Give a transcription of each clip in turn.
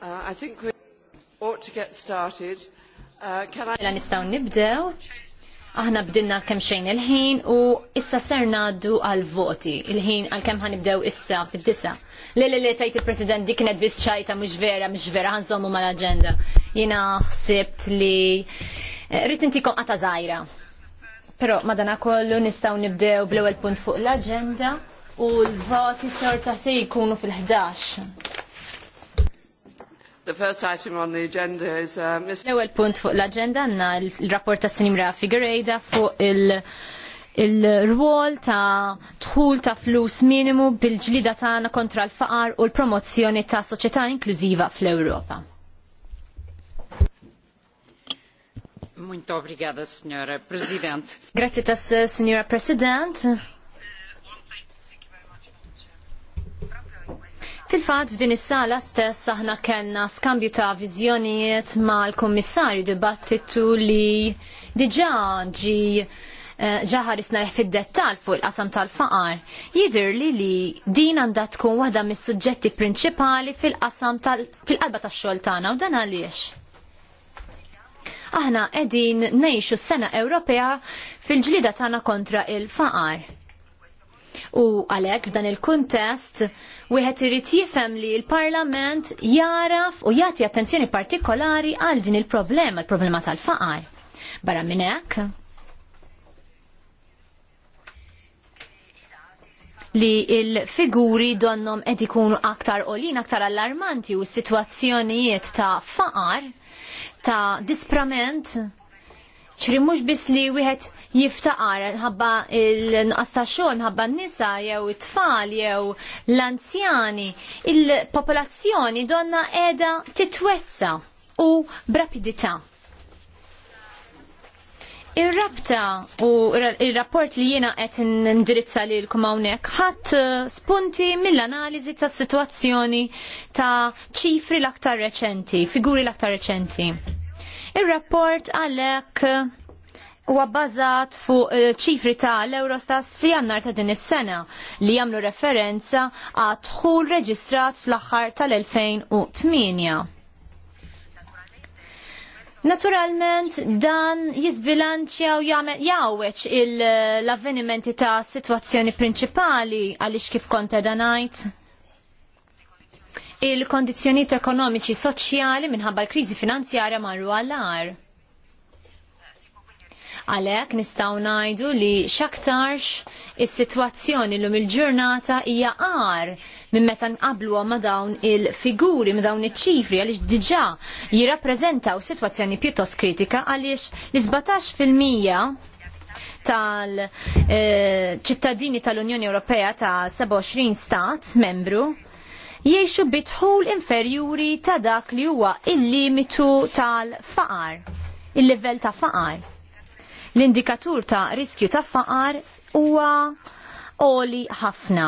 Uh, I think we ought to get started. Uh, mela Nistaw nibdew. Aħna bdinna kemm xejn il-ħin u issa ser ngħaddu għal voti. Il-ħin għal kemm ħanibdew issa fid-disa. Le le le tajt il-President dik kienet biss ċajta mhux vera mhux vera ħanżommu mal-aġenda. Jiena ħsibt li eh, rrid intikom qata żgħira. Però madanakollu nistgħu nibdew bl-ewwel punt fuq l-aġenda u l-voti sorta se jkunu fil-11 The first item on the agenda is uh, Ms. L-ewwel punt fuq l agenda għandna l-rapport ta' Sinimra Figueiredo fuq il- il-rwol ta' tħul ta' flus minimu bil-ġlida tagħna kontra l-faqar u l-promozzjoni ta' soċjetà inklużiva fl-Ewropa. Muito obrigada, Sra. Eh, President. Grazie tas, Signora President. Fil-fat f'din is-sala stess aħna kellna skambju ta' viżjonijiet mal-kummissarju dibattitu li diġà ġi eh, ġaħarisna fid-dettal fuq il-qasam tal-faqar, jidher li li din għandha tkun waħda mis-suġġetti prinċipali fil-qasam fil-qalba tax-xogħol tagħna u dan għaliex. Aħna qegħdin ngħixu s-sena Ewropea fil-ġlida tagħna kontra il-faqar. U għalhekk f'dan il-kuntest wieħed irid jifhem li l-Parlament jaraf u jagħti attenzjoni partikolari għal din il-problema, il-problema tal-faqar. Barra minn hekk li il-figuri donnom qed ikunu aktar olin, aktar allarmanti u s-sitwazzjonijiet ta' faqar, ta' disprament, ċrimux mhux biss li wieħed jiftaqar ħabba il-nqas ta' xogħol ħabba n-nisa jew it-tfal jew l-anzjani. Il-popolazzjoni donna qiegħda titwessa u b'rapidità. Ir-rabta u ir-rapport li jiena qed nindirizza lilkom hawnhekk ħadd spunti mill-analiżi tas-sitwazzjoni ta' ċifri l-aktar reċenti, figuri l-aktar reċenti. Ir-rapport għalhekk huwa bbażat fuq eh, ċifri ta' l-Eurostas fi jannar ta' din is-sena li jagħmlu referenza għal dħul reġistrat fl-aħħar tal-2008. Naturalment dan jizbilanċja u jawweċ l-avvenimenti ta' situazzjoni prinċipali għaliex kif konta danajt il-kondizjoniet ekonomiċi soċjali minħabba l-kriżi finanzjarja marru għall-ar. Għalhekk nistgħu ngħidu li x'aktarx is-sitwazzjoni lum il-ġurnata hija għar minn meta nqabluha ma' dawn il-figuri, ma' dawn iċ-ċifri għaliex diġà jirrappreżentaw sitwazzjoni pjuttost kritika għaliex l-17 fil-mija tal-ċittadini eh, tal-Unjoni Ewropea ta' 27 stat membru jiexu bitħul inferjuri ta' dak li huwa il-limitu tal-faqar, il-level ta' faqar. L-indikatur ta' riskju ta' faqar huwa oli ħafna.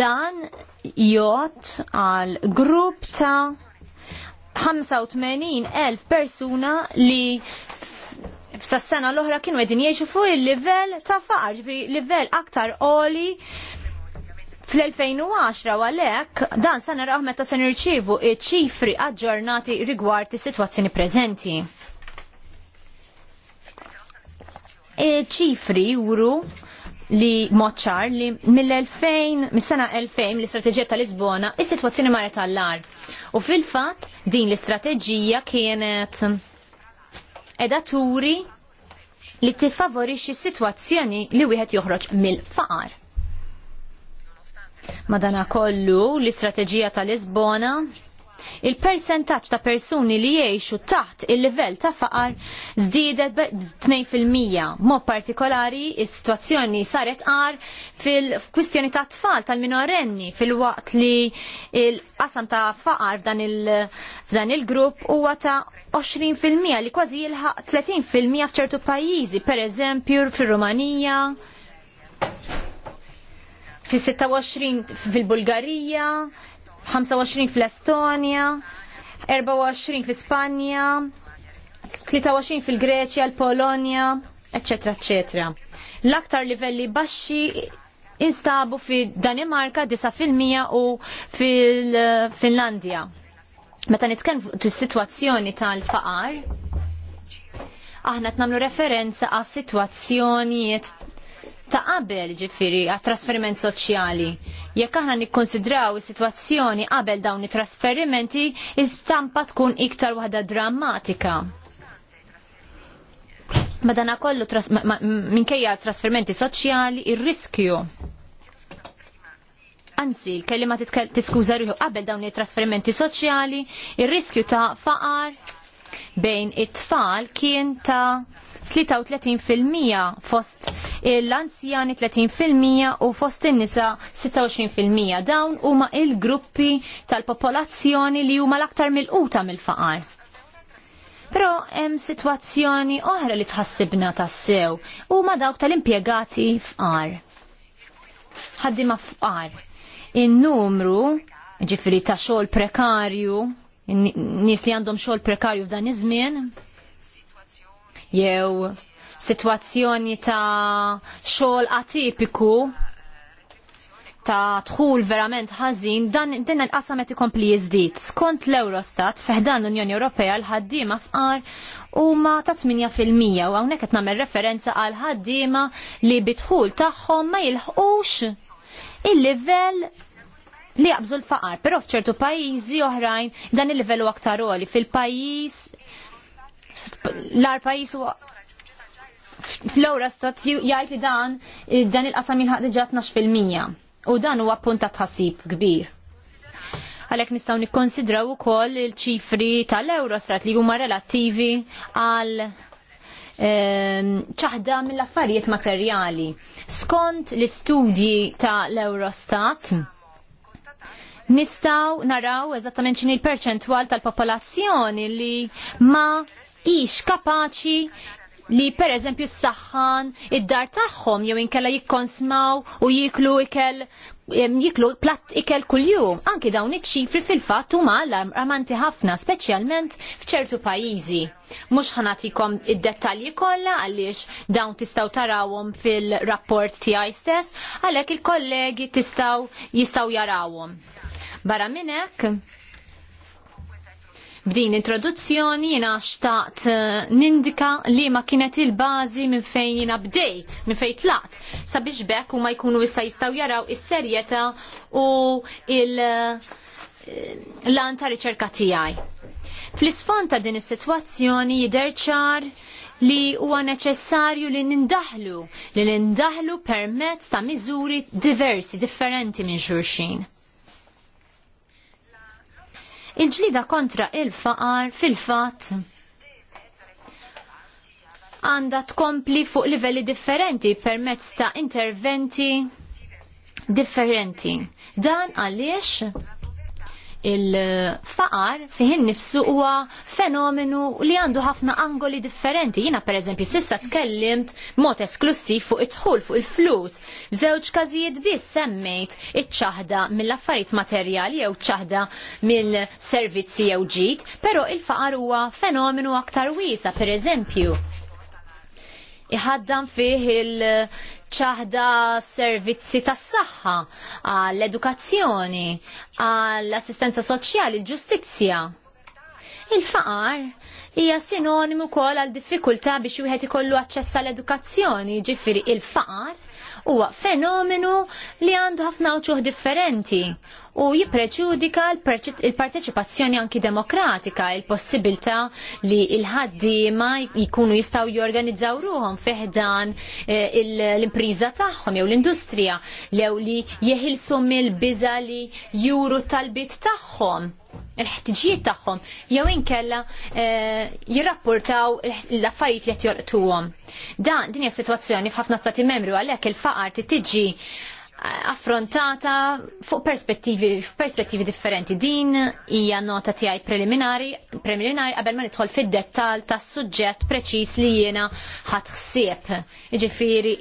Dan jgħot għal grupp ta' 85,000 persuna li f'sas-sena l-oħra kienu għedin jgħixu fuq il-livell ta' faqar, ġifri livell aktar oli fl-2010 għalhekk dan sa naraw meta se nirċievu ċifri aġġornati rigward is-sitwazzjoni preżenti. E ċifri juru li moċar li mill-2000, mis-sena 2000 l-istrateġija tal-Lisbona, is-sitwazzjoni marret tal-lar. U fil-fatt din l-istrateġija kienet edaturi li tiffavorixxi s-sitwazzjoni li wieħed joħroġ mill-faqar. Madana kollu l-istrateġija tal-Lisbona Il-percentaċ ta' persuni li jiexu taħt il-livell ta' faqar zdidet b-2%. Mod partikolari, il situazzjoni saret għar fil-kwistjoni ta' tfal tal-minorenni fil-waqt li il-qasam ta' faqar f'dan il-grupp huwa ta' 20% li kważi jilħaq 30% f'ċertu pajjiżi, per eżempju fil-Rumanija, fil-26 fil-Bulgarija, fil 26 fil bulgarija fil fil bulgarija 25 fl-Estonja, 24 fl-Ispanja, 23 fil-Greċja, l-Polonja, etc. etc. L-aktar livelli baxxi instabu fi Danimarka 9% u fil-Finlandja. Eh, Meta fuq is sitwazzjoni tal-faqar, aħna nagħmlu referenza għas sitwazzjonijiet ta' qabel ġifiri għat trasferiment soċjali. Jekk aħna nikkonsidraw is-sitwazzjoni qabel dawn it-trasferimenti, istampa tkun iktar waħda drammatika. Madana kollu minkejja trasferimenti soċjali ir-riskju. Anzi, l-kelima tiskuża riħu qabel dawn it-trasferimenti soċjali, ir-riskju ta' faqar bejn it-tfal kien ta' 33% fost l-anzjani 30% u fost in-nisa 26%. Dawn huma il-gruppi tal-popolazzjoni li huma l-aktar mill-quta mill-faqar. Pero hemm sitwazzjoni oħra li tħassibna tassew huma dawk tal-impjegati f'qar. Ħaddima f'qar. In-numru ġifri ta' xogħol prekarju, nies li għandhom xogħol prekarju f'dan iż-żmien, jew situazzjoni ta' xogħol atipiku ta' dħul verament ħażin dan din il-qasam qed ikompli jiżdied. Skont l-Eurostat fiħdan l-Unjoni Ewropea l-ħaddiema fqar huma ta' 8% u hawnhekk qed nagħmel referenza għal ħaddiema li bidħul tagħhom ma jilħqux il-livell li jaqbżu l-faqar, pero fċertu pajjiżi oħrajn dan il-livellu aktar fil pajjiż l-ar pajis fl-ewra stat jgħid li dan dan il-qasam jilħaq fil-mija. u dan huwa ta' tħassib kbir. Għalhekk nistgħu nikkonsidraw ukoll il-ċifri tal-Eurostat li huma relattivi għal ehm, ċaħda mill-affarijiet materjali. Skont l-istudji tal-Eurostat, nistaw naraw eżattament x'inhi l perċentwal tal-popolazzjoni li ma ix kapaċi li per eżempju s-saħħan id-dar tagħhom jew inkella jikkonsmaw u jiklu ikel jiklu platt ikel kuljum. Anki dawn iċ-ċifri fil-fatt huma ramanti ħafna, speċjalment f'ċertu pajjiżi. Mhux ħanatikom id-dettalji kollha għaliex dawn tistgħu tarawhom fil-rapport tiegħi stess, għalhekk il-kollegi tistgħu jistgħu jarawhom. Barra minn hekk, B'din introduzzjoni jina xtaqt eh, nindika li ma kienet il-bazi minn fejn jina bdejt, minn fejn tlaqt, sabiex bekk u ma jkunu issa jistaw jaraw is-serjeta u il-lan eh, ta' riċerka tijaj. Fl-isfond ta' din is-sitwazzjoni jidher ċar li huwa neċessarju li nindaħlu, li nindaħlu permezz ta' miżuri diversi, differenti minn xulxin. Il-ġlida kontra il-faqar fil-fat għanda tkompli fuq livelli differenti permezz ta' interventi differenti. Dan għaliex il-faqar fiħin nifsu huwa fenomenu li għandu ħafna angoli differenti. Jina per eżempju sissa tkellimt mod esklusiv fuq it-tħul fuq il-flus. Żewġ każijiet biss semmejt iċ-ċaħda mill-affarijiet materjali jew ċaħda mill-servizzi jew ġid, però il-faqar huwa fenomenu aktar wiesa per eżempju iħaddan fih il-ċaħda servizzi tas-saħħa, għall-edukazzjoni, għall-assistenza soċjali, l-ġustizzja. Il-faqar hija sinonimu wkoll għal diffikultà biex wieħed ikollu aċċess għall edukazzjoni, ġifiri il-faqar huwa fenomenu li għandu ħafna uċuħ differenti u jipreċudika il-parteċipazzjoni anki demokratika, il-possibilità li il ma jkunu jistaw jorganizzaw ruhom feħdan eh, l-impriża tagħhom jew l-industrija jew li jeħilsu mill-biża li juru talbit tagħhom il-ħtiġijiet tagħhom jew inkella eh, jirrapportaw l-affarijiet li qed jolqtuhom. Dan din hija sitwazzjoni f'ħafna stati membri għalhekk il-faqar titiġi eh, affrontata fuq perspettivi perspettivi differenti. Din hija nota tiegħi preliminari preliminari qabel ma nidħol fid dettall tas-suġġett preċiż li jiena ħadd ħsieb. Jiġifieri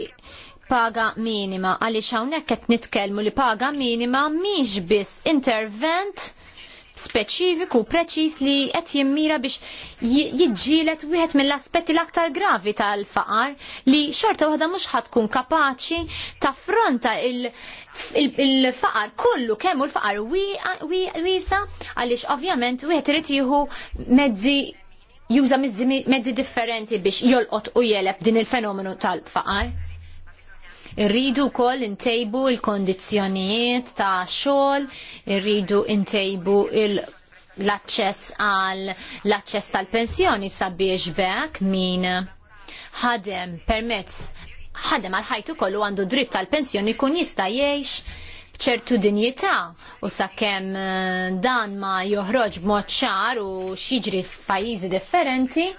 paga minima għaliex hawnhekk qed nitkellmu li paga minima mhix biss intervent speċifiku preċis li qed jimmira biex jiġġielet wieħed mill-aspetti l-aktar gravi tal-faqar li xorta waħda mhux tkun kapaċi taffronta il-faqar kollu kemm u l-faqar wiesa għaliex ovvjament wieħed irid jieħu mezzi juża mezzi differenti biex jolqot u jeleb din il-fenomenu tal-faqar. Irridu wkoll intejbu l-kondizzjonijiet ta' xogħol, irridu ntejbu l-aċċess għal l-aċċess tal-pensjoni sabiex bek min ħadem permezz ħadem għal ħajtu kollu għandu dritt tal-pensjoni kun jista' jgħix ċertu dinjità u sakemm eh, dan ma joħroġ b'mod ċar u xiġri f'pajjiżi differenti,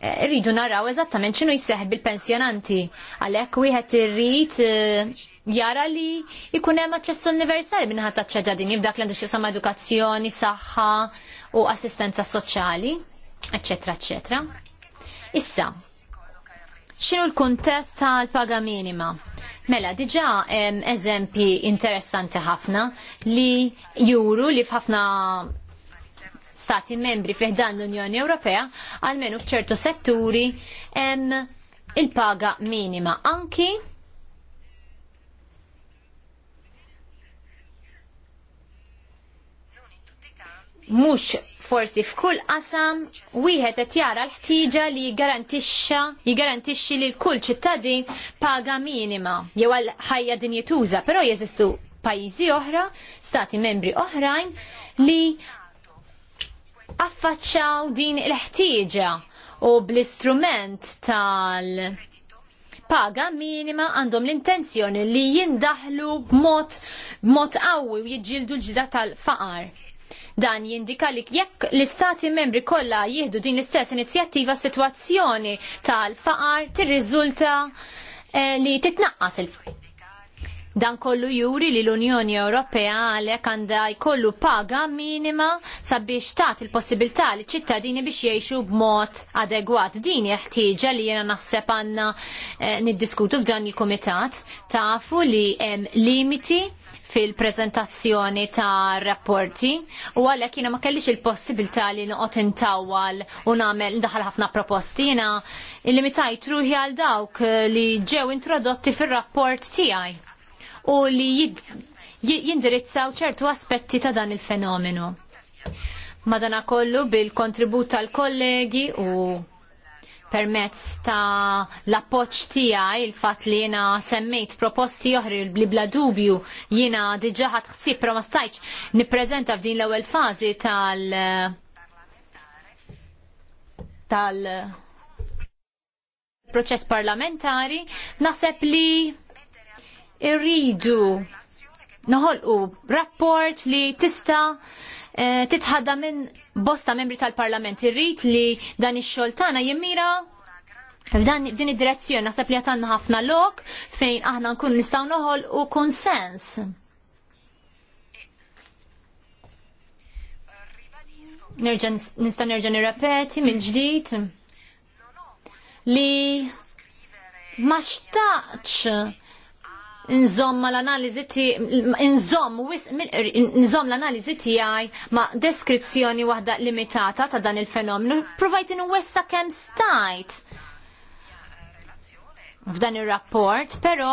rridu naraw eżattament x'inhu jseħħ bil-pensjonanti. Għalhekk wieħed irrid eh, jara li jkun hemm aċċess universali minħat ta' ċedadini f'dak li għandu xi sama edukazzjoni, saħħa u assistenza soċjali, eċċetra, eċetera. Issa, x'inhu l-kuntest tal-paga minima? Mela, diġa eżempi interessanti ħafna li juru li f'ħafna stati membri fiħdan l-Unjoni Ewropea, għalmenu fċertu setturi, hemm il-paga minima. Anki mhux forsi f'kull qasam wieħed qed jara l-ħtieġa li jgarantixxa jgarantixxi li l-kull ċittadin paga minima jew għal ħajja dinjetuża, però jeżistu pajjiżi oħra, stati membri oħrajn li affaċċaw din il-ħtieġa u bl-istrument tal- paga minima għandhom l-intenzjoni li jindaħlu b'mod b'mod qawwi u jiġġieldu l-ġida tal-faqar. Dan jindika li jekk l-istati membri kollha jieħdu din l-istess inizjattiva sitwazzjoni tal-faqar tirriżulta eh, li titnaqqas il-faqar. Dan kollu juri li l-Unjoni Ewropea għalhekk għandha jkollu paga minima sabiex tat il-possibilità li ċittadini biex jgħixu b'mod adegwat. Din jeħtieġa li jiena naħseb għandna eh, niddiskutu f'dan il-kumitat tafu li hemm limiti fil-prezentazzjoni ta' rapporti u għalhekk jiena ma kellix il-possibilità li noqgħod intawwal u nagħmel ndaħal ħafna proposti il-limitaj ruħi għal dawk eh, li ġew introdotti fir-rapport tiegħi u li jindirizzaw ċertu aspetti ta' dan il-fenomenu. Madana kollu bil-kontribut tal-kollegi u permezz ta' l-appoċ tiegħi il-fatt li jiena semmejt proposti oħri li bla dubju jiena diġà xsib ħsieb ma stajtx nippreżenta f'din l-ewwel fażi tal- tal proċess parlamentari naħseb li irridu noħolqu rapport li tista eh, titħadda minn bosta membri tal-Parlament. Irrid li dan ix-xogħol tagħna jimmira F'dan din id-direzzjoni naħseb li għatanna ħafna lok fejn aħna nkun nistgħu noħolqu konsens. nista' nerġa' nirrepeti mill-ġdid li ma xtaqx nżomma l-analiżi nżomm nżomm l-analiżi tiegħi ma' deskrizzjoni waħda limitata ta' dan il-fenomenu. Provajt inwessa kemm stajt f'dan ir-rapport, però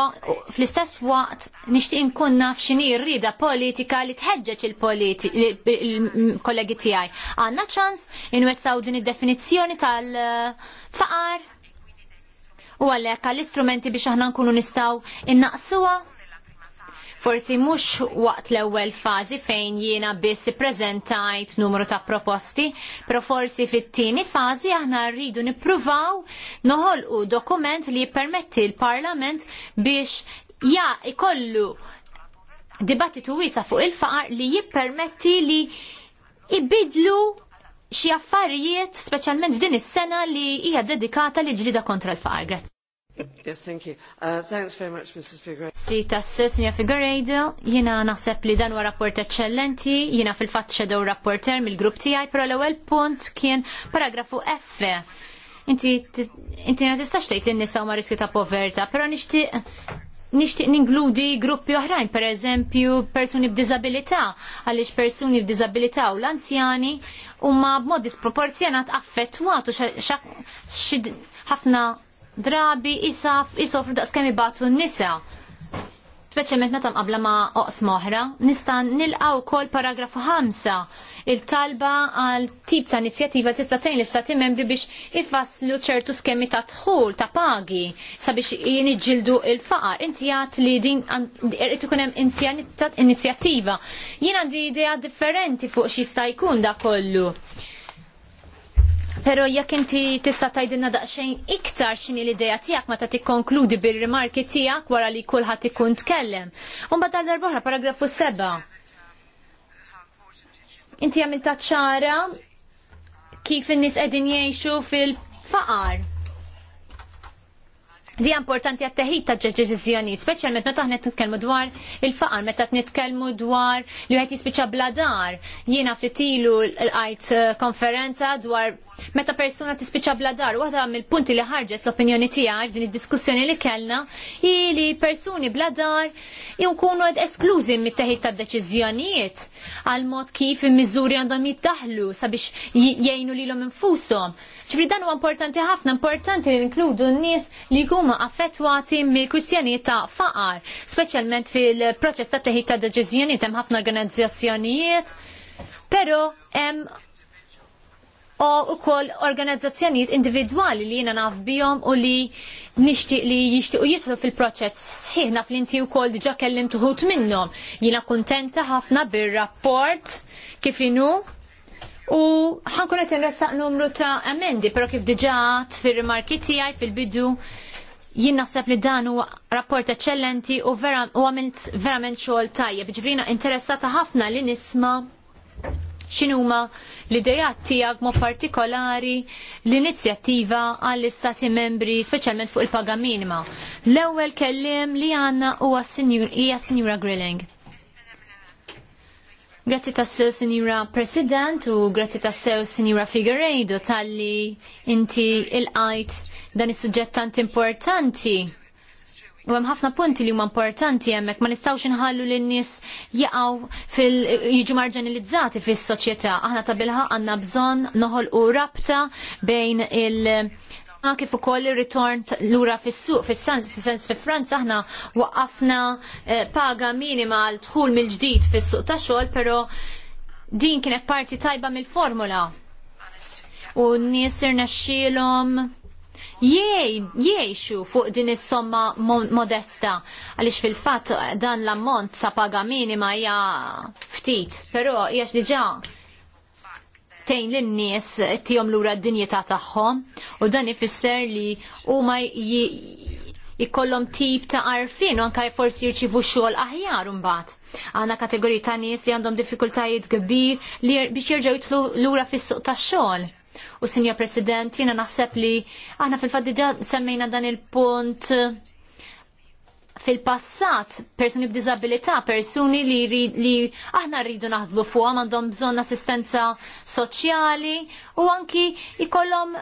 fl-istess waqt nixtieq nkun naf x'inhi rrida politika li tħeġġeġ il-kollegi tiegħi. Għandna ċans inwessaw din id-definizzjoni tal-faqar u għalhekk għall-istrumenti biex aħna nkunu nistgħu innaqsuha forsi mhux waqt l-ewwel fażi fejn jiena biss ippreżentajt numru ta' proposti, pero forsi fit-tieni fażi aħna rridu nippruvaw noħolqu dokument li jippermetti l-Parlament biex ja ikollu dibattitu wisa fuq il-faqar li jippermetti li ibidlu xi affarijiet speċjalment f'din is-sena li hija dedikata li ġlida kontra l-faqar. Grazzi. Yes, thank you. Uh, thanks very much, Mrs. Figueredo. Si tassis, Signor Figueredo, jina naħseb li dan huwa rapport eccellenti, jina fil-fatt xedew rapporter mill-grupp tiegħi, però l-ewwel punt kien paragrafu F. Inti inti ma tistax tgħid lin-nisa huma riskju ta' povertà, però nixtieq nixtieq ningludi gruppi oħrajn, per eżempju persuni b'diżabilità, għaliex persuni b'diżabilità u l-anzjani huma b'mod disproporzjonat affettwatu ħafna drabi isaf isofru daqs kemm ibatu n-nisa speċjalment meta qabla ma' oqs oħra, nista' nilqaw wkoll paragraf 5 il-talba għal tip ta' inizjattiva tista' tgħin l-istati membri biex ifasslu ċertu skemi ta' dħul ta' pagi sabiex jien il-faqar. Inti jgħat li din irid ikun hemm inizjattiva. Jien għandi idea differenti fuq xi jista' jkun da kollu. Pero jekk inti tista' tgħidilna daqsxejn iktar x'inhi l-idea tiegħek meta tikkonkludi bir-rimarki tiegħek wara li kulħadd ikun tkellem. Imbagħad għal darba paragrafu seba'. Inti għamilta ċara kif in-nies qegħdin jgħixu fil-faqar Di importanti għat-teħid ta' ġeġiżjoni, speċjalment meta aħna nitkellmu dwar il-faqar, meta nitkellmu dwar li wieħed jispiċċa bladar. Jiena ftit ilu għajt eh, konferenza dwar meta persuna tispiċċa bladar. Waħda mill-punti li ħarġet l-opinjoni tiegħi din id-diskussjoni li kellna hi li persuni bladar jkunu qed esklużi mit-teħid ta' deċiżjonijiet għal mod kif in-miżuri għandhom jittaħlu sabiex jgħinu lilhom infushom. ċifri dan huwa importanti ħafna, importanti li inkludu n-nies li jkunu huma affettwati mill kwistjonijiet ta' faqar, speċjalment fil-proċess ta' teħid ta' deċiżjonijiet hemm ħafna organizzazzjonijiet, però hemm u ukoll organizzazzjonijiet individwali li jiena naf bijom u li nixtieq li jixtiequ jidħlu fil-proċess sħiħ naf li inti wkoll diġa' kellim tuħut minnhom. Jiena kuntenta ħafna bir-rapport kif inhu U ħankun qed nressaq numru ta' emendi, però kif diġà fir-rimarki tiegħi fil-bidu Jien naħseb li dan huwa rapport eċċellenti u vera u għamilt verament xogħol tajjeb. Ġifrina interessata ħafna li nisma' x'inhuma l-idejat tiegħek mod partikolari l-inizjattiva għall-istati membri speċjalment fuq il-paga minima. L-ewwel kelliem li għandna huwa hija Sinjura Grilling. Grazzi tassew Sinjura President u grazzi tassew Sinjura Figueiredo talli inti il-qajt dan is-suġġett tant importanti. U hemm ħafna punti li huma importanti hemmhekk ma nistgħux inħallu lin nies jaqgħu fil jiġu marġinalizzati fis-soċjetà. Aħna ta' bilħa għandna bżonn noħolqu rabta bejn il- kif ukoll ir-ritorn lura fis-suq fis-sens sens fi Franza aħna waqafna eh, paga minima għal dħul mill-ġdid fis-suq ta' xogħol, però din kienet parti tajba mill-formula. U n-nies irnexxielhom jiexu fuq din is-somma modesta għaliex fil-fatt dan l-ammont sa paga minima hija ftit, però hija diġà tejn lin-nies l lura d-dinjità tagħhom u dan ifisser li huma jikollom tip ta' arfin, anka forsi jirċivu xogħol aħjar mbagħad. Għandna kategoriji ta' nies li għandhom diffikultajiet kbir li biex jerġgħu jitlu lura fis-suq tax-xogħol. U Sinja President, jiena naħseb li aħna fil fatt semmejna dan il-punt fil-passat persuni b'dizabilità, persuni li, li, li aħna rridu naħdbu fuqhom għandhom bżonn assistenza soċjali u anki jkollhom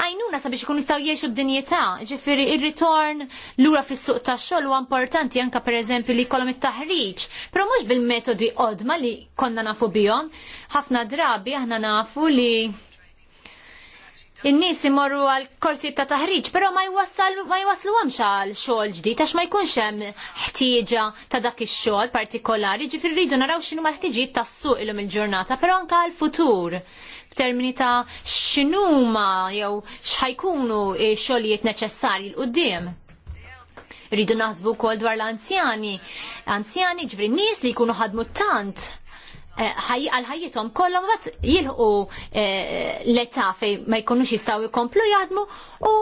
għajnuna sabiex ikun jistgħu jgħixu d-dinjetà, ġifieri ir-ritorn lura fis-suq tax-xogħol huwa importanti anke pereżempju li jkollhom it-taħriġ, però mhux bil-metodi odma li konna nafu bihom. Ħafna drabi aħna nafu li In-nies imorru għal korsi ta' taħriġ, però ma jwassal ma jwaslu għamx għal xogħol ġdid għax ma jkunx hemm ħtieġa ta' dak ix-xogħol partikolari, ġifieri rridu naraw x'inhuma ma ħtiġijiet tas-suq ilhom il-ġurnata, però anke għal futur f'termini ta' x'inhuma jew x'ħajkunu xogħlijiet neċessari l qudiem Rridu naħsbu wkoll dwar l-anzjani. Anzjani ġvri nies li jkunu ħadmu tant eh, għal ħajjithom kollha mbagħad jilħu eh, l-età fejn ma jkunux jistgħu jkomplu jaħdmu u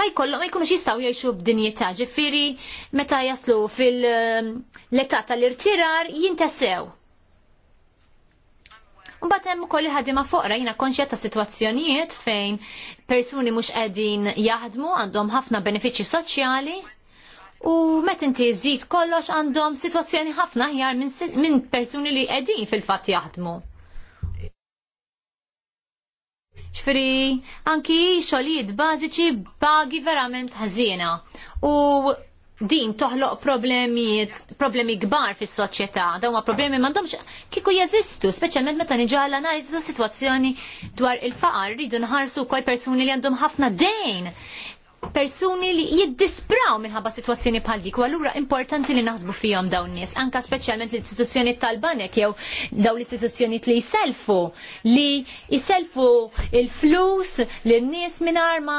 ma jkollu ma jkunux jistgħu jgħixu b'dinjità ġifiri meta jaslu fil-età eh, tal-irtirar jintesew. Mbagħad hemm ukoll ħaddiema foqra jiena konxja ta' sitwazzjonijiet fejn persuni mhux qegħdin jaħdmu għandhom ħafna benefiċċji soċjali u meta inti żżid kollox għandhom sitwazzjoni ħafna ħjar minn persuni li qegħdin fil-fatt jaħdmu. Ċfri, anki xogħlijiet bażiċi bagi verament ħażina. U din toħloq problemi problemi kbar fis soċjetà dawn ma problemi m'għandhomx kieku jeżistu, speċjalment meta niġu analiżi ta' sitwazzjoni dwar il-faqar ridu nħarsu wkoll persuni li għandhom ħafna dejn persuni li jiddispraw minħabba situazzjoni bħal dik, u allura importanti li naħsbu fihom dawn nies, anka speċjalment l-istituzzjoni tal-banek jew dawn l-istituzzjoni li jiselfu li jiselfu il-flus lin nies minn arma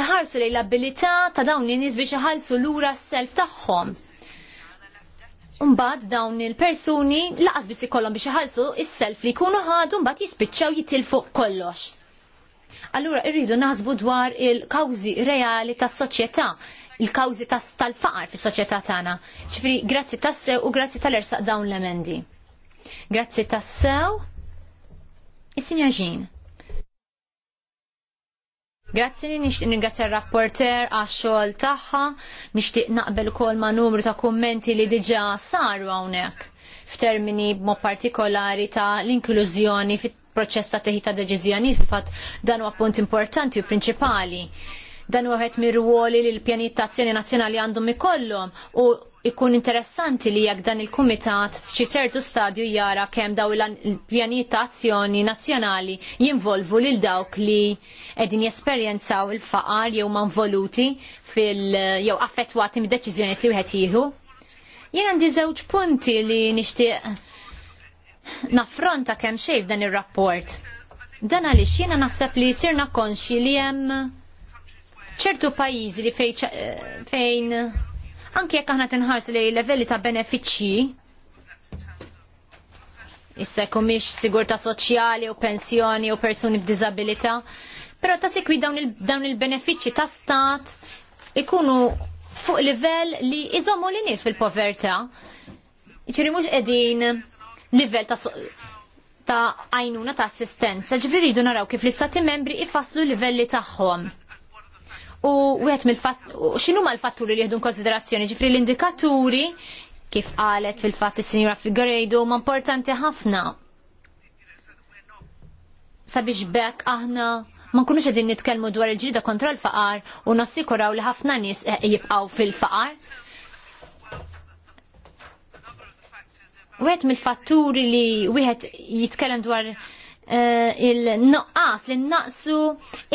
jħarsu lejn l abilita ta' dawn in-nies biex iħallsu lura s-self tagħhom. Mbagħad dawn il-persuni laqas biss ikollhom biex iħallsu is-self li jkunu ħadu mbagħad jispiċċaw jitilfu kollox. Allura irridu naħsbu dwar il-kawzi reali tas-soċjetà il-kawzi tal-faqar fis soċjetà tagħna. Ċifri, grazzi tassew u grazzi tal-ersaq dawn l-emendi. Grazzi tassew. Is-Sinja Ġin. Grazzi li nixtieq ningrazzja r-rapporter għax-xogħol tagħha, nixtieq naqbel ukoll ma' numru ta' kummenti li diġà saru hawnhekk f'termini mo partikolari ta' l-inklużjoni fit proċess ta' teħi ta' deċiżjonijiet fil-fatt dan huwa punt importanti u prinċipali. Dan huwa wieħed mir-ruoli li l-pjanijiet ta' azzjoni nazzjonali għandhom ikollhom u ikun interessanti li jekk dan il-kumitat f'xi ċertu stadju jara kemm daw il-pjanijiet ta' azzjoni nazzjonali jinvolvu lil dawk li qegħdin jesperjenzaw il-faqar jew ma involuti fil- jew affettwati mid-deċiżjonijiet li għet jieħu. Jien għandi żewġ punti li nixtieq naffronta kemm xejn f'dan ir-rapport. Dan għaliex jiena naħseb li sirna konxi li hemm ċertu pajjiżi li fejn anke jekk aħna tinħarsu li livelli ta' benefiċċji issa jkunx sigurta soċjali u pensjoni u persuni b'diżabilità, però ta' sikwi dawn il-benefiċċji ta' stat ikunu fuq livell li jżommu li nies fil-povertà. Ċiri mhux qegħdin livell ta' ta' għajnuna ta' assistenza. Ġifri naraw kif l-istati membri ifasslu livelli tagħhom. U wieħed mill fat xinu ma l-fatturi li jieħdu konsiderazzjoni, ġifri l-indikaturi kif qalet fil-fatt is-Sinjura Figueiredo ma' importanti ħafna. Sabiex bekk aħna ma nkunux qegħdin nitkellmu dwar il-ġrida kontra l-faqar u nassikuraw li ħafna nies jibqgħu fil-faqar Wieħed mill-fatturi li wieħed jitkellem dwar eh, il-noqqas li naqsu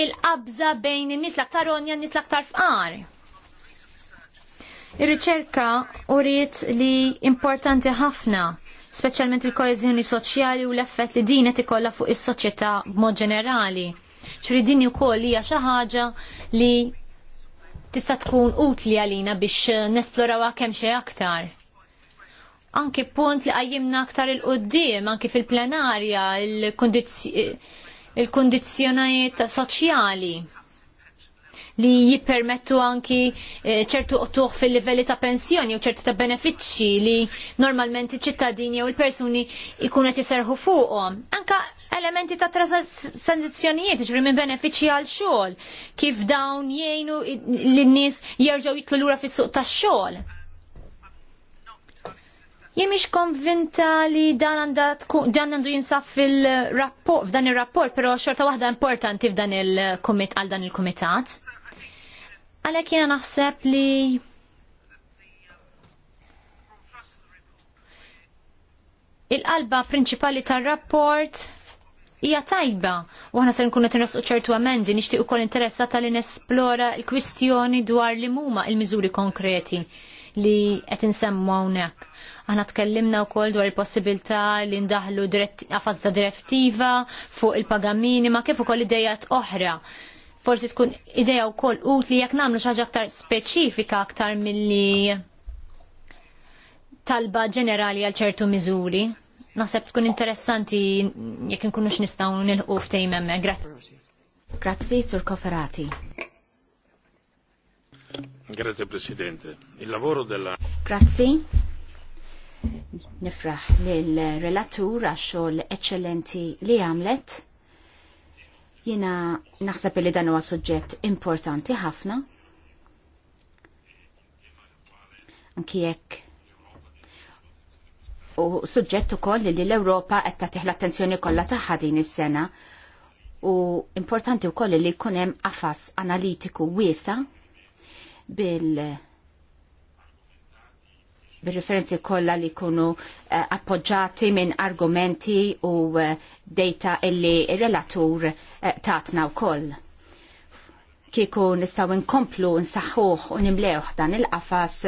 il qabza bejn in-nies l-aktar onja n-nies l-aktar fqar. Ir-riċerka uriet li importanti ħafna, speċjalment il-koeżjoni soċjali u l-effett li din qed ikollha fuq is-soċjetà b'mod ġenerali. Ċri din ukoll hija xi ħaġa li tista' tkun utli għalina biex nesplorawha kemm xi aktar anki punt li għajjimna aktar il-qoddim, anki fil-plenarja, il-kondizjonajiet il soċjali li jippermettu anki eh, ċertu qtuħ fil-livelli ta' pensjoni u ċertu ta' benefiċċji li normalment iċ-ċittadini u l-persuni jkunu qed jiserħu fuqhom. Anka elementi ta' transazzjonijiet ġri minn benefiċċji għal xogħol kif dawn jgħinu lin-nies jerġgħu jitlu lura fis-suq tax-xogħol. Jien konvinta li dan dan għandu jinsaf fil-rapport f'dan ir-rapport, però xorta waħda importanti f'dan il komit għal dan il-kumitat. Għalhekk jiena naħseb li il-qalba prinċipali tar-rapport hija tajba u aħna ser nkunu tinrasqu ċertu amendi nixtieq ukoll interessata li nesplora l-kwistjoni dwar li huma l-miżuri konkreti li qed insemmu hawnhekk. Aħna tkellimna wkoll dwar il-possibilità li ndaħlu għafas direttiva fuq il-paga minima kif ukoll idejat oħra. Forsi tkun ideja wkoll utli jekk nagħmlu xi ħaġa aktar speċifika aktar milli talba ġenerali għal ċertu miżuri. Naħseb tkun interessanti jekk nkunux nistgħu nilħu ftejn hemmhekk. Grazzi. Grazzi, Sur Koferati. Grazie Presidente. Il lavoro della Grazie. Nifraħ lill-relatur għax l eċċellenti li għamlet. Jiena naħseb li dan huwa suġġett importanti ħafna. Anki jekk u suġġett ukoll li l-Ewropa qed tagħtih l-attenzjoni kollha tagħha din is-sena u importanti wkoll li jkun hemm qafas analitiku wiesa' bil bir-referenzi kollha li jkunu eh, appoġġati minn argumenti u eh, data illi ir-relatur eh, tatna wkoll kieku nistaw inkomplu, nsaħħuh u nimlewħ dan il-qafas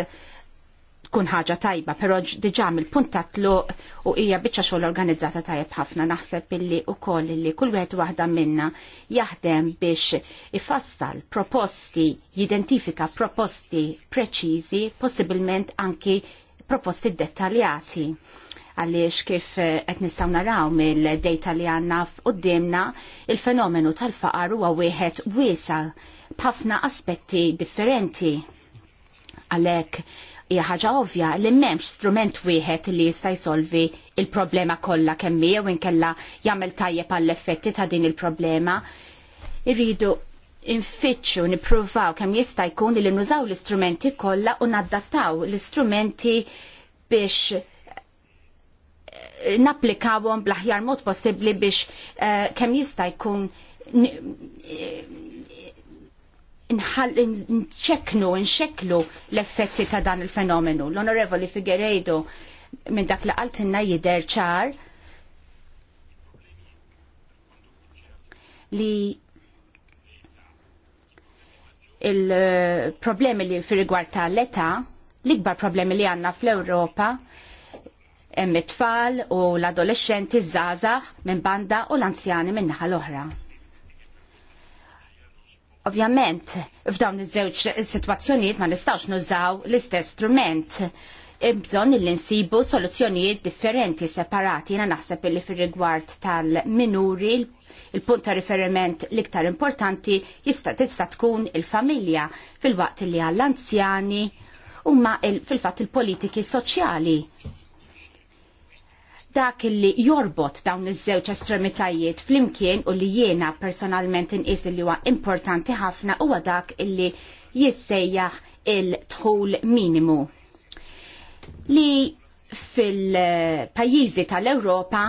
tkun ħaġa tajba, pero diġam il-punt ta' tluq u hija biċċa xogħol organizzata tajjeb ħafna naħseb illi wkoll illi kull wieħed waħda minna jaħdem biex ifassal proposti, jidentifika proposti preċiżi, possibilment anki proposti dettaljati għaliex kif eh, qed nistgħu naraw mill-data li għandna f'qudiemna il-fenomenu tal-faqar huwa wieħed wiesa b'ħafna aspetti differenti. Għalhekk hija ħaġa ovvja li m'hemmx strument wieħed li jista' jsolvi il-problema kollha kemm hija u inkella jagħmel tajjeb għall-effetti ta' din il-problema. Irridu infittxu, nippruvaw kemm jista' jkun li nużaw l-istrumenti kollha u naddattaw l-istrumenti biex eh, napplikawhom bl-aħjar mod possibbli biex uh, kemm jista' jkun eh, nċeknu, nxekklu l-effetti ta' dan il-fenomenu. L-Onorevoli Figueredo minn dak li qaltinna jider ċar li il-problemi li fir rigward ta' l-età, l-ikbar problemi li għanna fl-Ewropa, hemm it-tfal u l-adolescenti żgħażagħ minn banda u l-anzjani minn naħa l-oħra. Ovvjament, f'dawn iż-żewġ sitwazzjonijiet ma nistgħux nużaw l-istess strument bżonn li nsibu soluzzjonijiet differenti separati jiena naħseb li fir-rigward tal-minuri il-punt ta' riferiment l-iktar importanti jista' tista' tkun il-familja fil-waqt li għall-anzjani huma ma fil-fatt il-politiki soċjali dak li jorbot dawn iż-żewġ estremitajiet flimkien u li jiena personalment inqis li huwa importanti ħafna huwa dak illi jissejjaħ il-tħul minimu li fil-pajjiżi tal-Ewropa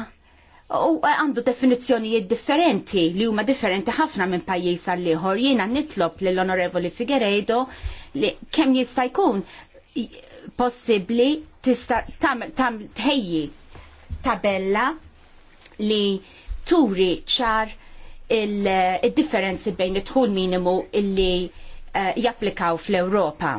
u għandu definizzjonijiet differenti li huma differenti ħafna minn pajjiż għal ieħor. Jiena nitlob lill onorevoli Figueredo li kemm jista' jkun possibbli tista' tam tħejji tabella li turi ċar il-differenzi bejn it-tħul minimu illi eh, japplikaw fl-Ewropa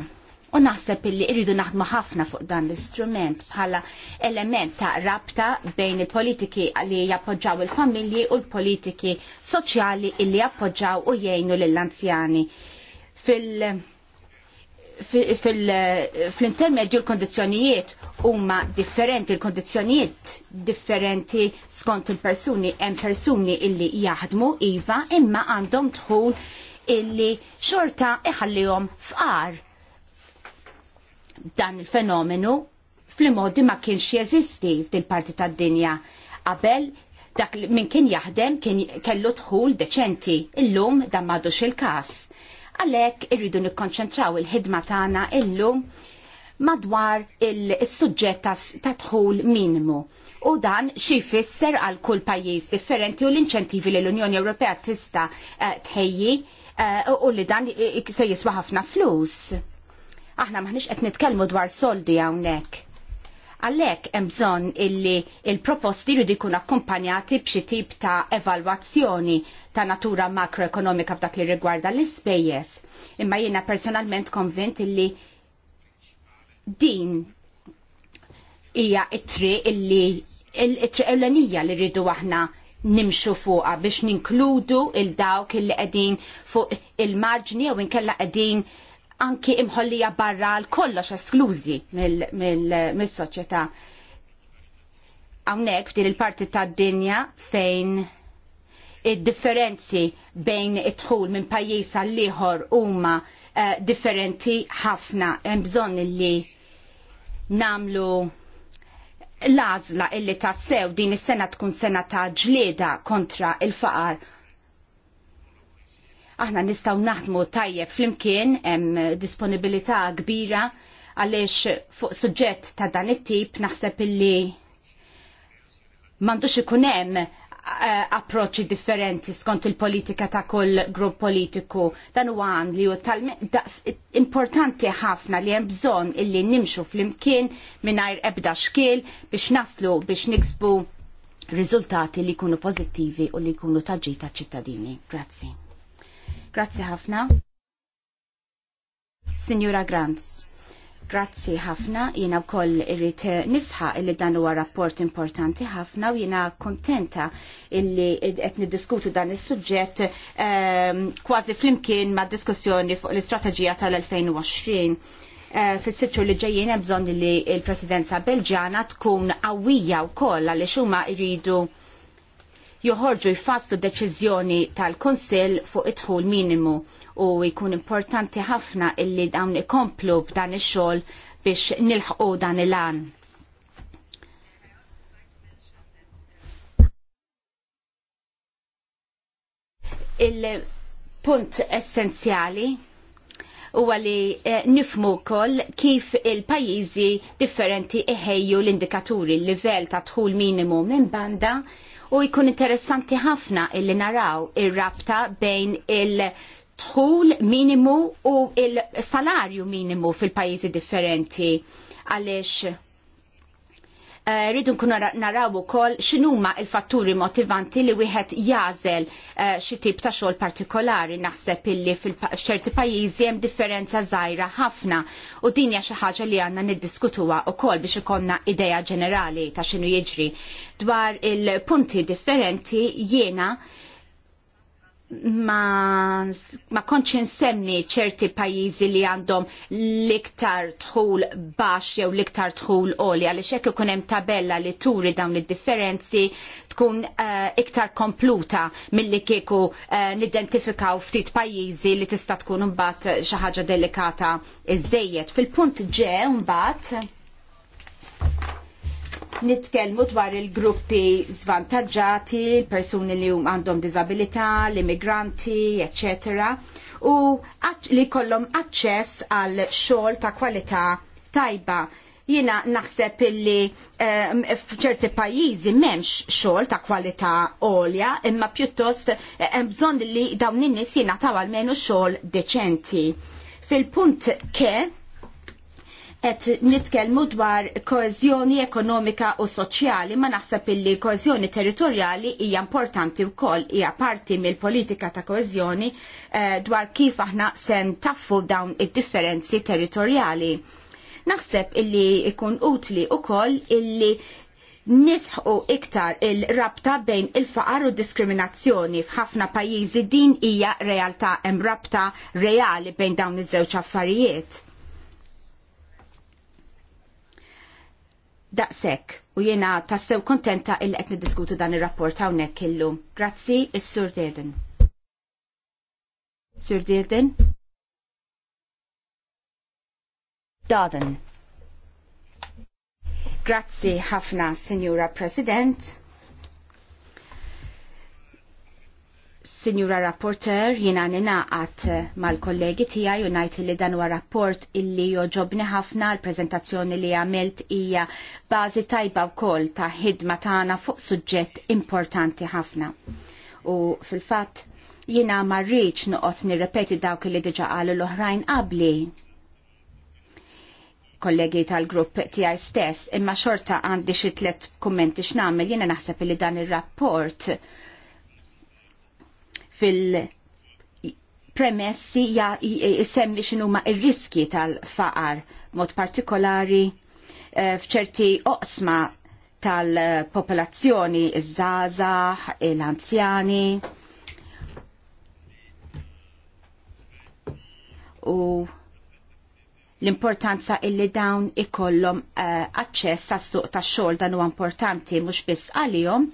U naħseb illi irridu naħdmu ħafna fuq dan l-istrument bħala element ta' rabta bejn il-politiki li jappoġġaw il-familji u l-politiki soċjali illi jappoġġaw u jgħinu lill-anzjani. Fil- fil-intermedju l-kondizjonijiet huma differenti, l-kondizjonijiet differenti skont il-persuni, hemm persuni illi jaħdmu iva imma għandhom tħul illi xorta iħallihom fqar dan il-fenomenu fl-modi ma kienx jeżisti fil parti tad-dinja. Qabel dak min kien jaħdem kien kellu dħul deċenti, illum dan m'għadux il-każ. Għalhekk irridu nikkonċentraw il-ħidma tagħna illum madwar il-sujġett ta' dħul minimu. U dan xi jfisser għal kull pajjiż differenti u l-inċentivi li l-Unjoni Ewropea tista' eh, tħejji eh, u li dan se jiswa ħafna flus Aħna maħniex qed nitkellmu dwar soldi hawnhekk. Għalhekk hemm bżonn illi il-proposti jridu jkunu akkumpanjati b'xi tip ta' evalwazzjoni ta' natura makroekonomika f'dak li rigwarda l-ispejjeż. Imma jiena personalment konvint illi din hija it-triq illi it-triq ewlenija li rridu aħna nimxu fuqa biex ninkludu il-dawk illi qegħdin fuq il-marġni jew inkella qegħdin anki imħollija barra l-kollox esklużi mill-soċjetà. Hawnhekk f'din il-parti tad-dinja fejn id-differenzi bejn it dħul minn pajjiż għal ieħor huma eh, differenti ħafna hemm bżonn li namlu l-għażla illi tassew din is-sena tkun sena ta' ġlieda kontra il-faqar Aħna nistgħu naħdmu tajjeb flimkien hemm disponibilità kbira għaliex fuq suġġett ta' dan it-tip naħseb illi m'għandux ikun hemm eh, approċċi differenti skont il-politika ta' kull grupp politiku. Dan huwa għan li hu importanti ħafna li hemm bżonn illi nimxu flimkien mingħajr ebda xkiel biex naslu biex niksbu riżultati li jkunu pożittivi u li jkunu taġġi taċ ċittadini. Grazzi. Grazzi ħafna. Signora Grants. Grazzi ħafna, jina wkoll irrit nisħa illi dan huwa rapport importanti ħafna u jina kontenta illi qed niddiskutu dan is-suġġett ehm, kważi flimkien ma' diskussjoni fuq l-istrateġija tal-2020. Eh, fis-sitxu li ġejjin hemm bżonn li l-Presidenza Belġjana tkun qawwija wkoll għaliex huma jridu joħorġu jfasslu deċiżjoni tal-Kunsill fuq it-tħul minimu u jkun importanti ħafna illi dawn ikomplu b'dan ix-xogħol biex nilħqu dan il-għan. Il-punt essenzjali huwa li eh, nifmu wkoll kif il-pajjiżi differenti iħejju l-indikaturi l-livell ta' tħul minimu minn banda u jkun interessanti ħafna illi naraw ir-rabta bejn il- tħul minimu u il-salarju minimu fil-pajizi differenti għalix eh, rridu nkunu naraw ukoll x'inhuma l-fatturi motivanti li wieħed jażel eh, xi tip ta' xogħol partikolari naħseb illi f'ċerti pajjiżi hemm differenza żgħira ħafna u din hija xi ħaġa li għandna niddiskutuha wkoll biex ikollna idea ġenerali ta' x'inhu jiġri dwar il-punti differenti jiena ma, ma konċ insemmi ċerti pajjiżi li għandhom l-iktar tħul baxx jew l-iktar tħul oli għaliex xek ikun hemm tabella li turi dawn id-differenzi tkun uh, iktar kompluta mill-li kieku uh, nidentifikaw ftit pajjiżi li tista' tkun mbagħad xi ħaġa delikata iżejjed. Fil-punt ġe mbagħad nitkellmu dwar il-gruppi zvantagġati, persuni li għandhom disabilità, l-immigranti, eccetera, u li kollhom aċċess għal xogħol ta' kwalità tajba. Jiena naħseb illi ehm, f'ċerti pajjiżi m'hemmx xogħol ta' kwalità għolja, imma pjuttost eh, hemm bżonn li dawn in-nies jingħataw menu xogħol deċenti. Fil-punt ke qed nitkellmu dwar koeżjoni ekonomika u soċjali ma naħseb illi koeżjoni territorjali hija importanti wkoll hija parti mill-politika ta' koeżjoni eh, dwar kif aħna se ntaffu dawn id-differenzi territorjali. Naħseb illi ikun utli wkoll illi nisħu iktar il-rabta bejn il-faqar u diskriminazzjoni f'ħafna pajjiżi din hija realtà hemm rabta reali bejn dawn iż-żewġ affarijiet. daqsek u jena tassew kontenta il qed niddiskutu dan ir-rapport hawnhekk illum. Grazzi is-Sur Dirden. Sur Dirden? Daden. Grazzi ħafna, Sinjura President. Signora Rapporter, jina ninaqat eh, mal-kollegi tija junajt li dan huwa rapport illi joġobni ħafna l-prezentazzjoni li għamilt hija bażi tajba wkoll ta' ħidma tagħna fuq suġġett importanti ħafna. U fil-fatt jina marriċ noqgħod nirrepeti dawk li diġa qalu l-oħrajn qabli kollegi tal-grupp tiegħi stess, imma xorta għandi xi tliet kummenti xnamil jiena naħseb li dan ir-rapport fil- premessi ja jisemmi x'inhuma il riski tal-faqar mod partikolari eh, f'ċerti oqsma tal-popolazzjoni iż żazax l-anzjani. U l-importanza illi dawn ikollhom uh, aċċess għas-suq tax-xogħol dan huwa importanti mhux biss għalihom,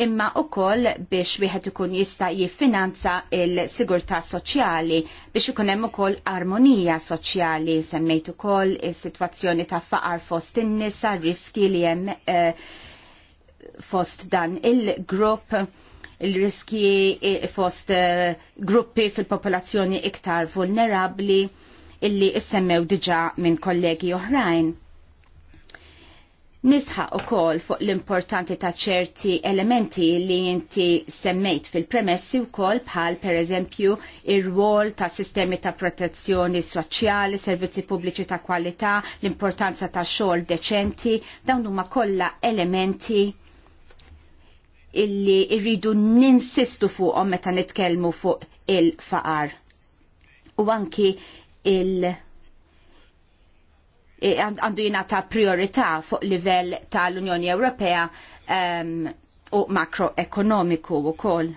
imma ukoll biex wieħed ikun jista' jiffinanza il-sigurtà soċjali biex ikun hemm ukoll armonija soċjali semmejt ukoll is-sitwazzjoni ta' faqar fost in-nisa, riski li hemm eh, fost dan il-grupp il-riski eh, fost eh, gruppi fil-popolazzjoni iktar vulnerabli illi issemmew diġa minn kollegi oħrajn. Nisħaq ukoll fuq l-importanti ta' ċerti elementi li inti semmejt fil-premessi wkoll bħal pereżempju ir-rwol ta' sistemi ta' protezzjoni soċjali, servizzi pubbliċi ta' kwalità, l-importanza ta' xogħol deċenti, dawn huma kollha elementi illi irridu ninsistu fuqhom meta nitkellmu fuq il-faqar. U anki il- E, għandu jina ta' priorità fuq livell tal-Unjoni Ewropea um, u makroekonomiku u koll.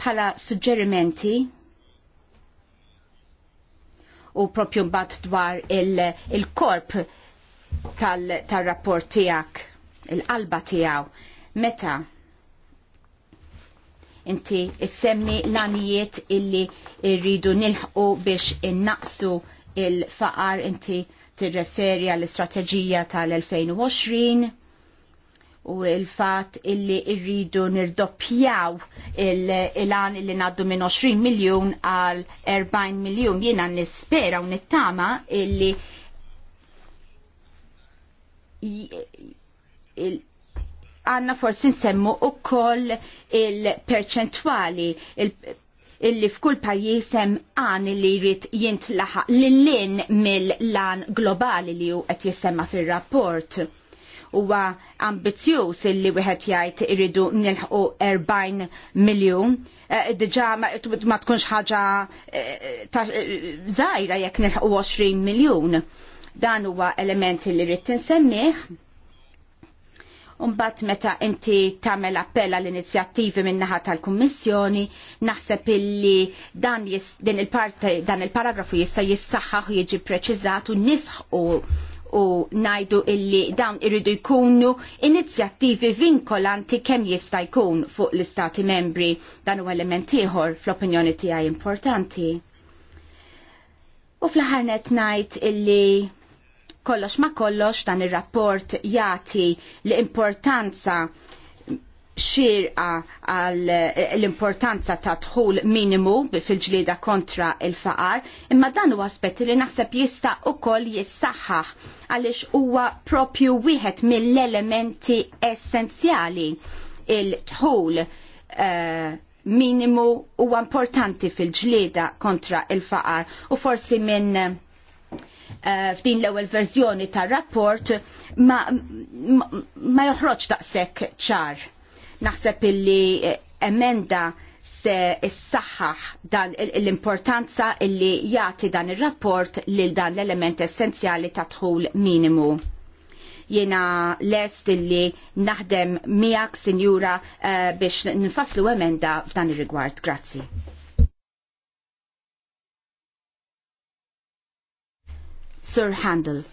Bħala suġġerimenti u propju mbagħad dwar il-korp il korp il tal rapport tijak, tiegħek, il-qalba tiegħu. Meta Inti semmi l-anijiet illi rridu nilħqu biex innaqsu il-faqar inti tirreferi għall-istrateġija tal-2020 u il-fat illi irridu nirdoppjaw il-għan illi naddu minn 20 miljon għal 40 miljon jina nispera u nittama illi għanna forsi nsemmu u koll il-perċentwali il illi f'kull pajjiż hemm għan li jrid jintlaħaq lil-lin mill-lan globali li hu qed jisemma fir-rapport. Huwa ambizzjuż illi wieħed jgħid iridu nilħqu 40 miljun eh, diġa ma tkunx ħaġa zaħira eh, eh, jekk nilħqu 20 miljun. Dan huwa elementi li rrid tinsemmih Umbat meta inti tamel appella l-inizjattivi minnaħa tal-Kummissjoni, naħseb illi dan, jis, din il dan il-paragrafu jista jissaxħaħ jiġi preċizzat u nisħ u u najdu illi dan irridu jkunu inizjattivi vinkolanti kemm jista' jkun fuq l-istati membri dan u element ieħor fl-opinjoni tiegħi importanti. U fl-ħarnet najt illi Kollox ma kollox dan ir-rapport jati l-importanza xirqa għal eh, l-importanza ta' tħul minimu fil-ġlieda kontra il-faqar, imma dan huwa aspet li naħseb jista' koll jissaxħax għaliex huwa propju wieħed mill-elementi essenzjali il-tħul uh, eh, minimu huwa importanti fil-ġlieda kontra il-faqar u forsi minn eh, Eh, f'din l-ewwel verżjoni tar-rapport ma, ma, ma joħroġ daqshekk ċar. Naħseb illi eh, emenda se issaħħaħ dan l-importanza illi jagħti dan ir-rapport lil dan l-element essenzjali ta' tħul minimu. Jiena lest illi naħdem miegħek sinjura uh, biex nfasslu emenda f'dan ir-rigward. Grazzi. Sir Handel.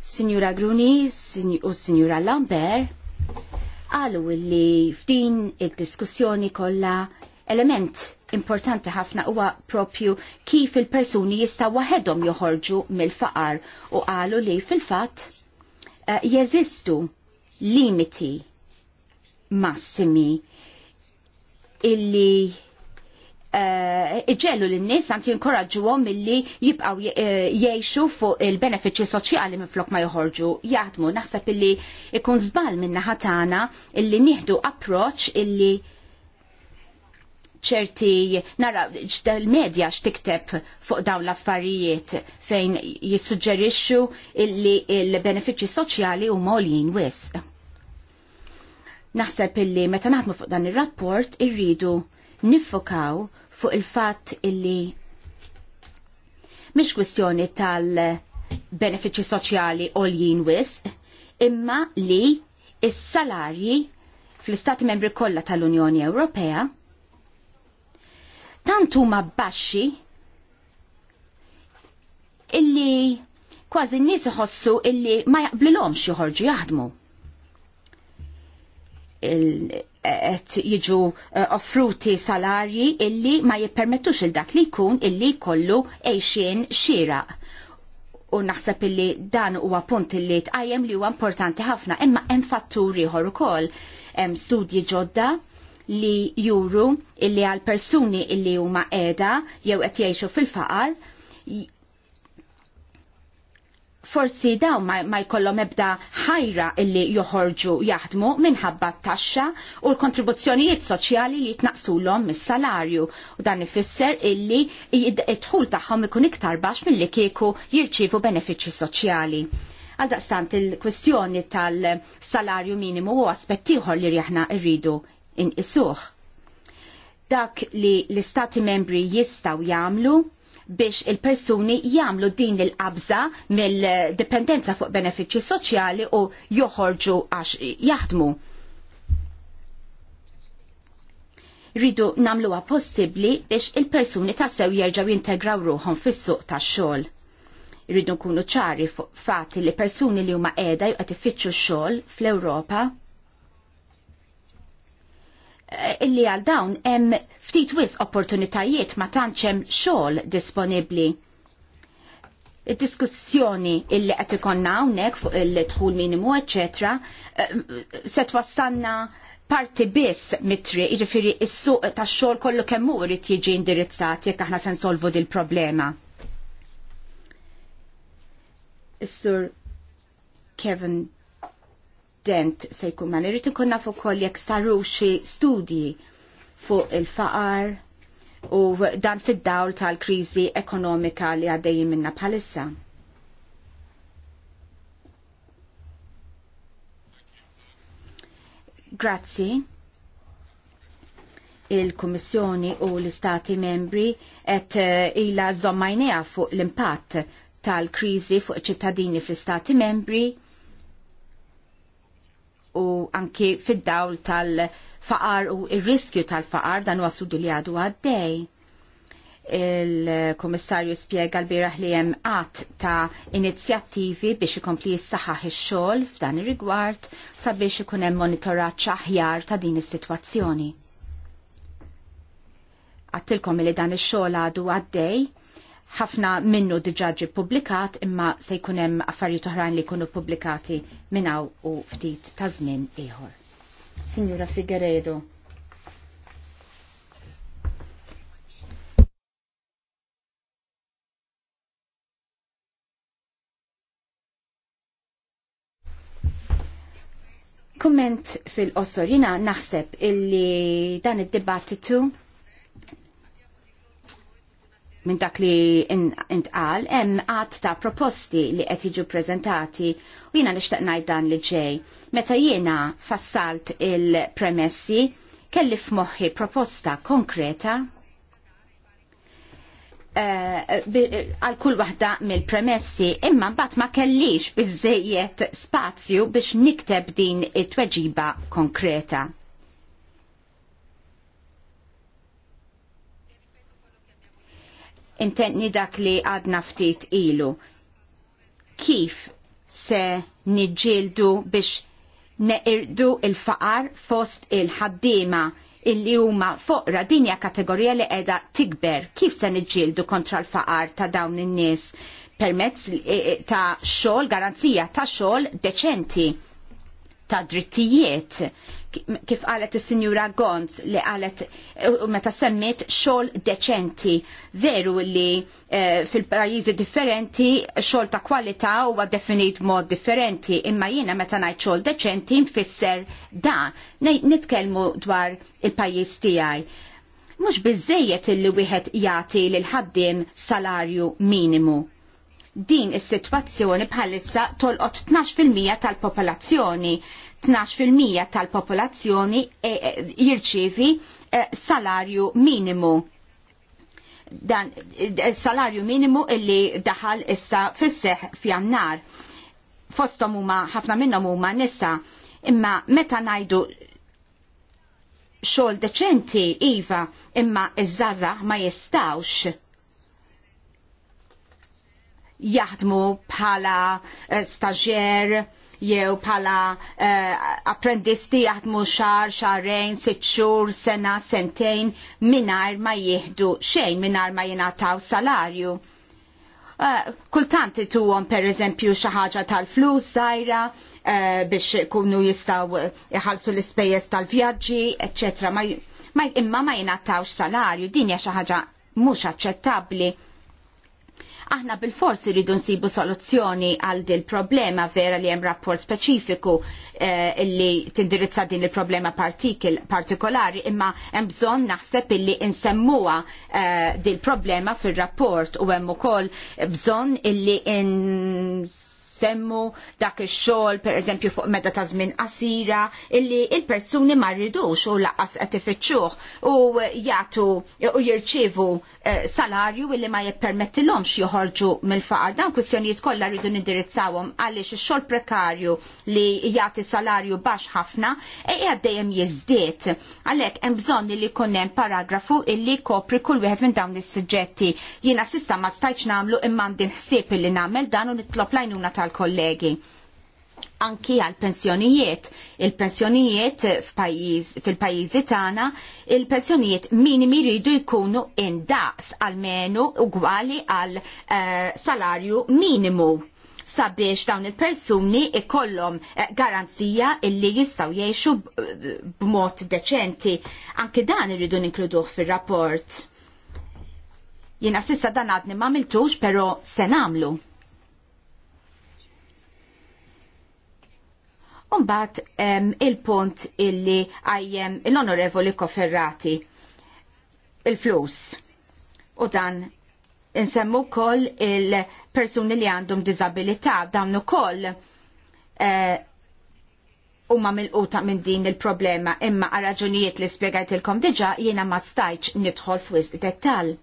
Signora Gruni u Signora Lambert għalu li f'din id-diskussjoni kollha element importanti ħafna huwa propju kif il-persuni jistaw waħedhom joħorġu mill-faqar u qalu li fil-fatt uh, jeżistu limiti massimi illi Eh, iġellu l-nis għant għom milli jibqaw jiexu eh, fuq il-benefiċi soċjali minn flok ma joħorġu jaħdmu. Naħseb illi ikun zbal minna ħatana illi nieħdu approċ illi ċerti nara l-medja x'tikteb fuq dawn l-affarijiet fejn jissuġġerixxu illi il-benefiċċji soċjali huma molin wisq. Naħseb illi meta naħdmu fuq dan ir-rapport irridu niffokaw fuq il-fatt illi mish kwestjoni tal-benefiċċji soċjali jien wisq, imma li is-salarji fl-istati membri kollha tal-Unjoni Ewropea tant huma baxxi illi kważi n-nies iħossu illi ma jaqblilhomx joħorġu jaħdmu qed jiġu eh, offruti salarji illi ma jippermettux il dak li jkun illi kollu għejxien xieraq. U naħseb illi dan huwa punt illi tqajjem li huwa importanti ħafna, imma hemm fatturi ieħor ukoll hemm studji ġodda li juru illi għal persuni illi huma qiegħda jew qed jgħixu fil-faqar forsi daw ma, ma jkollhom ebda ħajra illi joħorġu jaħdmu minħabba t-taxxa u l-kontribuzzjonijiet soċjali li jitnaqsulhom mis-salarju u dan ifisser illi id-dħul tagħhom ikun iktar baxx milli kieku jirċievu benefiċċji soċjali. Għal daqstant il-kwestjoni tal-salarju minimu u aspettiħor li rjaħna rridu isuħ. Dak li l-istati membri jistaw jagħmlu biex il-persuni jagħmlu din il-qabża mill-dipendenza fuq benefiċċji soċjali u joħorġu għax jaħdmu. Ridu namluha possibbli biex il-persuni tassew jerġgħu jintegraw ruħhom fis-suq tax-xogħol. Ridu nkunu ċari fuq li persuni li huma qiegħda jew qed ifittxu x-xogħol fl-Ewropa Eh, illi għal dawn hemm ftit wis opportunitajiet ma tantx hemm xogħol disponibbli. Id-diskussjoni illi qed ikonna hawnhekk fuq il-dħul minimu, eċetera, eh, se twassalna parti biss mitri, jiġifieri s-suq tax-xogħol kollu kemm hu irid jiġi indirizzat jekk aħna se nsolvu dil problema. Is-sur Kevin student se jkun ma irrid ikun naf ukoll jekk saru xi studji fuq il-faqar u dan fid-dawl tal-kriżi ekonomika li għaddejjin minna bħalissa. Grazzi il-Kummissjoni u l-Istati membri et eh, ila zommajnija fuq l-impatt tal-krizi fuq ċittadini fl-Istati membri u anki fid-dawl tal-faqar u il-riskju tal-faqar dan wasudu li għadu għaddej. Il-Komissarju spiega l-biraħ li hemm qatt ta' inizjattivi biex ikompli jissaħħaħ ix-xogħol f'dan ir-rigward sabiex ikun hemm monitoraġġ aħjar ta' din is-sitwazzjoni. Għattilkom li dan ix-xogħol għadu għaddej ħafna minnu diġà ġie publikat imma se jkun hemm affarijiet oħrajn li jkunu publikati minnaw u ftit ta' żmien ieħor. Signora Figueredo. Komment fil-qosor, jina naħseb illi dan id-dibattitu minn dak li intqal hemm għadd ta' proposti li qed jiġu prezentati u jiena nixtaq ngħid dan li ġej. Meta jiena fassalt il-premessi kelli f'moħħi proposta konkreta eh, għal kull waħda mill-premessi imma mbagħad ma kellix biżżejjed spazju biex nikteb din it-tweġiba konkreta. intentni dak li għadna ftit ilu. Kif se niġġieldu biex neqirdu il-faqar fost il-ħaddima illi huma foqra dinja kategorija li qiegħda tikber kif se niġġieldu kontra l-faqar ta' dawn in-nies permezz e, e, ta' xogħol, garanzija ta' xogħol deċenti ta' drittijiet kif qalet is-Sinjura Gonz li qalet meta semmit xogħol deċenti. Veru li eh, fil-pajjiżi differenti xogħol ta' kwalità huwa definit mod differenti, imma jiena meta ngħid xogħol deċenti mfisser da. Nitkellmu dwar il-pajjiż tiegħi. Mhux biżejjed illi wieħed jagħti l ħaddiem salarju minimu din is-sitwazzjoni bħalissa tolqot 12% tal-popolazzjoni 12% tal-popolazzjoni e, e, jirċievi e, salarju minimu dan salarju minimu illi daħal issa fisseħ f'jannar. Fostom huma ħafna minnhom huma nisa, imma meta ngħidu xogħol deċenti iva, imma iż-żaża ma jistawx jaħdmu bħala staġer jew pala uh, eh, apprendisti jaħdmu xar, xarrejn, sitt xhur, sena, sentejn mingħajr ma jieħdu xejn mingħajr ma jingħataw salarju. Uh, kultant ituhom pereżempju xi ħaġa tal-flus żgħira uh, biex ikunu jistgħu jħallsu l-ispejjeż tal-vjaġġi, eccetera. Ma, ma, imma ma jingħatawx salarju, din hija xi ħaġa mhux aċċettabbli Aħna bil-fors irridu nsibu soluzzjoni għal dil problema vera li hemm rapport speċifiku eh, li tindirizza din il-problema partikolari imma hemm bżonn naħseb illi insemmuha eh, dil problema fil-rapport u hemm ukoll bżonn illi in semmu dak ix-xogħol pereżempju fuq meta ta' żmien qasira illi il-persuni ma rridux u laqas qed ifittxuh u jagħtu u jirċievu eh, salarju illi ma jippermettilhomx joħorġu mill-faqar. Dan kwistjonijiet kollha rridu nindirizzawhom għaliex ix-xogħol prekarju li jagħti salarju baxx ħafna e dejjem jiżdied. Għalhekk hemm bżonn li jkun hemm paragrafu illi kopri kull wieħed minn dawn is-suġġetti. Jiena sista ma stajtx nagħmlu imma din ħsieb illi nagħmel dan u nitlob lajnuna tal tal-kollegi anki għal pensjonijiet. Il-pensjonijiet fil-pajizi tagħna, il-pensjonijiet minimi jridu jkunu indaqs għal-menu ugwali għal uh, salarju minimu sabiex dawn il-persuni ikollom garanzija illi jistgħu jgħixu b'mod deċenti. Anki dan irridu ninkluduħ fir-rapport. Jiena sissa dan għadni ma miltux, però se nagħmlu. Umbat um, il-punt illi għajjem l-onorevoli koferrati il-flus u dan insemmu kol il-persuni li għandhom disabilità dawn u kol eh, umma mill-quta minn din il-problema imma għarraġunijiet li il-kom diġa jiena ma stajċ nidħol f'wisq dettal.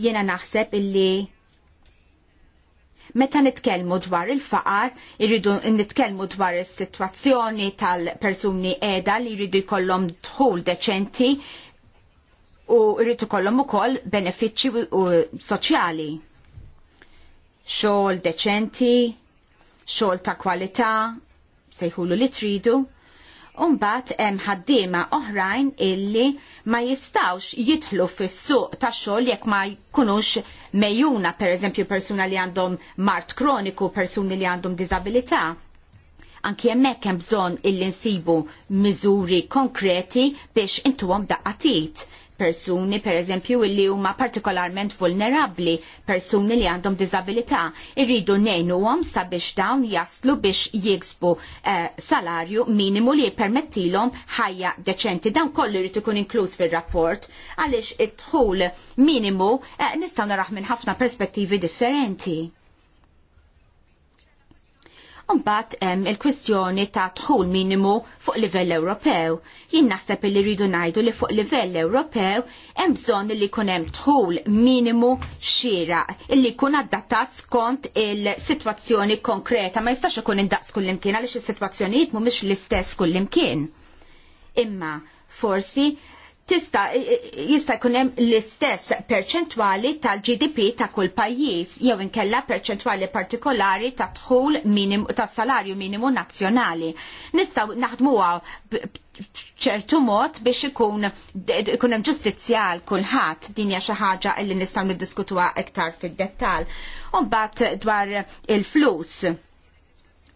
Jiena naħseb illi Meta nitkellmu dwar il-faqar, irridu nitkellmu dwar is-sitwazzjoni tal-persuni qiegħda li jridu jkollhom dħul deċenti u jridu jkollhom ukoll benefiċċji soċjali. Xogħol deċenti, xogħol ta' kwalità, sejħulu li tridu Umbat hemm ħaddiema oħrajn illi ma jistawx jidħlu fis-suq tax-xogħol jekk ma jkunux mejjuna pereżempju persuna li għandhom mart kroniku, persuni li għandhom diżabilità. Anki hemmhekk hemm bżonn illi nsibu miżuri konkreti biex intuhom daqqatit persuni per eżempju illi huma partikolarment vulnerabbli, persuni li għandhom diżabilità, irridu ngħinuhom sabiex dawn jaslu biex jiksbu eh, salarju minimu li jippermettilhom ħajja deċenti. Dan kollu jrid ikun inkluż fir-rapport għaliex id-dħul minimu eh, nistgħu naraħ minn ħafna perspettivi differenti. Umbat hemm il-kwistjoni ta' tħul minimu fuq livell Ewropew. Jien naħseb li rridu ngħidu li fuq livell Ewropew hemm bżonn li jkun hemm tħul minimu xira illi jkun adattat skont il-sitwazzjoni konkreta ma jistax ikun indaqs kullimkien għaliex is-sitwazzjonijiet mhumiex l-istess kullimkien. Imma forsi tista jista jkun hemm l-istess perċentwali tal-GDP ta' kull pajjiż jew inkella perċentwali partikolari ta' dħul minim ta' salarju minimu nazzjonali. Nistgħu naħdmuha ċertu mod biex ikun ikun hemm ġustizzja għal kulħadd din hija xi ħaġa li nistgħu niddiskutuha iktar fid-dettall. U mbagħad dwar il-flus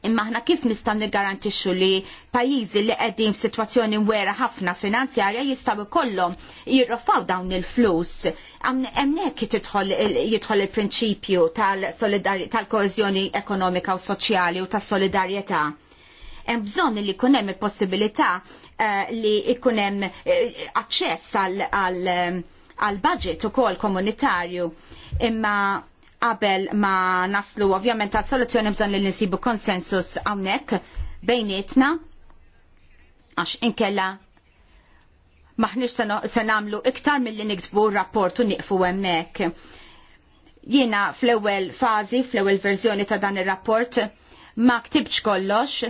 Imma aħna kif nistgħu niggarantixxu li pajjiżi li qegħdin f'sitwazzjoni wera ħafna finanzjarja jistgħu ikollhom jirrofaw dawn il-flus. Hemmhekk jidħol il-prinċipju tal-koeżjoni ekonomika u soċjali u tas-solidarjetà. Hemm bżonn li jkun hemm il-possibilità eh, li jkun hemm eh, aċċess għal għal budget ukoll komunitarju imma qabel ma naslu ovvjament għal soluzzjoni bżonn li nisibu konsensus hawnhekk bejnietna għax inkella maħniex se nagħmlu iktar milli niktbu r-rapport u nieqfu hemmhekk. Jiena fl-ewwel fażi, fl-ewwel verżjoni ta' dan ir-rapport ma ktibx kollox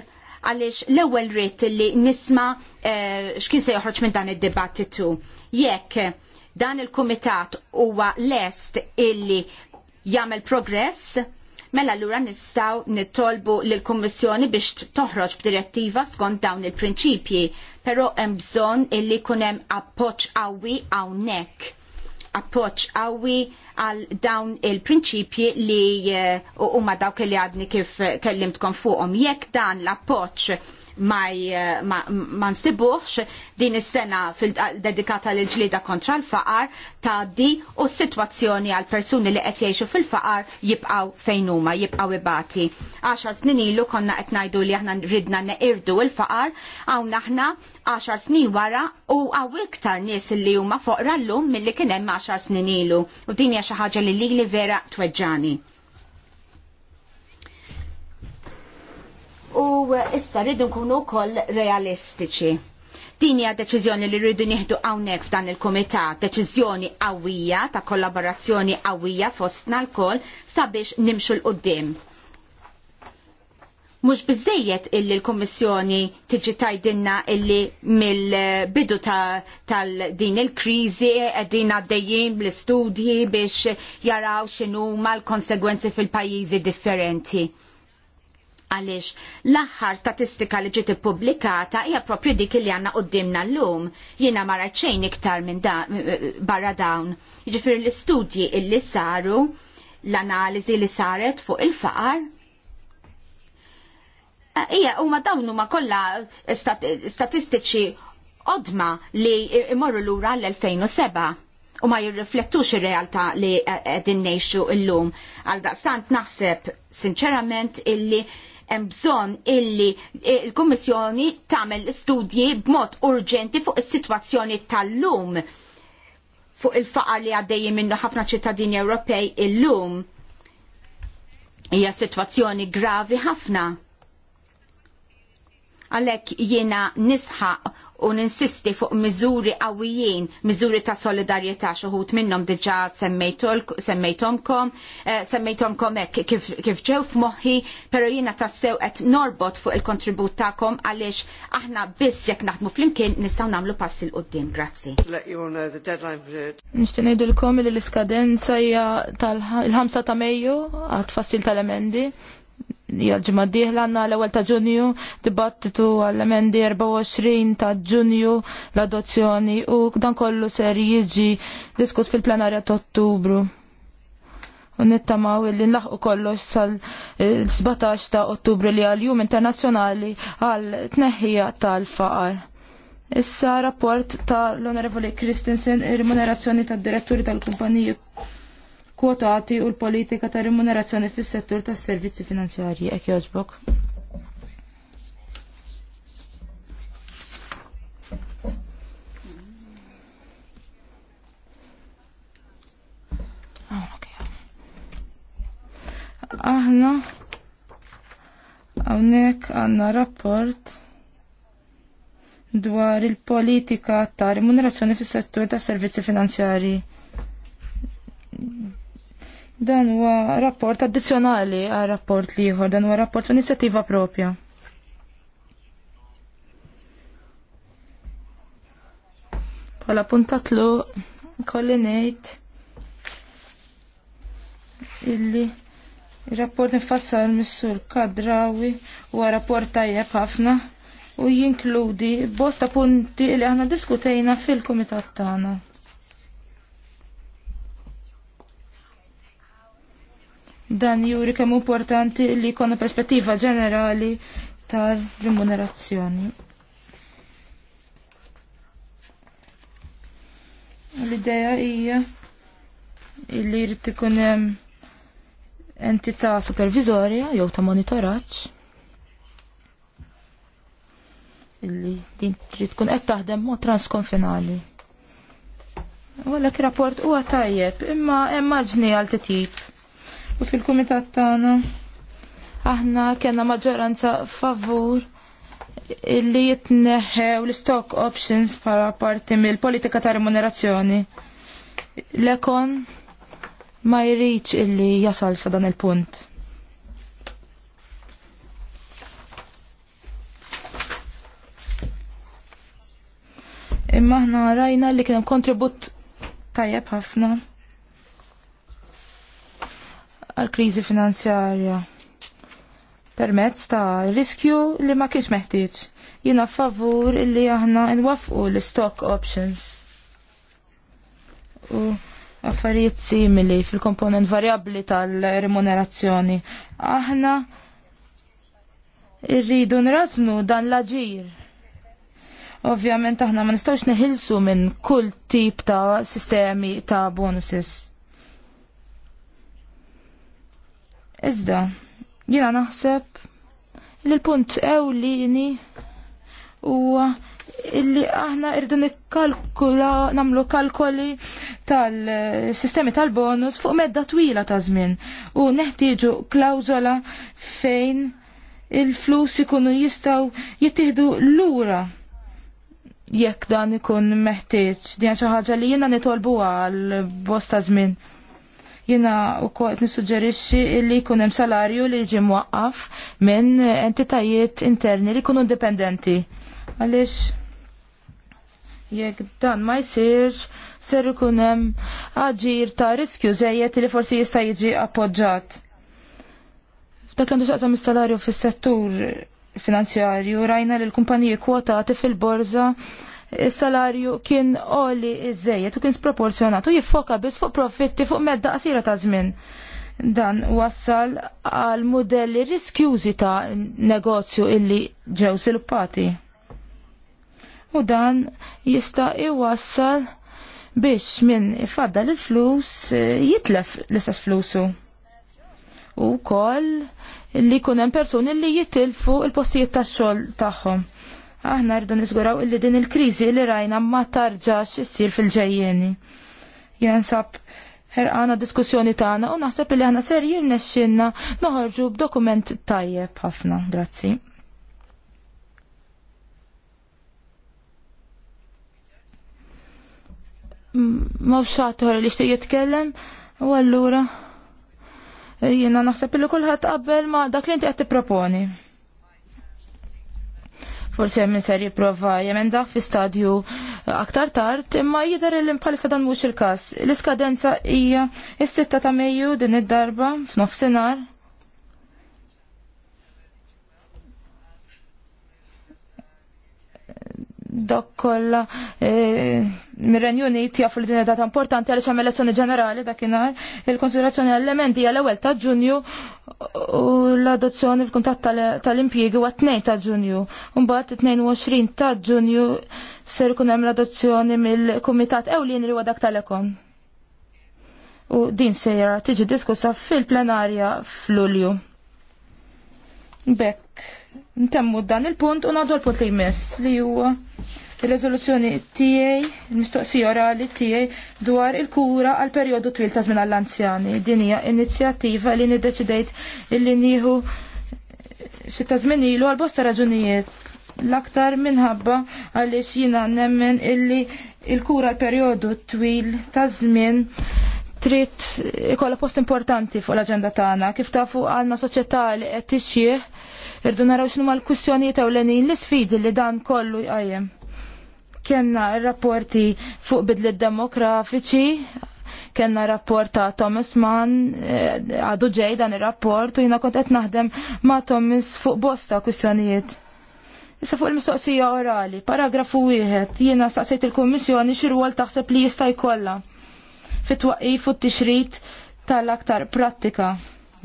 għaliex l-ewwel rrit li nisma' eh, x'kien se joħroġ minn dan id-dibattitu. Jekk dan il-kumitat huwa lest illi jagħmel progress, mela allura nistgħu nittolbu lill kummissjoni biex toħroġ b'direttiva skont dawn il-prinċipji, però hemm bżonn illi jkun hemm appoġġ qawwi hawnhekk appoġġ qawwi għal dawn il-prinċipji li eh, huma dawk li għadni kif kellimtkom fuqhom. Jekk dan l-appoġġ ma, ma, ma nsibuħx din is-sena dedikata l ġlieda kontra l-faqar tgħaddi u s-sitwazzjoni għal persuni li qed jgħixu fil-faqar jibqgħu fejn huma, jibqgħu ibati. Għaxar snin ilu konna qed ngħidu li aħna ridna neqirdu l-faqar hawn aħna 10 snin wara u għaw iktar nies li huma foqra llum milli kien hemm 10 snin ilu u din hija xi ħaġa li lili vera tweġġani. U issa rridu nkunu wkoll realistiċi. Din hija deċiżjoni li rridu nieħdu hawnhekk f'dan il-kumitat, deċiżjoni qawwija ta' kollaborazzjoni qawwija fostna lkoll sabiex nimxu l-qudiem. Mhux bizzejiet illi l-Kummissjoni tiġi tajdinna illi mill-bidu tal-din il kriżi qegħdin għaddejjin bl-istudji biex jaraw x'inhuma l-konsegwenzi fil-pajjiżi differenti għaliex l-aħħar statistika li ġiet ippubblikata hija proprju dik li għandna qudiemna llum. Jiena ma xejn iktar minn da, barra dawn. Ġifir l-istudji illi saru l-analiżi li saret fuq il-faqar Ija, u ma dawn huma kollha stat statistiċi odma li imorru lura l-2007 u ma jirriflettux ir-realtà li qegħdin ngħixu llum. Għal daqsant naħseb sinċerament illi hemm bżonn illi l-Kummissjoni tagħmel studji b'mod urġenti fuq is-sitwazzjoni tal-lum fuq il-faqar li għaddejji minnu ħafna ċittadini Ewropej illum. Hija sitwazzjoni gravi ħafna Għalhekk jiena nisħaq u ninsisti fuq miżuri qawwijin, miżuri ta' solidarieta xuħut minnhom diġà semmejtomkom, semmejtomkom eh, hekk kif, kif ġew f'moħħi, pero jiena tassew qed norbot fuq il-kontribut tagħkom għaliex aħna biss jekk naħdmu flimkien nistgħu nagħmlu passi l qudiem Grazzi. Nixtieq kom li l-iskadenza hija tal-5 ta' Mejju għat fassil tal-emendi jgħalġma diħla għanna l-ewel ta' ġunju, dibattitu għall-emendi 24 ta' ġunju l-adozzjoni u dan kollu ser jiġi diskus fil-plenarja ta' ottubru. U nittamaw li nlaħqu kollox sal-17 ta' ottubru li għal-jum internazjonali għal-tneħħija tal-faqar. Issa rapport ta' l-Onorevoli Christensen, il-remunerazzjoni tad diretturi tal-kumpaniji kwotati u l-politika ta' remunerazzjoni fis-settur tas-servizzi finanzjarji hekk jogħġbok. Ah, Aħna hawnhekk għandna rapport dwar il-politika ta' remunerazzjoni fis-settur tas servizzi finanzjarji Dan huwa rapport addizzjonali għal rapport liħor, dan huwa rapport f'inizjattiva propja. Pala puntatlu kolli ngħid illi rapport nifassal mis-sur kadrawi huwa rapport tajjeb ħafna u jinkludi bosta punti li aħna diskutejna fil-kumitat tagħna. Dan juri kemm importanti li jkollna perspettiva ġenerali tar-rimunerazzjoni. L-idea hija li jrid ikun hemm entità supervizorja jew ta' monitoraġġ illi din trid tkun qed taħdem mod transkonfinali. Wallek rapport huwa tajjeb, imma hemm maġni għal titjib u fil-kumitat tagħna aħna kellna maġġoranza favur li jitneħew l-stock options bħala parti mill-politika ta' remunerazzjoni. Lekon ma jriċ illi jasal sa dan il-punt. Imma aħna rajna li kien kontribut tajjeb ħafna għal-kriżi finanzjarja permezz ta' riskju li ma kienx meħtieġ. Jiena favur illi aħna nwaffqu l-stock options. U affarijiet simili fil-komponent varjabbli tal-remunerazzjoni. Aħna irridu nraznu dan l-aġir. Ovvjament aħna ma nistgħux neħilsu minn kull tip ta' sistemi ta' bonuses. Iżda, jiena naħseb li l-punt ewlieni huwa illi aħna irdu nikkalkula namlu kalkoli tal-sistemi tal-bonus fuq medda twila ta' żmien u neħtieġu klawżola fejn il-flus ikunu jistaw jittieħdu lura jekk dan ikun meħtieġ din xi ħaġa li jiena nitolbu għal bosta żmien. Jina u kod nissuġġerixxi li jkun hemm salarju li jiġi mwaqqaf minn entitajiet interni li jkunu indipendenti. Għaliex jekk dan ma jsirx ser ikun hemm aġir ta' riskju zejiet li forsi jista' jiġi appoġġjat. F'dak għandu xaqsam is-salarju fis-settur finanzjarju rajna li l-kumpaniji kwotati fil borza salarju kien oli iżejjed u kien sproporzjonat u jiffoka biss fuq profitti fuq medda qasira ta' żmien. Dan wassal għal modelli riskjużi ta' negozju illi ġew sviluppati. U dan jista' iwassal biex minn ifadda l-flus eh, jitlef l-istess flusu. U koll li kunem persuni li jitilfu il-postijiet tax xogħol tagħhom. Aħna rridu niżguraw illi din il-kriżi li rajna ma tarġax issir fil-ġejjeni. Jien nsab ħerqana diskussjoni tagħna u naħseb li aħna ser jirnexxinna noħorġu b'dokument tajjeb ħafna. Grazzi. Mawx xator li xtej jitkellem u allura jiena naħseb li kulħadd qabel ma dak li inti qed tipproponi forsi hemm min ser jipprova jemenda fi stadju eh, aktar tard, imma jidher li bħalissa dan mhux il-każ. L-iskadenza hija s-sitta ta' Mejju din id-darba f'nofsinhar dak kollha e, mir-Renju Unit jafu li din data importanti għaliex hemm elezzjoni ġenerali dakinhar il-konsiderazzjoni għall-elementi hija l-ewwel ta' Ġunju u l-adozzjoni f'kuntatt tal-impjiegi huwa tnejn ta' Ġunju. Mbagħad 22 ta' Ġunju ser ikun hemm l-adozzjoni mill-Kumitat Ewlieni li huwa dak tal-ekon. U din sejra tiġi diskussa fil-plenarja f'Lulju. Bekk Ntemmu dan il-punt u nagħdu l-punt li jmiss li huwa il-rezoluzzjoni tiegħi, il-mistoqsija orali tiegħi dwar il-kura għal perjodu twil ta' żmien għall-anzjani. Din hija inizjattiva li niddeċidejt illi nieħu xi ta' żmien ilu għal bosta raġunijiet l-aktar minħabba għaliex jina nemmen illi il-kura l perjodu twil ta' żmien trid ikolla post importanti fuq l-aġenda tagħna. Kif tafu għandna soċjetà li qed tixjih Irdu naraw x'nu mal-kussjonijiet ewlenin l-isfidi li dan kollu jqajjem. Kenna rapporti fuq bidli demografiċi, kenna rapport ta' Thomas Mann, eh, għadu ġej dan ir-rapport u jina kont qed naħdem ma' Thomas fuq bosta kwistjonijiet. Issa fuq il-mistoqsija orali, paragrafu wieħed, jiena staqsejt il-Kummissjoni xi rwol taħseb li jista' jkollha fit-twaqqif u t-tixrid tal-aktar prattika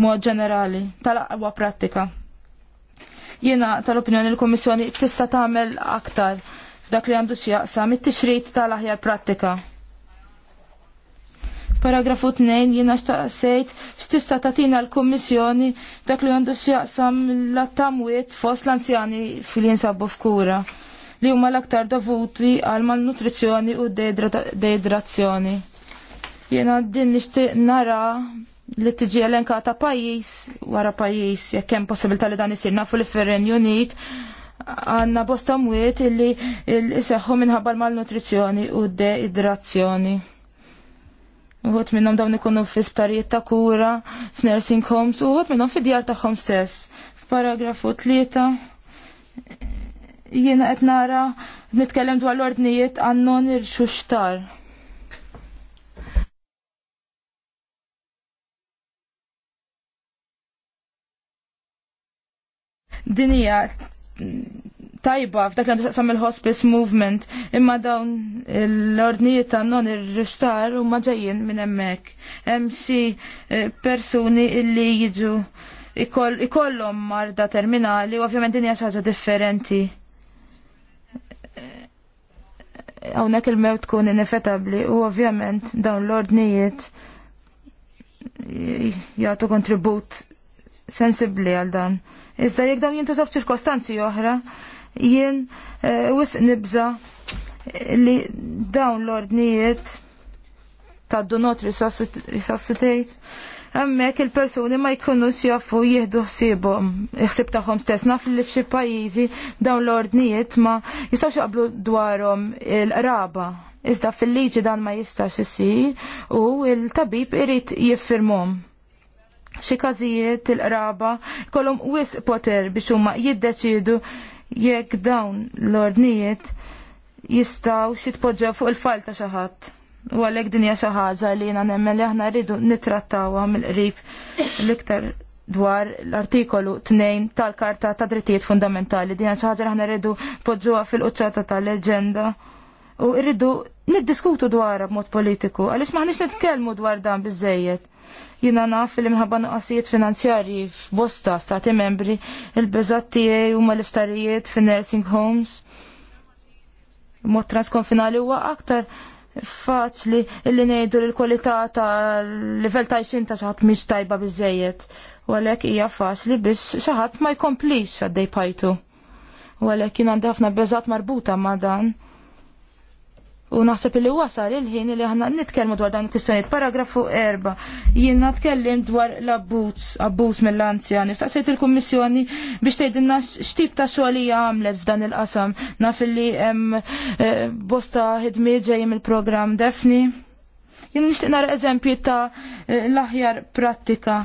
mod ġenerali, tal-aqwa prattika. Jiena tal-opinjoni l-Kummissjoni tista' tagħmel aktar f'dak li għandu x'jaqsam it-tixrid tal-aħjar prattika. Paragrafu 2 jiena xtaqsejt x'tista' tagħtina l-Kummissjoni dak li għandu x'jaqsam l-attamwiet fost l-anzjani fil-jinsabu f'kura li huma l-aktar dovuti għal malnutrizzjoni u dehidrazzjoni. Jiena din nixtieq nara li tiġi elenkata pajjiż wara pajjiż jekk hemm possibilità li dan isir nafu li fir Unit għandna bosta mwiet illi iseħħu minħabba l-malnutrizzjoni u deidrazzjoni. Uħut minnom dawn ikunu f'isptarijiet ta' kura, f'nursing homes, uħut minnom fidjar djar tagħhom stess. F'paragrafu tlieta jiena qed nara nitkellem dwar l-ordnijiet għannon irxu xtar Din hija tajba f'dak li sam il-hospice movement imma dawn l-ordnijiet ta' non ir-ristar u ġejjin minn hemmhekk. Hemm personi eh, persuni illi jiġu ikollhom marda terminali u ovvjament din hija xi ħaġa differenti. Hawnhekk il-mewt tkun inefetabbli u ovvjament dawn l-ordnijiet jagħtu kontribut sensibli għal dan. Iżda jekk dawn jintużaw f'ċirkostanzi oħra, jien eh, wis nibża li dawn l-ordnijiet ta' do not resuscitate hemmhekk il-persuni ma jkunux jafu jieħdu ħsiebhom, ħsieb tagħhom stess. Naf li f'xi pajjiżi dawn l-ordnijiet ma jistaw jaqblu dwarhom il-qraba. Iżda fil-liġi dan ma jistax issir, u l tabib irid jiffirmhom. Xi każijiet il-qraba kolom wis poter biex huma jiddeċidu jekk dawn l-ordnijiet jistgħu jitpoġġew fuq il-fall ta' xi ħadd. U għalhekk din hija xi ħaġa li jiena nemmen li aħna rridu nittrattawha mill-qrib l-iktar dwar l-artikolu 2 tal-Karta ta' Drittijiet Fundamentali. ħaġa li aħna rridu poġġuha fil-quċċata tal-leġenda u rridu niddiskutu dwar b'mod politiku għaliex maħniex nitkellmu dwar dan biżejjed. Jina naf li minħabba nuqqasijiet finanzjarji f'bosta stati membri il-beżat tiegħi huma l-iftarijiet fin-nursing homes. Mod transkonfinali huwa aktar faċli illi ngħidu l kwalità ta' livell ta' xin ta' xaħat mhix tajba biżejjed. U għalhekk hija faċli biex xi ħadd ma jkomplix għaddej pajtu. U għalhekk jien għandi ħafna beżat marbuta ma' dan U naħseb li wasal il-ħin li aħna nitkellmu dwar dawn il-kwistjonijiet. Paragrafu 4. Jiena tkellim dwar l-abbuż, abbuż mill-anzjani. Ftaqsejt il-Kummissjoni biex tgħidilna x'tip ta' xogħol hija għamlet f'dan il-qasam. Naf li hemm eh, bosta ħidmiet ġej mill-programm Defni. Jien nixtieq nara eżempji ta' eh, l-aħjar prattika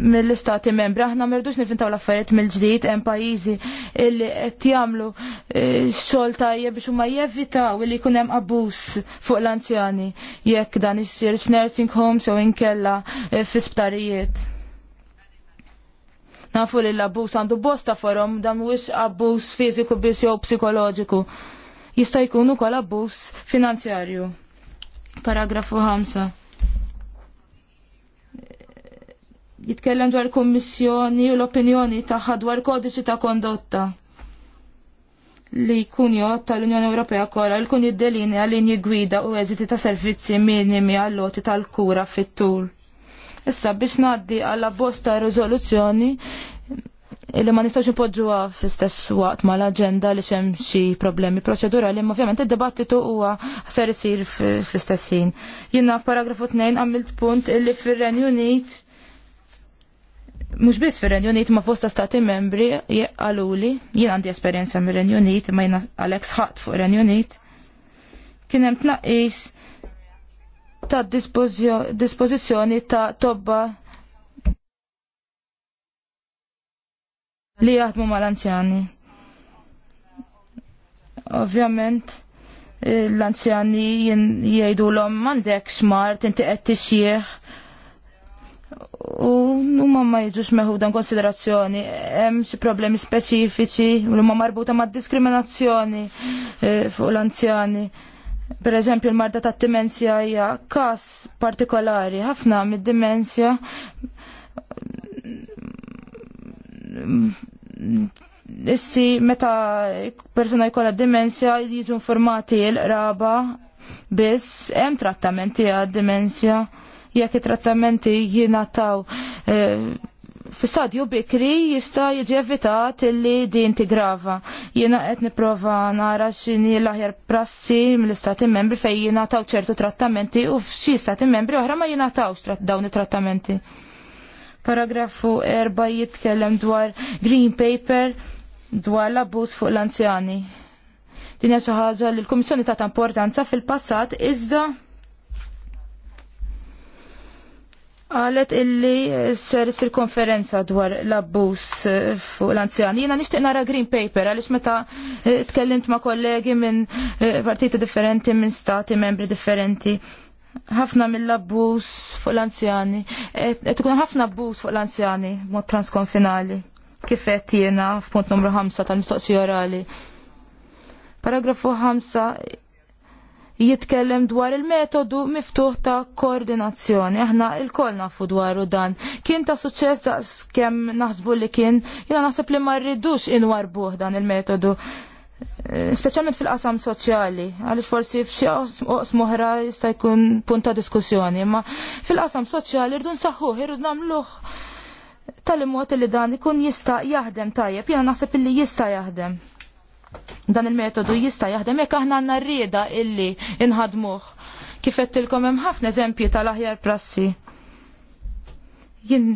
mill-istati membri. Aħna merdux nifintaw l affariet mill-ġdid hemm pajjiżi li qed jagħmlu eh, xogħol tajjeb biex huma jevitaw li jkun hemm abbuż fuq l-anzjani jekk dan issir f'nursing homes jew inkella eh, f'isptarijiet. Nafu li l-abbuż għandu bosta forom dan mhuwiex abbuż fiżiku biss jew psikoloġiku. Jista' jkun ukoll abbuż finanzjarju. Paragrafu 5 jitkellem dwar kummissjoni u l-opinjoni tagħha dwar kodiċi ta' kondotta li jkun jgħod tal-Unjoni Ewropea kollha li jkun jiddelinja linji gwida u eżiti ta' servizzi minimi għall-loti tal-kura fit-tul. Issa biex ngħaddi għall bosta riżoluzzjoni li ma nistax ipoġġuha fl-istess waqt ma l-aġenda li xem xi problemi proċedurali imma ovvjament id-dibattitu huwa ser isir fl-istess ħin. Jiena f'paragrafu 2 għamilt punt illi fir-Renju Unit Mux biss fir renjonit ma fosta stati membri għaluli, jien għandi esperienza mir renjonit ma jina għalek sħat fuq renjonit, kienem tnaqis ta' dispozizjoni ta' tobba li jaħdmu mal-anzjani. Ovvjament, l-anzjani jgħidu l-om mandek smart, inti għed tisjieħ, u huma ma jiġux dan konsiderazzjoni hemm xi problemi speċifiċi u huma marbuta mad-diskriminazzjoni eh, fuq l-anzjani. Per eżempju, l-marda ta' dimensja hija kas partikolari, ħafna mid-dimensja issi meta persona jkollha dimensja jiġu informati l-qraba biss hemm trattamenti għad dimensja jekk it-trattamenti jingħataw eh, fi stadju bikri jista' jiġi evitat li din tigrava. Jiena qed nipprova nara x'inhi l-aħjar prassi mill-istati membri fejn jingħataw ċertu trattamenti u f'xi stati membri oħra ma jingħatawx dawn it-trattamenti. Paragrafu 4 jitkellem dwar Green Paper dwar l-abbuż fuq l-anzjani. Din hija xi ħaġa li l-Kummissjoni tagħta importanza fil-passat iżda Għalet illi ser sir konferenza dwar l-abbus fuq l-anzjani. Jena nishtiq nara Green Paper, għalix meta eh, tkellimt ma kollegi minn eh, partiti differenti, minn stati, membri differenti. ħafna mill-abbus fuq l-anzjani. Et eh, ikun ħafna abbus fuq l-anzjani mod transkonfinali. Kifet jena f'punt numru 5 tal-mistoqsija orali. Paragrafu 5 jitkellem dwar il-metodu miftuħ ta' koordinazzjoni. Aħna il-koll nafu dwaru dan. Kien ta' suċċess da' kemm naħsbu li kien, jina naħseb li ma rridux inwarbuh dan il-metodu. Eh, speċjalment fil-qasam soċjali, għaliex forsi f'xi oqs moħra jista' jkun punt ta' diskussjoni, ma fil-qasam soċjali rridu nsaħħuh, irridu nagħmluh tal-imwot li dan ikun jista' jaħdem tajjeb, jiena naħseb illi jista' jaħdem dan il-metodu jista' jaħdem jekk aħna għandna rrieda illi inħadmuh. Kif qedtilkom hemm ħafna eżempji tal-aħjar prassi. Jien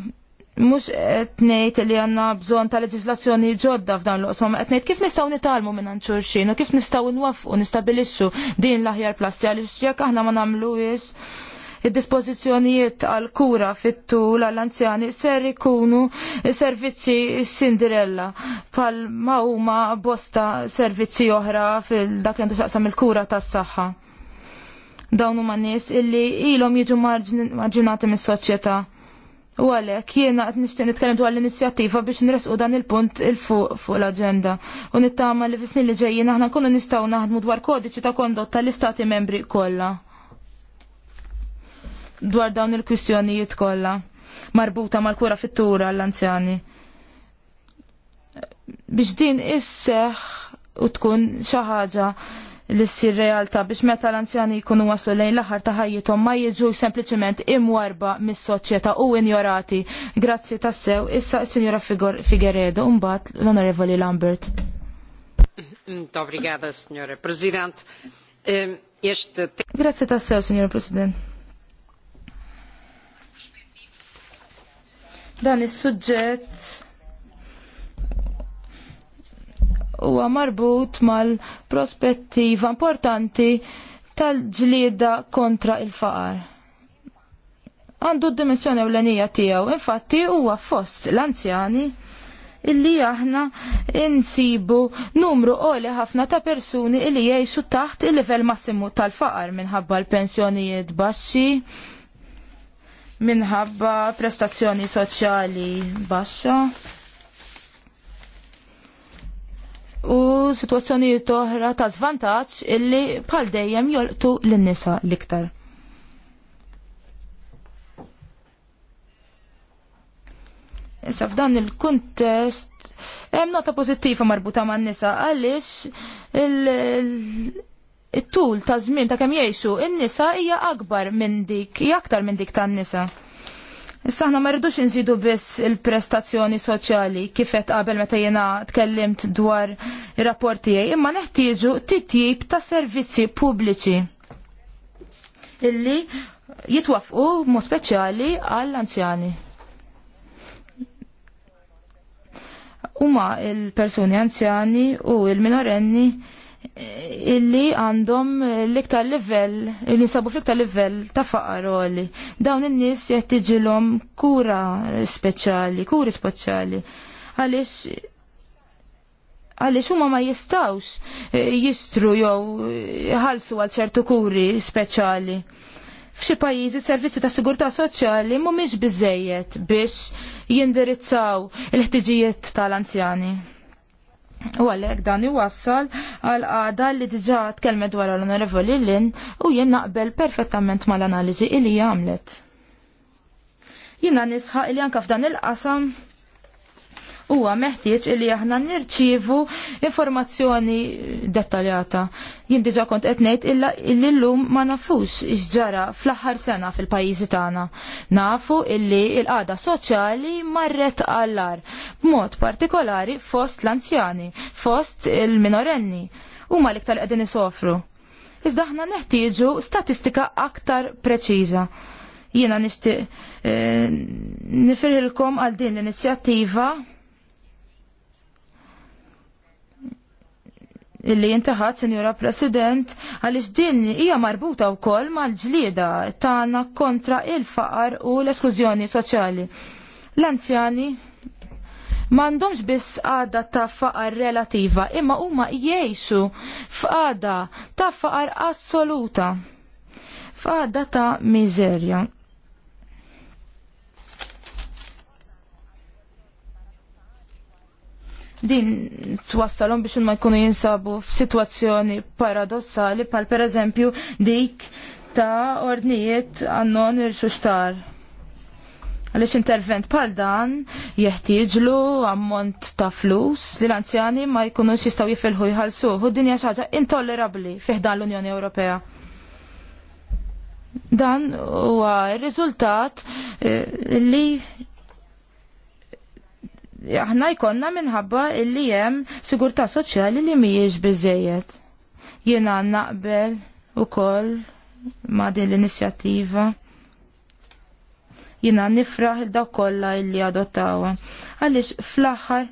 mhux qed ngħid li għandna bżonn ta' leġislazzjoni ġodda f'dan l-qosma, ma qed ngħid kif nistgħu nitalmu minn għand u kif nistgħu nwaffqu nistabilixxu din l-aħjar prassi għaliex jekk aħna ma nagħmluhiex id-dispożizzjonijiet għal kura fit-tul għall anzjani ser ikunu servizzi Cinderella pal ma huma bosta servizzi oħra fil-dak li xaqsam il-kura tas-saħħa. Dawn huma nies illi ilhom jiġu marġinati mis-soċjetà. U għalek, jiena għat nixtieq nitkellem dwar l-inizjattiva biex nresqu dan il-punt il-fuq fuq l-agenda. U nittama li fis-snin li ġejjin aħna nkunu nistgħu naħdmu dwar kodiċi ta' kondotta l-istati membri kollha dwar dawn il-kwistjonijiet kollha marbuta mal-kura fit-tura l-anzjani. Biex din isseħ u tkun xi ħaġa li ssir realtà biex meta l-anzjani jkunu waslu lejn l-aħħar ta' ħajjithom ma jiġu sempliċement imwarba mis-soċjetà u injorati. Grazzi tassew, issa s-Sinjora Figueredo u mbagħad l-Onorevoli Lambert. Grazzi President. tassew, Signor President Dan is-suġġett huwa marbut mal-prospettiva importanti tal-ġlieda kontra il-faqar. Għandu d-dimensjoni ewlenija tiegħu, infatti huwa fost l-anzjani illi aħna insibu numru qoli ħafna ta' persuni illi jgħixu taħt il-livell massimu tal-faqar minħabba l-pensjonijiet baxxi, minħabba prestazzjoni soċjali baxxa u situazzjoni oħra ta' zvantaġġ illi bħal dejjem jolqtu lin-nisa l-iktar. Issa f'dan il-kuntest hemm nota pożittiva marbuta man-nisa għaliex it-tul ta' żmien ta' kemm jgħixu in-nisa hija akbar minn dik, hija aktar minn dik tan-nisa. Issa aħna ma rridux inżidu biss il-prestazzjoni soċjali kif qed qabel meta jiena tkellimt dwar ir-rapport tiegħi, imma neħtieġu titjib ta' servizzi pubbliċi illi jitwafqu mod speċjali għall-anzjani. Huma il-persuni anzjani u il persuni anzjani u l minorenni illi għandhom l-iktar livell, illi nsabu fl-iktar livell ta' faqaroli. li dawn in-nies jettiġilhom kura speċjali, kuri speċjali. Għaliex għaliex huma ma jistawx eh, jistru jew ħalsu għal ċertu kuri speċjali. F'xi pajjiżi servizzi ta' sigurtà soċjali mhumiex biżejjed biex jindirizzaw il-ħtiġijiet tal-anzjani. U għalek dan iwassal għal għada li diġa tkellmet dwar l-onorevoli Lin u jien naqbel perfettament mal-analizi illi għamlet. Jina nisħaq li anka f'dan il-qasam huwa meħtieġ illi aħna nirċievu informazzjoni dettaljata. Jien diġà kont qed ngħid illa illum ma nafux x'ġara fl-aħħar sena fil-pajjiżi tagħna. Nafu illi l qada soċjali marret għallar b'mod partikolari fost l-anzjani, fost il-minorenni. Huma l-iktar qegħdin isofru. Iżda aħna neħtieġu statistika aktar preċiża jiena nixtieq nifirilkom eh, nifirħilkom għal din l-inizjattiva illi jintaħat, Sinjora President, għaliex din hija marbuta wkoll mal-ġlieda tagħna kontra il-faqar u l-eskużjoni soċjali. L-anzjani m'għandhomx biss għada ta' faqar relativa, imma huma jgħixu f'għada ta' faqar assoluta, f'għada ta' miżerja. din twassalhom biex ma jkunu jinsabu f'sitwazzjoni paradossali pal pereżempju dik ta' ordnijiet għannon irxu xtar. Għalix intervent pal dan jeħtieġlu ammont ta' flus li l-anzjani ma jkunux jistaw jifilħu jħalsu u din hija xaġa intollerabli fiħdan l-Unjoni Ewropea. Dan huwa r-riżultat eh, li aħna jkonna minħabba illi hemm sigurtà soċjali li mhijiex biżejjed. Jena naqbel ukoll ma' din l-inizjattiva. Jiena nifraħ il daw kollha illi adottawa. Għaliex fl-aħħar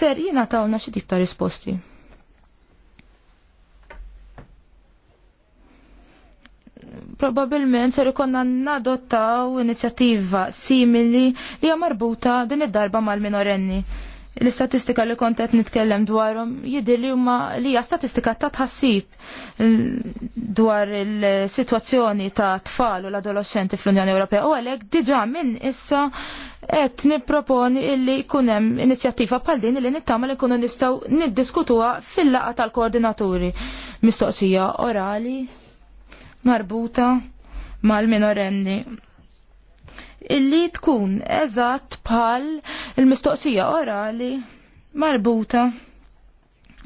ser jena tawna xi tiktar risposti. probabilment ser ikonna nadottaw inizjattiva simili li hija marbuta din id-darba mal-minorenni. L-istatistika li kont qed nitkellem dwarhom jidher li huma li hija statistika ta' tħassib dwar il-sitwazzjoni ta' tfal u l-adolescenti fl-Unjoni Ewropea u għalhekk diġà minn issa qed nipproponi illi jkun hemm inizjattiva bħal din li nittama li jkunu nistgħu niddiskutuha fil-laqgħa tal-koordinaturi. Mistoqsija orali marbuta mal-minorenni illi tkun eżatt bħal il-mistoqsija orali marbuta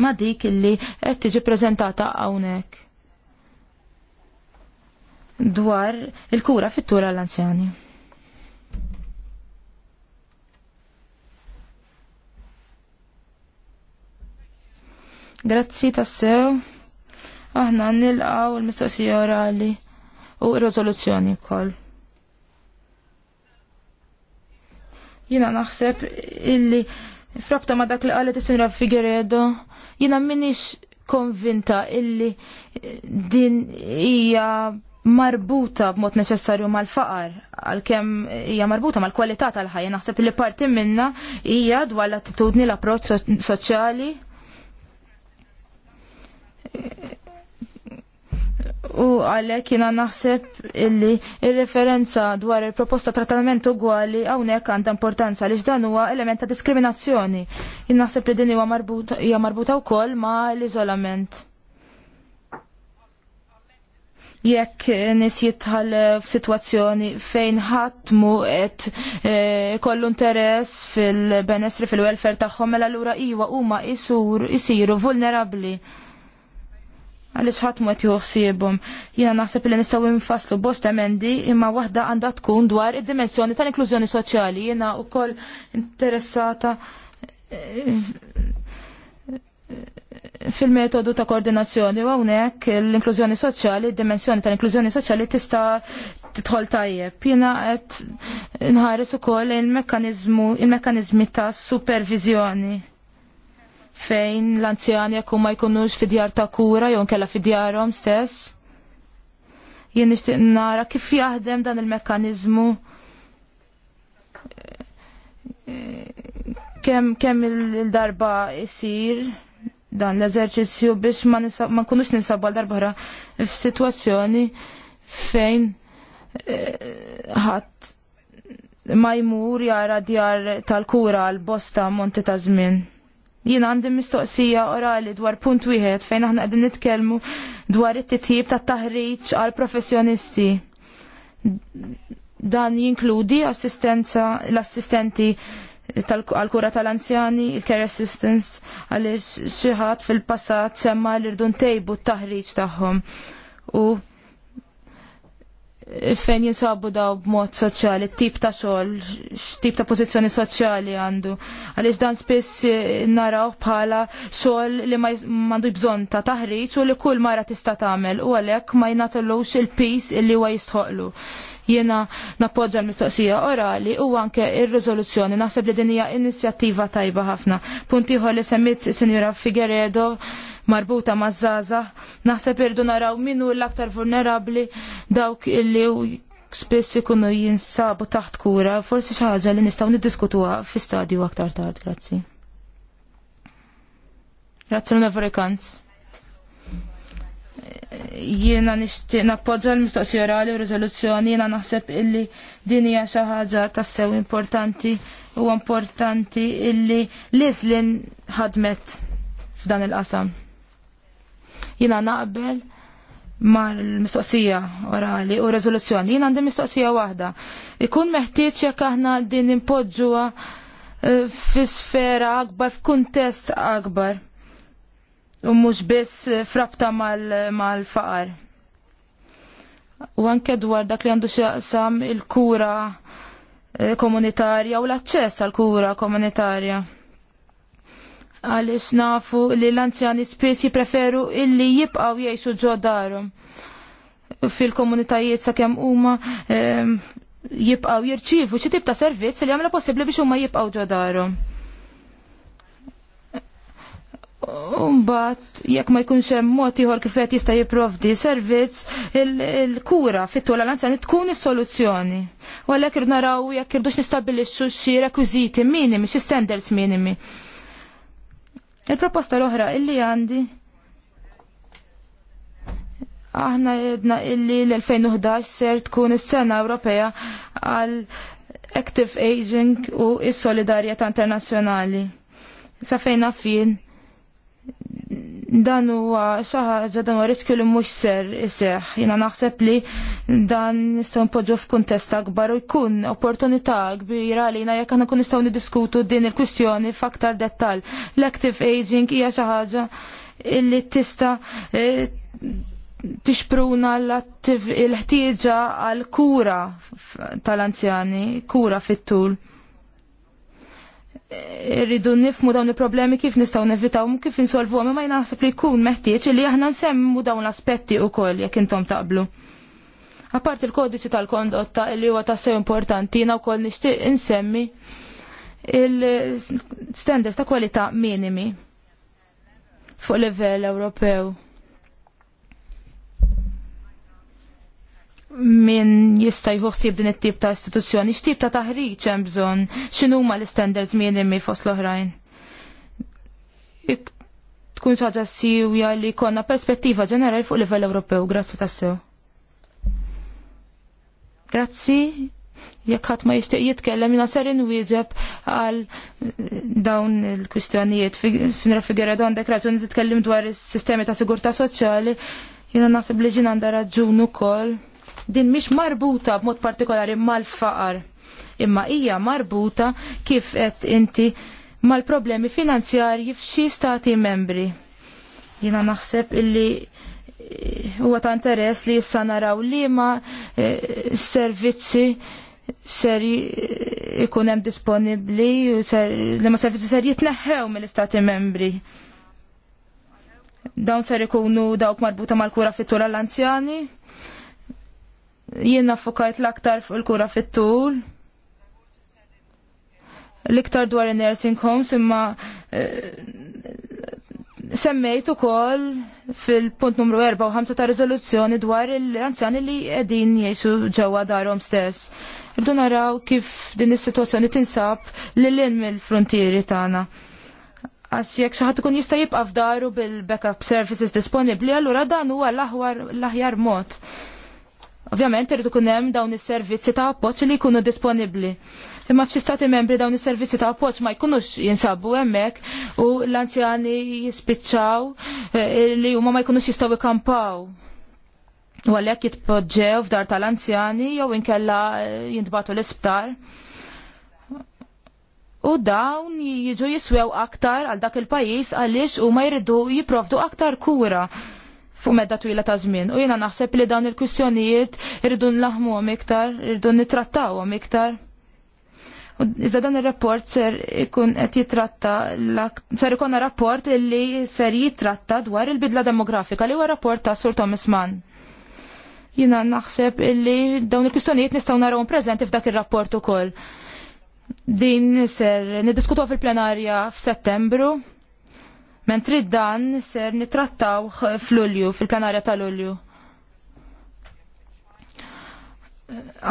ma' dik illi qed tiġi preżentata hawnhekk dwar il-kura fit-tura l-anzjani. Grazzi tassew. Aħna nilqaw il-mistoqsija orali u r-rezoluzzjoni wkoll. Jina naħseb illi frabta ma dak li qalet is-Sinra Figueredo, jina minix konvinta illi din hija marbuta b'mod neċessarju mal-faqar, għal-kem hija marbuta mal-kwalità tal-ħajja. Naħseb li parti minna hija dwar l-attitudni l-approċċ soċjali U għalek jina naħseb illi il-referenza dwar il-proposta trattamentu għali għawnek għanda importanza li dan huwa element ta' diskriminazzjoni. Jina naħseb li din huwa marbuta, marbuta wkoll ma' l-iżolament. Jekk nis jitħal f'sitwazzjoni fejn ħatmu qed e, kollu interess fil-benessri fil-welfare tagħhom mela l-ura iwa huma isur isiru vulnerabbli għaliex ħadd mod juħsibum. Jiena naħseb li nistgħu nfasslu bost emendi imma waħda għandha tkun dwar id-dimensjoni tal-inklużjoni soċjali. Jiena wkoll interessata eh, fil-metodu ta' koordinazzjoni u hawnhekk l-inklużjoni soċjali, id-dimensjoni tal-inklużjoni soċjali tista' tidħol tajjeb. Jiena qed nħares ukoll il-mekkaniżmu il mekanizmi ta' supervizjoni fejn l-anzjani jekk ma jkunux fidjar ta' kura jew nkella fidjarhom stess. Jien nixtieq nara kif jaħdem dan il-mekkaniżmu kemm kemm il-darba jsir dan l-eżerċizzju biex ma, ma nkunux ninsabu għal darba f'sitwazzjoni fejn eh, ħadd ma jmur jara djar tal-kura għal bosta monti ta' żmien. Jien għandi mistoqsija orali dwar punt wieħed fejn aħna qegħdin nitkellmu dwar it-titjib tat-taħriġ għal professjonisti. Dan jinkludi assistenza l-assistenti għal-kura tal-anzjani, il-care assistance, għaliex xi ħadd fil-passat semma l-irdun tejbu t-taħriġ tagħhom. U fejn jinsabu daw b'mod soċjali, tip ta' xogħol, tip ta' pożizzjoni soċjali għandu. Għaliex dan spiss naraw bħala xogħol li mandu bżonn ta' taħriġ u li kull mara tista' tagħmel u għalhekk ma jnatellux il-pis illi huwa jistħoqlu. Jiena nappoġġa l-mistoqsija orali u anke il riżoluzzjoni naħseb li din hija inizjattiva tajba ħafna. Punt ieħor li semmit Sinjura Figueredo marbuta Mazzaza naħseb irdu naraw minnu l-aktar vulnerabbli dawk illi spiss ikunu jinsabu taħt kura, forsi xi ħaġa li nistgħu nidiskutuwa fi stadju aktar tard, grazzi. Grazzi l-Afrikans jiena nixtieq nappoġġa l-mistoqsija orali u riżoluzzjoni jiena naħseb illi din hija xi ħaġa tassew importanti u importanti illi l izlin ħadmet f'dan il-qasam. Jiena naqbel ma l-mistoqsija orali u rezoluzzjoni. Jiena għandi mistoqsija waħda. Ikun meħtieġ jekk aħna din impoġġuha eh, fi sfera akbar, f'kuntest akbar u mhux biss frabta mal-faqar. u anke dwar dak li għandu xaqsam il-kura eh, komunitarja u l-aċċess għall kura komunitarja għalix nafu li l-anzjani spiss jipreferu illi jibqaw jiexu ġodarum fil-komunitajiet sakjem huma eh, jibqaw jirċivu xi tip ta' servizz li għamla possibbli biex huma jibqaw ġodarum. Umbat, jekk ma jkunx hemm mod ieħor kif qed jista' jipprovdi servizz il-kura fit-tul għal-anzjani tkun is-soluzzjoni. U għalhekk irid naraw jekk irdux nistabbilixxu xi rekwiżiti minimi, xi standards minimi. Il-proposta l-oħra illi għandi aħna jedna illi l-2011 ser tkun is-sena Ewropea għal Active Aging u is-Solidarjetà Internazzjonali. Sa fejn fin dan huwa xi ħaġa dan huwa riskju li mhux ser iseħħ. Jiena naħseb li dan nistgħu npoġġu f'kuntest akbar u jkun opportunità kbira għalina jekk aħna kun nistgħu niddiskutu din il-kwistjoni f'aktar dettall. L-active aging hija xi ħaġa illi tista' e, tixpruna l-ħtieġa għal kura tal-anzjani, kura fit-tul rridu nifmu dawn il-problemi kif nistgħu nevitaw kif insolvu għom, ma jnaħseb li jkun meħtieġ li aħna nsemmu dawn l-aspetti wkoll jekk intom taqblu. Apart il-kodiċi tal-kondotta li huwa tassew importanti, jiena wkoll nixtieq insemmi il-standards ta' kwalità minimi fuq livell Ewropew. min jista jħuħsib din it-tip ta' istituzzjoni, x'tip ta' taħriġ hemm bżonn, x'inhu huma l istenders minimi fost l-oħrajn. Tkun ħaġa siwja li konna perspettiva ġenerali fuq livell Ewropew, grazzi tassew. Grazzi, jekk ħadd ma jixtieq jitkellem jiena ser inwieġeb għal dawn il-kwistjonijiet. Sinra Figueredo għandek raġuni titkellem dwar is-sistemi ta' sigurtà soċjali, jiena naħseb li ġin għandha raġun ukoll din mhix marbuta b'mod partikolari mal-faqar imma hija marbuta kif qed inti mal-problemi finanzjarji f'xi stati membri. Jiena naħseb illi eh, huwa ta' interess li issa naraw liema eh, servizzi ser eh, ikun hemm disponibbli u ser liema servizzi ser jitneħħew mill-istati membri. Dawn ser ikunu dawk marbuta mal-kura fit-tura l-anzjani Jiena fokajt l-aktar fuq il-kura fit-tul. L-iktar dwar in-nursing homes imma eh, semmejt ukoll fil-punt numru 4 u 5 ta' Rizoluzzjoni dwar l-anzjani li qegħdin jgħixu ġewwa darhom stess. Rdu naraw kif din is-sitwazzjoni tinsab lil hinn mill-frontieri tagħna għax jekk xi ħadd ikun jista' jibqa' f'daru bil-backup services disponibbli, allura dan huwa l-aħjar mod Ovvjament irid ikun hemm dawn is-servizzi ta' appoġġ li jkunu disponibbli. Imma f'xi stati membri dawn is-servizzi ta' appoġġ ma jkunux jinsabu hemmhekk u l-anzjani jispiċċaw eh, li huma ma jkunux jistgħu ikampaw. U għalhekk jitpoġġew f'dar tal-anzjani jew inkella eh, jintbatu l-isptar. U dawn jiġu jiswew aktar għal dak il pajjiż għaliex u ma jridu jiprovdu aktar kura fuq medda twila ta' żmien. U jiena naħseb li dawn il-kwistjonijiet irridu nlaħmuhom iktar, irridu nittrattawhom iktar. Iżda dan ir-rapport ser ikun qed jitratta ser ikun rapport illi ser jitratta dwar il-bidla demografika li huwa rapport ta' Sur Thomas Mann. Jina naħseb illi dawn il-kwistjonijiet nistgħu narawhom preżenti f'dak ir-rapport ukoll. Din ser nidiskutu fil-plenarja f'Settembru Mentri dan ser nitrattaw fl-Ulju, fil planarja tal-Ulju.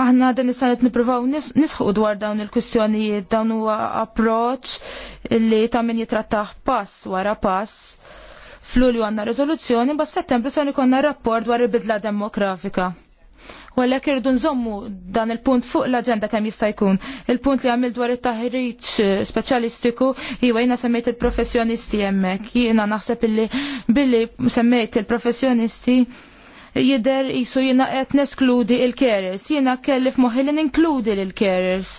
Aħna dan istanet nippruvaw nisħu dwar dawn il kwistjonijiet dawn huwa approċ li ta' min jitrattaħ pass wara pass. Fl-Ulju għanna rezoluzzjoni, ba' f'Settembru se ikonna rapport dwar il-bidla demografika. U irridu nżommu dan il-punt fuq l agenda kemm jista' jkun. Il-punt li għamil dwar it-taħriġ eh, speċjalistiku iwa jiena semmejt il-professjonisti hemmhekk. Jiena naħseb illi billi semmejt il-professjonisti jider jisu jina qed neskludi il-carers, jina kelli f'moħi inkludi l carers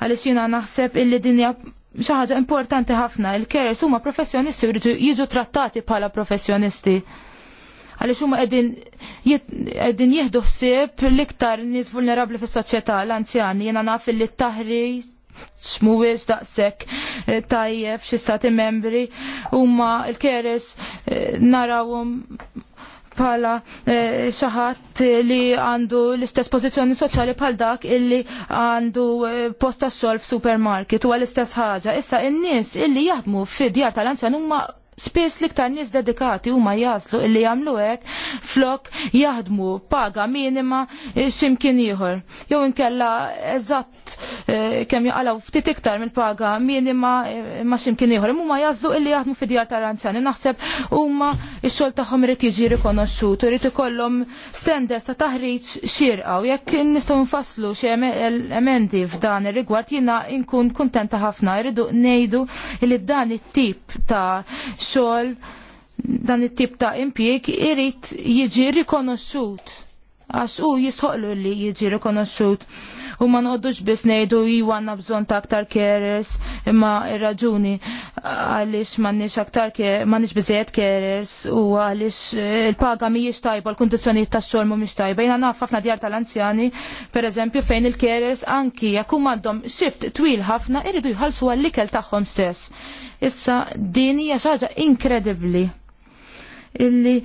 Għalis jina naħseb illi dinja xaħġa importanti ħafna, il-carers huma professjonisti jridu jiġu trattati bħala professjonisti għaliex huma qegħdin jieħdu ħsieb l-iktar nies vulnerabbli fis-soċjetà l-anzjani jiena naf li t-taħriġ smuwis daqsek eh, tajjeb xi stati membri huma l-keres eh, narawhom bħala eh, xi ħadd li għandu l-istess pożizzjoni soċjali bħal dak illi għandu post tax-xogħol f'supermarket huwa l-istess ħaġa. Issa n-nies illi jaħdmu fid-djar tal-anzjan huma spiss liktar nies dedikati huma jaslu illi jagħmlu hekk flok jaħdmu paga minima eh, x'imkien ieħor. Jew inkella eżatt eh, kemm jaqalgħu ftit iktar mill-paga minima eh, ma x'imkien ieħor. imma jaslu illi jaħdmu fid-djar tal-anzjani naħseb huma x-xogħol tagħhom irid jiġi rikonoxxut, irid ikollhom standards ta' taħriġ xierqa u jekk nistgħu nfasslu xi emendi f'dan ir-rigward jiena nkun kuntenta ħafna jridu ngħidu li dan it-tip ta' xogħol dan it-tip ta' impjieg irid jiġi rikonoxxut għax hu jisħoqlu li jiġi rikonoxxut u ma noqdux biss ngħidu iwa għandna bżonn ta' aktar carers imma raġuni għaliex m'għandniex aktar m'għandniex biżejjed carers u għaliex eh, il-paga mhijiex tajba l-kundizzjonijiet tax-xogħol mhumiex tajba. Jiena naf ħafna djar tal-anzjani, pereżempju fejn il-carers anki jekk huma għandhom shift twil ħafna irridu jħallsu għall-ikel tagħhom stess. Issa din hija xi ħaġa inkredibbli illi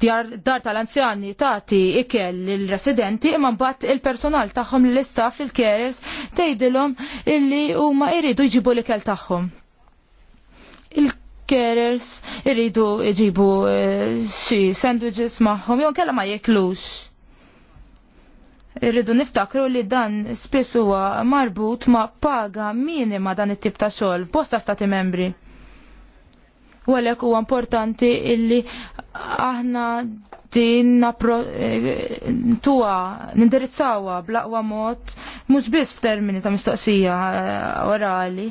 dar tal-anzjani tagħti ikel lill-residenti imma mbagħad il-personal tagħhom l-istaff il-carers tgħidilhom illi huma jridu jġibu l-ikel tagħhom. Il-carers iridu jġibu eh, xi sandwiches magħhom jew kellha ma jeklux. Irridu niftakru li dan spiss huwa marbut ma' paga minima dan it-tip ta' xogħol f'bosta stati membri U għalhekk huwa importanti illi aħna din eh, tuwa nindirizzawa blaqwa mod mhux biss f'termini ta' mistoqsija eh, orali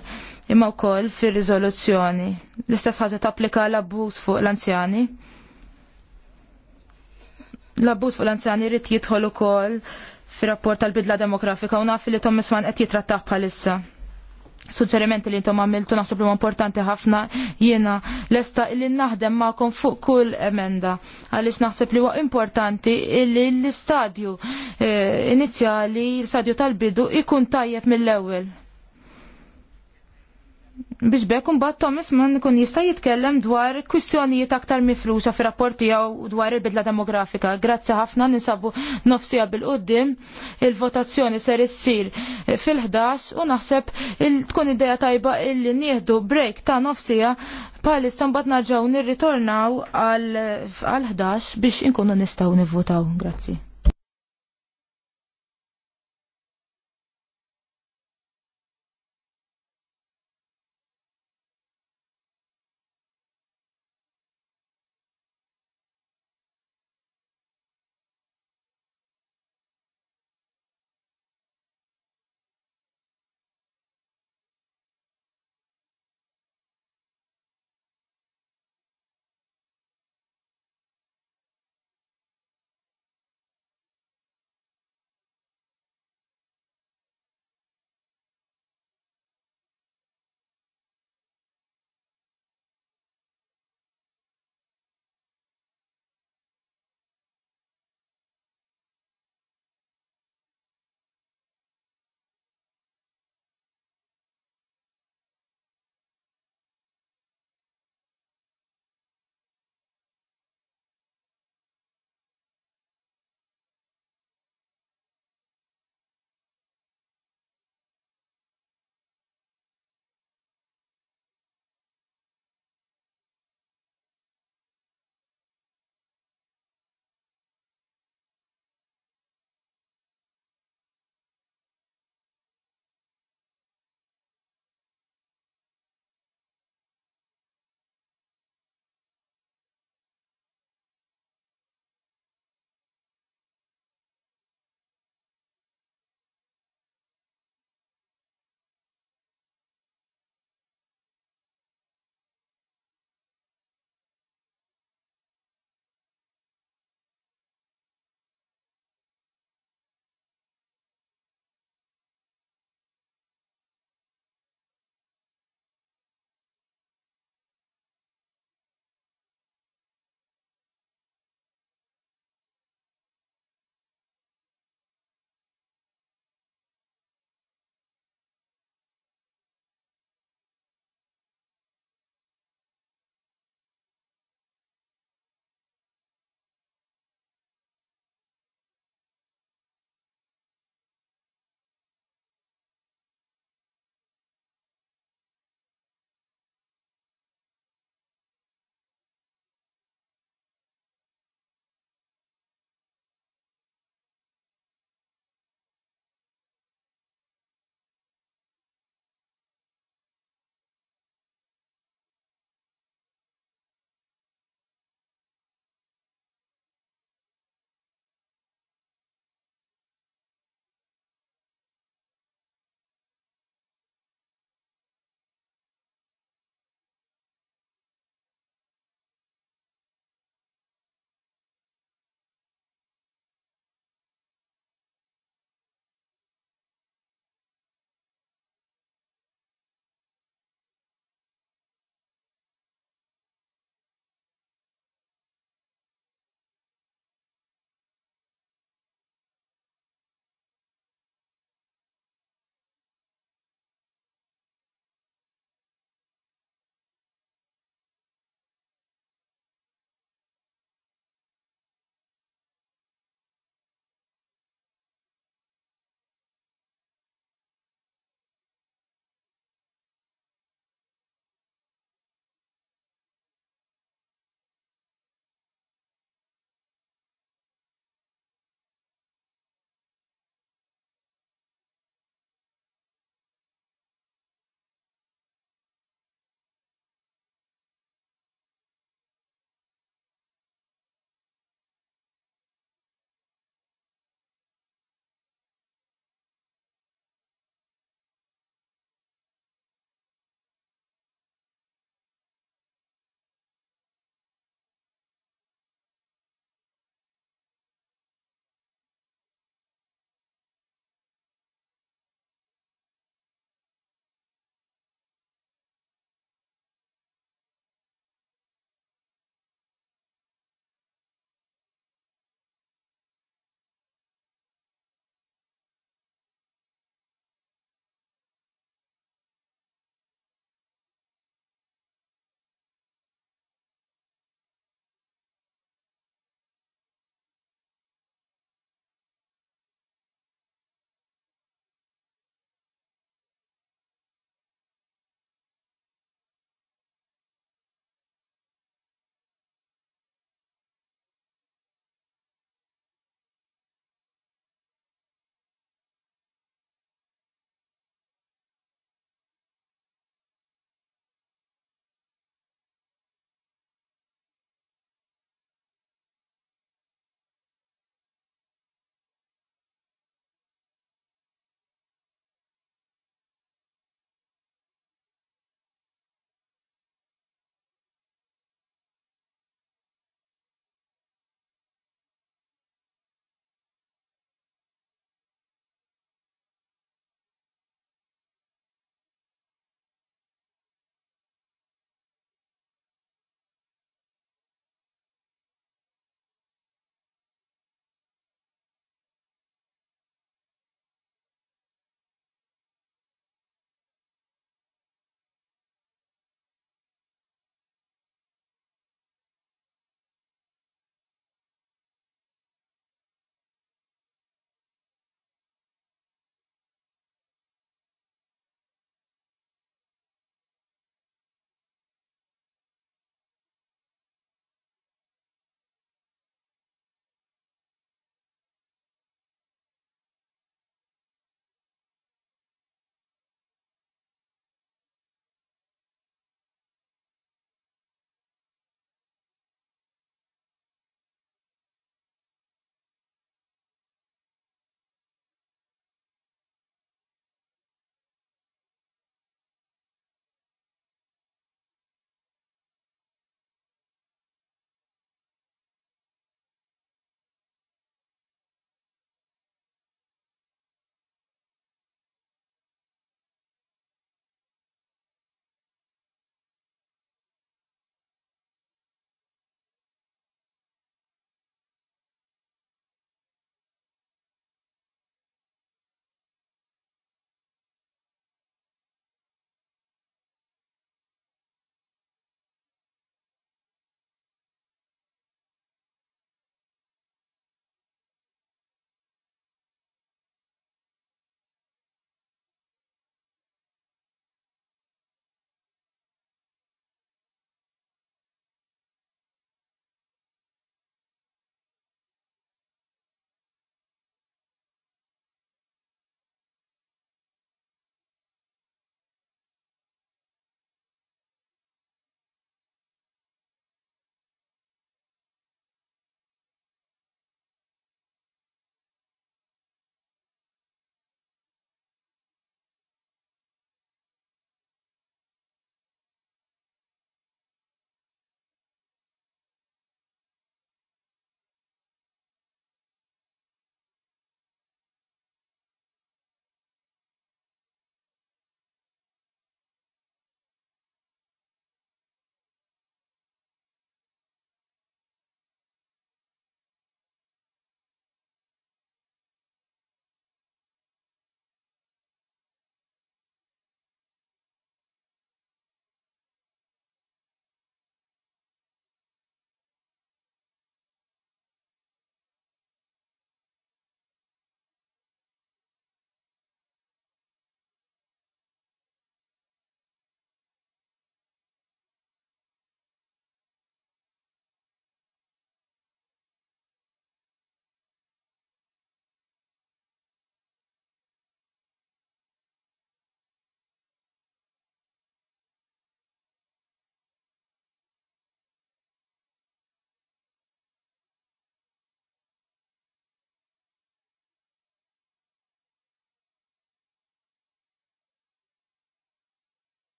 imma wkoll fir-riżoluzzjoni. L-istess ħaġa applika l-abbuż fuq l-anzjani. L-abbuż fuq l-anzjani jrid jidħol ukoll fir-rapport tal-bidla demografika u naf li Thomas Mann qed jitrattaħ bħalissa suġġerimenti li intom għamiltu naħseb li importanti ħafna jiena lesta li naħdem magħkom fuq kull emenda għaliex naħseb li huwa importanti li l-istadju eh, inizjali, l-istadju tal-bidu ikun tajjeb mill-ewwel biex bekk mbagħad Thomas man ikun jista' jitkellem dwar kwistjonijiet aktar mifruxa fi rapporti tiegħu dwar il-bidla demografika. Grazzi ħafna ninsabu nofsija bil-qudiem il-votazzjoni ser issir fil-11 u naħseb tkun idea tajba li nieħdu break ta' nofsija palissa mbagħad narġaw nirritornaw għal 11 biex inkunu nistgħu nivvutaw. Grazzi.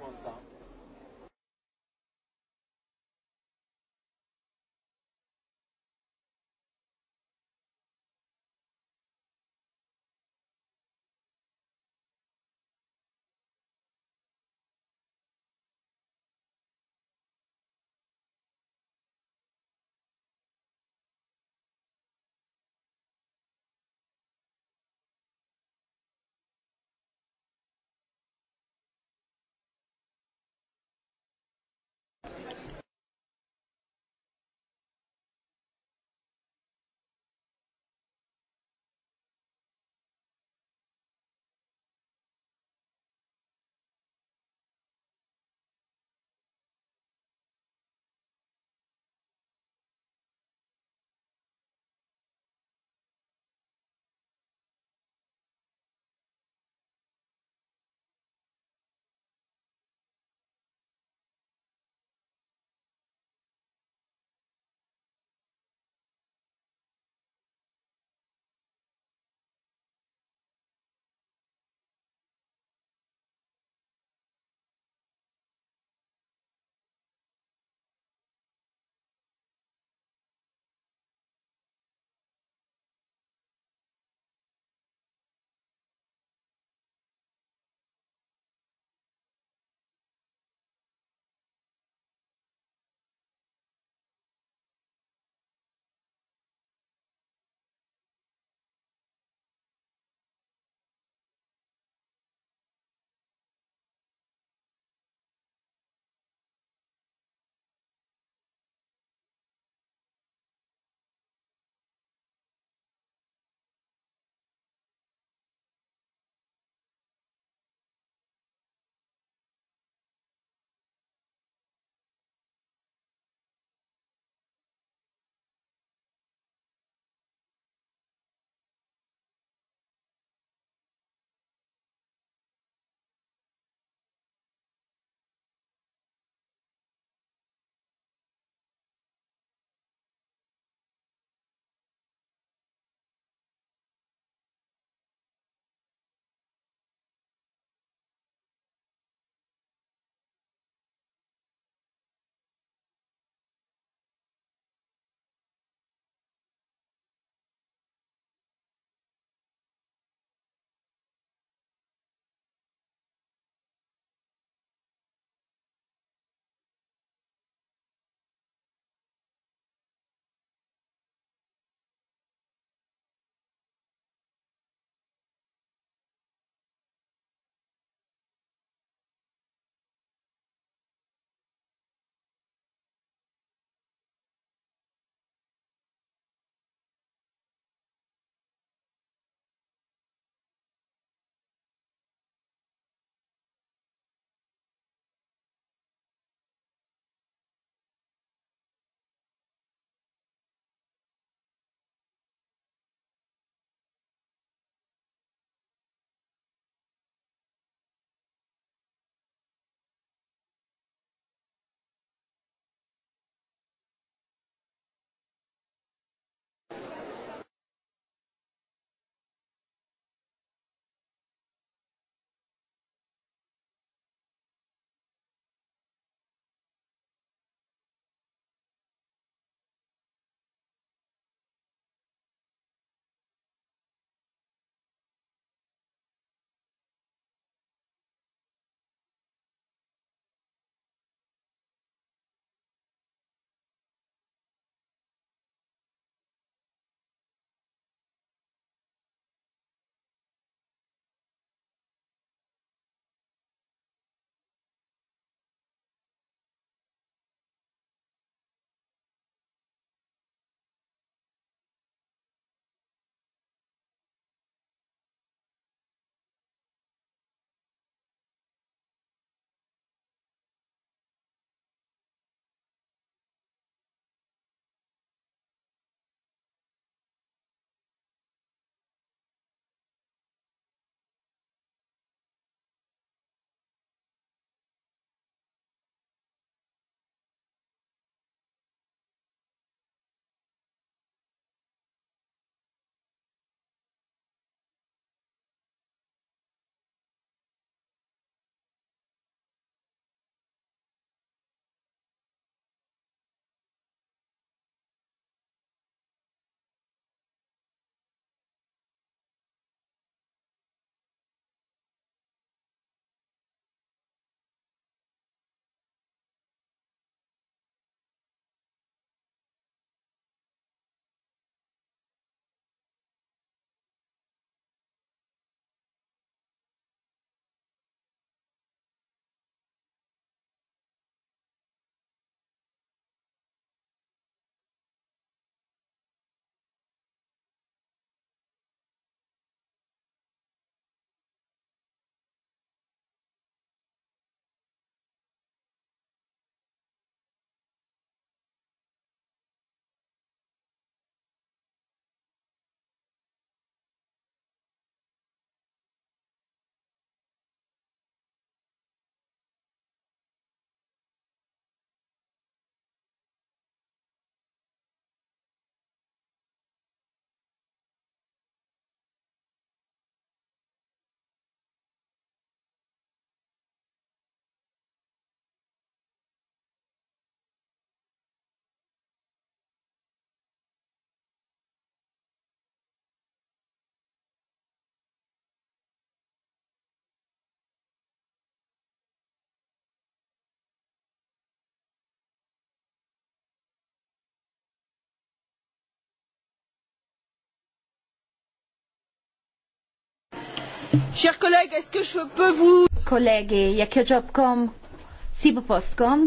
monta. Chers collègues, est-ce que je peux vous... Kollegi, jekk joġobkom, sibu postkom.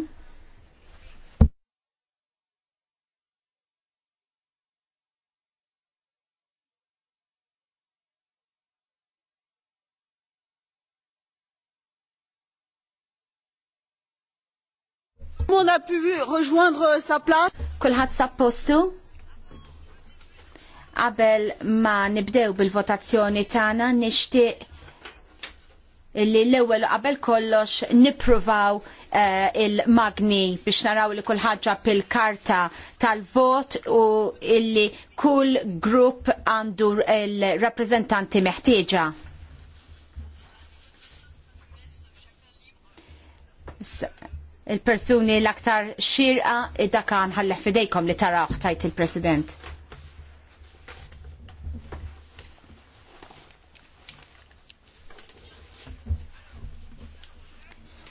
On a pu rejoindre sa place. Kulħadd sa postu? Qabel ma nibdew bil-votazzjoni tagħna nixtieq li l-ewwel qabel kollox nippruvaw uh, il-magni biex naraw li kull ħaġa pil-karta tal-vot u illi kull grupp għandu il-rappreżentanti meħtieġa. Il-persuni l-aktar xirqa id-dakan ħalleħ fidejkom li taraw tajt il-President.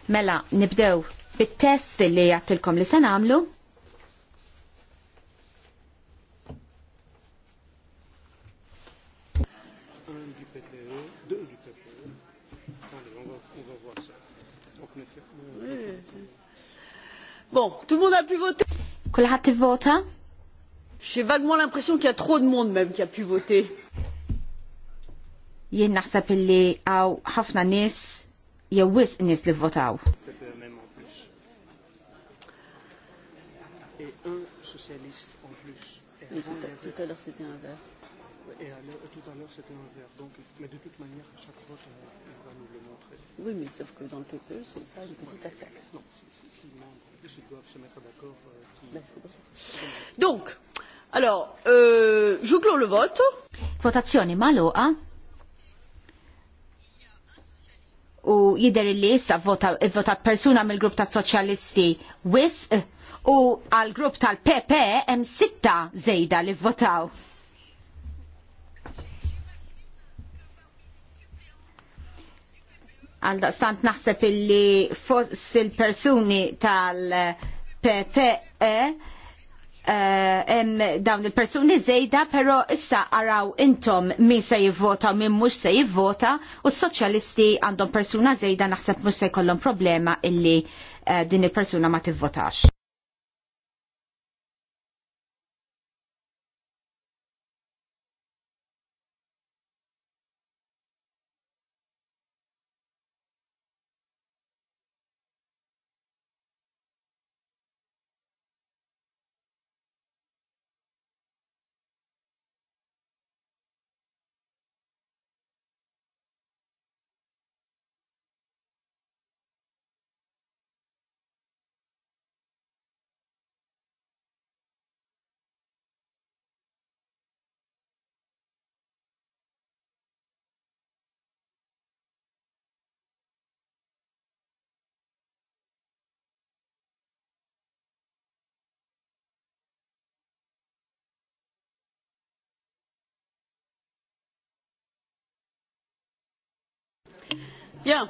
Mela, nibdew bit-test li jattilkom li sen għamlu. Bon, tout le monde a pu voter. a Kulħat vota? J'ai vaguement l'impression qu'il y a trop de monde même qui a pu voter. Il Jien naħseb illi għaw ħafna nis jew wis nies li votaw. Tout à l'heure c'était un vert. Donc, mais de toute manière, chaque vote, va nous le montrer. Oui, mais sauf que dans le PPE, c'est pas une petite attaque. Non, si membres doivent se mettre d'accord. Euh, Donc, alors, euh, je clôt le vote. Votazione maloqa. u jider li issa votat persuna mill-grupp tas soċjalisti wis u għal grupp tal-PP hemm sitta żejda li votaw. Għalda daqstant naħseb illi fost il-persuni tal-PPE uh, dawn il-persuni żejda, pero issa araw intom min se jivvota u min mhux se jivvota u s-soċjalisti għandhom persuna żejda naħseb mhux se jkollhom problema illi uh, din il-persuna ma tivvotax. Bien.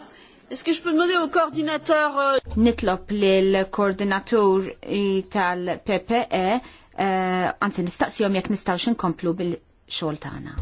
Est-ce que je peux demander au coordinateur... Euh, Nitlob l-koordinatur tal-PPE, eh, anzi nistaqsijom jek nistawx nkomplu bil-xol tana.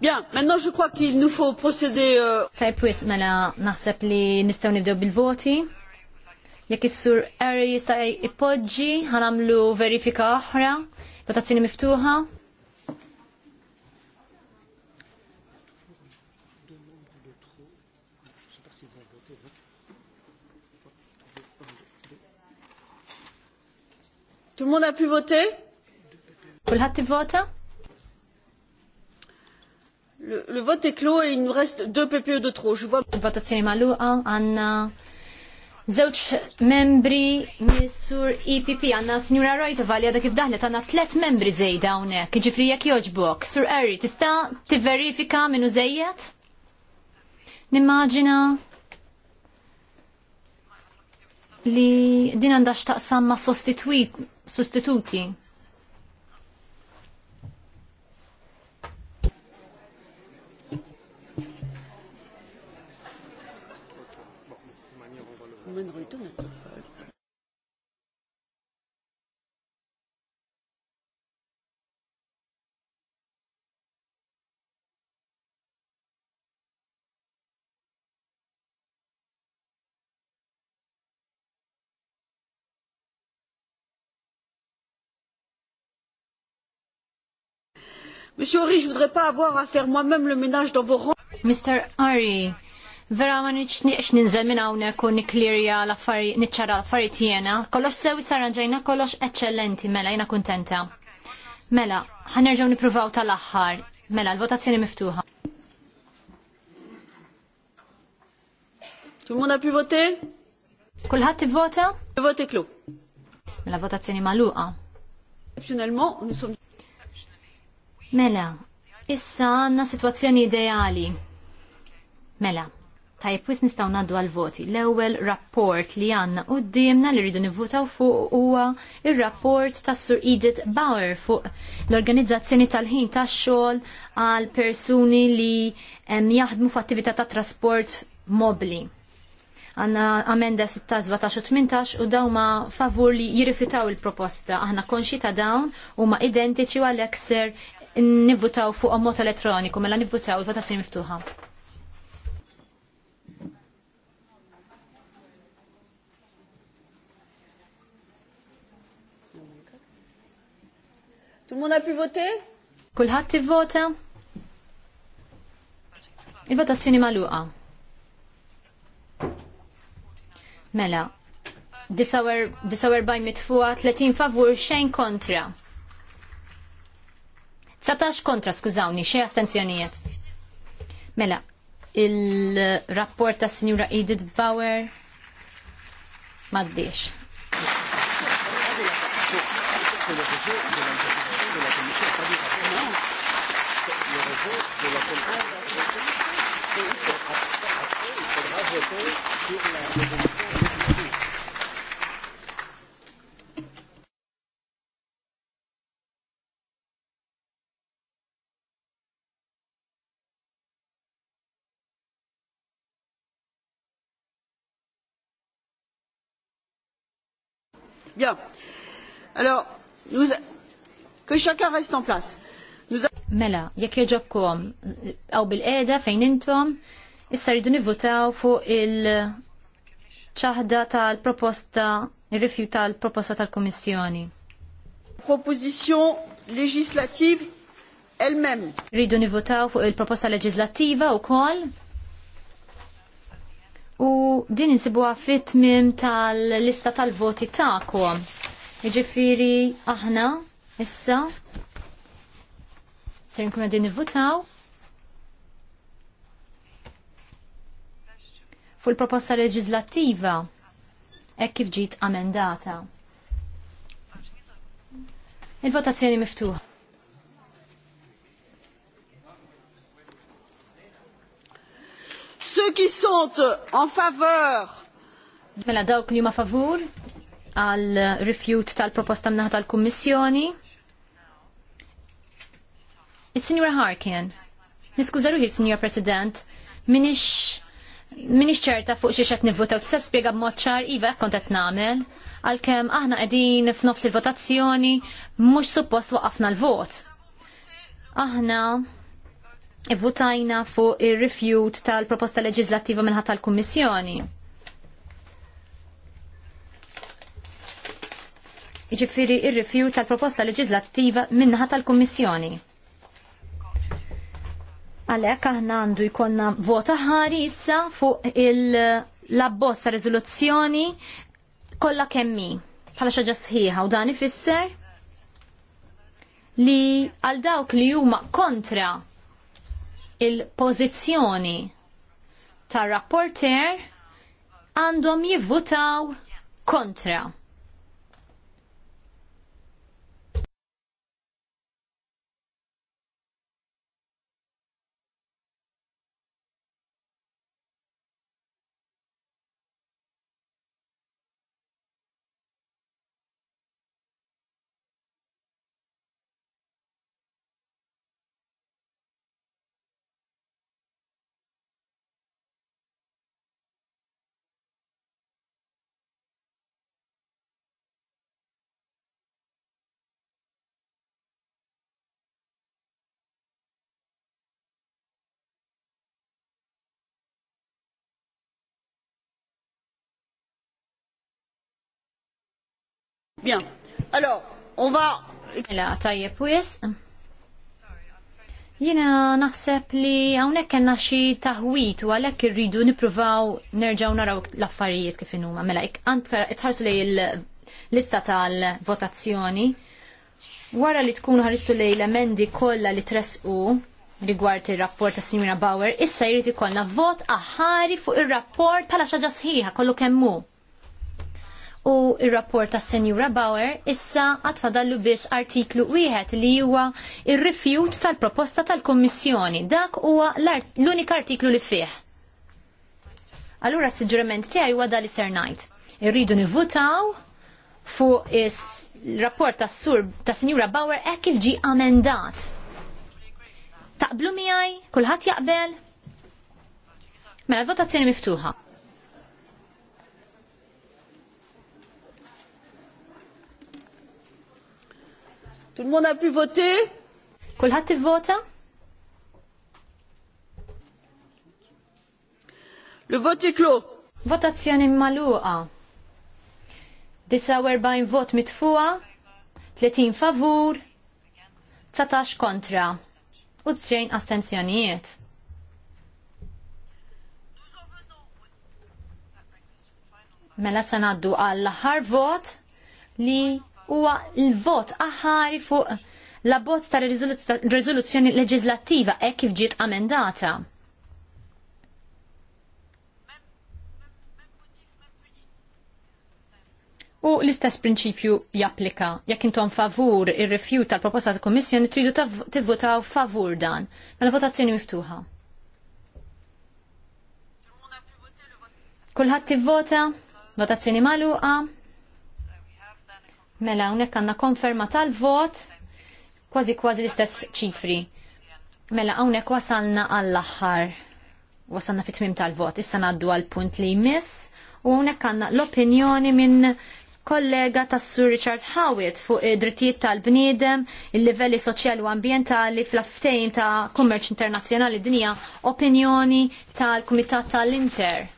Bien, maintenant je crois qu'il nous faut procéder. Euh, Tajb wis mela naħseb li nistgħu nibdew bil-voti. Jekk is-sur Ari jista' ipoġġi ħanamlu verifika oħra, votazzjoni miftuħa. Tout le monde a pu voter? Pour Kulħadd vote Le vote est clos et il nous reste deux PPE de trop. Je vois. Votazzjoni maluqa għanna zewċ membri missur EPP għanna Signora Rojtova li għada kif daħlet għanna tlet membri zejda għonek. Ġifri jek joġbok. Sur Eri, tista t-verifika minnu zejjet? Nimmaġina li din għandax taqsam ma sostituti. Monsieur Horry, je voudrais pas avoir à faire moi-même le ménage dans vos rangs. Mr. Ari, vera ma nix ninżemmin hawnhekk u niklirja l-affarijiet niċċara l-affarijiet jiena. Kollox sewi sarranġajna kollox eċċellenti mela jiena kuntenta. Mela, ħanerġgħu nippruvaw tal-aħħar. Mela, l-votazzjoni miftuħa. Tu le monde a Kulħadd ivvota? Voti klu. Mela votazzjoni magħluqa. Exceptionnellement, nous sommes Mela, issa għandna sitwazzjoni ideali. Mela, Tajb, wis nistaw naddu għal-voti. L-ewel rapport li għanna u d-dimna li rridu nivvotaw fuq huwa il-rapport ta' Sur Edith Bauer fuq l-organizzazzjoni tal-ħin ta' xogħol għal persuni li jaħdmu f'attività ta' trasport mobli. Għanna amenda 16-18 u daw ma favur li jirrifitaw il-proposta. Aħna konxi ta' dawn u ma identiċi għal-ekser nivvotaw fuq mod elettroniku, mela nivvotaw il-votazzjoni miftuħa. Tout le monde a pu voter? Kulħadd ivvota? Il-votazzjoni magħluqa. Mela, 49 mitfuqa, 30 favur, xejn kontra. 19 kontra, skużawni, xej astenzjonijiet. Mela, il-rapport ta' sinjura Edith Bauer maddiex. il faudra voter sur la Bien. Alors, nous, que chacun reste en place. Mela, jekk joġobkom, għaw bil eda fejn intom, issa rridu nivvotaw fuq il-ċaħda tal-proposta, il-rifju tal-proposta tal-Komissjoni. Proposition legislativ el-mem. Rridu nivvotaw fuq il-proposta legislativa u kol. U din insibuha għafit mim tal-lista tal-voti kom. Iġifiri aħna issa Ser nkun il votaw Fu l-proposta leġislattiva hekk kif ġiet amendata. Il-votazzjoni miftuħa. Ceux qui sont en faveur Mela dawk li ma favur għal rifjut tal-proposta mnaħa tal-Kummissjoni. Is-Sinjura Harkin, niskuża ruħi, Sinjura President, minix minix ċerta fuq xi qed nivvotaw tisab spjega b'mod ċar iva hekk kont qed nagħmel għalkemm aħna qegħdin f'nofs il-votazzjoni mhux suppost waqafna l-vot. Aħna votajna fuq ir-rifjut tal-proposta leġislattiva minħat tal-Kummissjoni. Jiġifieri il rifjut tal-proposta leġislattiva minħat tal-Kummissjoni. Għalhekk aħna għandu jkollna vota ħari issa fuq il-labbozza riżoluzzjoni kollha kemmi bħala xaġa sħiħa u dan ifisser li għal dawk li huma kontra il-pożizzjoni tar-rapporter għandhom jivvutaw kontra. Bien. Alors, on va... Mela, tajjeb wis. Jina naħseb li hawnhekk kena xi taħwit u għalhekk irridu nippruvaw nerġgħu naraw l-affarijiet kif inhuma. Mela, itħarsu li l-lista tal-votazzjoni wara li tkunu ħaristu li l-emendi kollha li tresqu rigward il-rapport ta' Simina Bauer, issa jrid ikollna vot aħari fuq ir rapport bħala xaġa sħiħa kollu kemm hu u il-rapport ta' Senjura Bauer issa għatfadallu biss artiklu wieħed li huwa il rifjut tal-proposta tal-Kommissjoni. Dak huwa l-unika artiklu li fih. Allura s-sġurament tiegħi huwa dali ser ngħid. Irridu nivvutaw fuq il rapport tas sur ta' Senjura Bauer hekk kif ġi amendat. Taqblu miegħi? Kulħadd jaqbel? Mela l-votazzjoni miftuħa. Tout le monde a pu voter? Kulħadd ivvota? Le vote est clos. Votazzjoni magħluqa. 49 vot mitfuqa, 30 favur, 19 kontra u 9 astensjonijiet. Mela se ngħaddu għall aħħar vot li huwa l-vot aħari fuq la bozz ta' riżoluzzjoni leġislattiva hekk kif ġiet amendata. U l-istess prinċipju japplika. Jekk intom favur ir refjut tal-proposta ta' Kommissjoni tridu tivvotaw favur dan. Mela votazzjoni miftuħa. Kulħadd tivvota, votazzjoni magħluqa. Mela, hawnhekk għandna konferma tal-vot, kważi kważi l-istess ċifri. Mela, hawnhekk wasalna għall aħħar wasalna fit tmim tal-vot, issa naddu għall punt li jmiss, u unek għandna l-opinjoni minn kollega tas Sur Richard Howitt fuq id-drittijiet tal-bniedem, il-livelli soċjali u ambjentali fl-aftejn ta' kummerċ internazzjonali dinja opinjoni tal-Kumitat tal-Inter.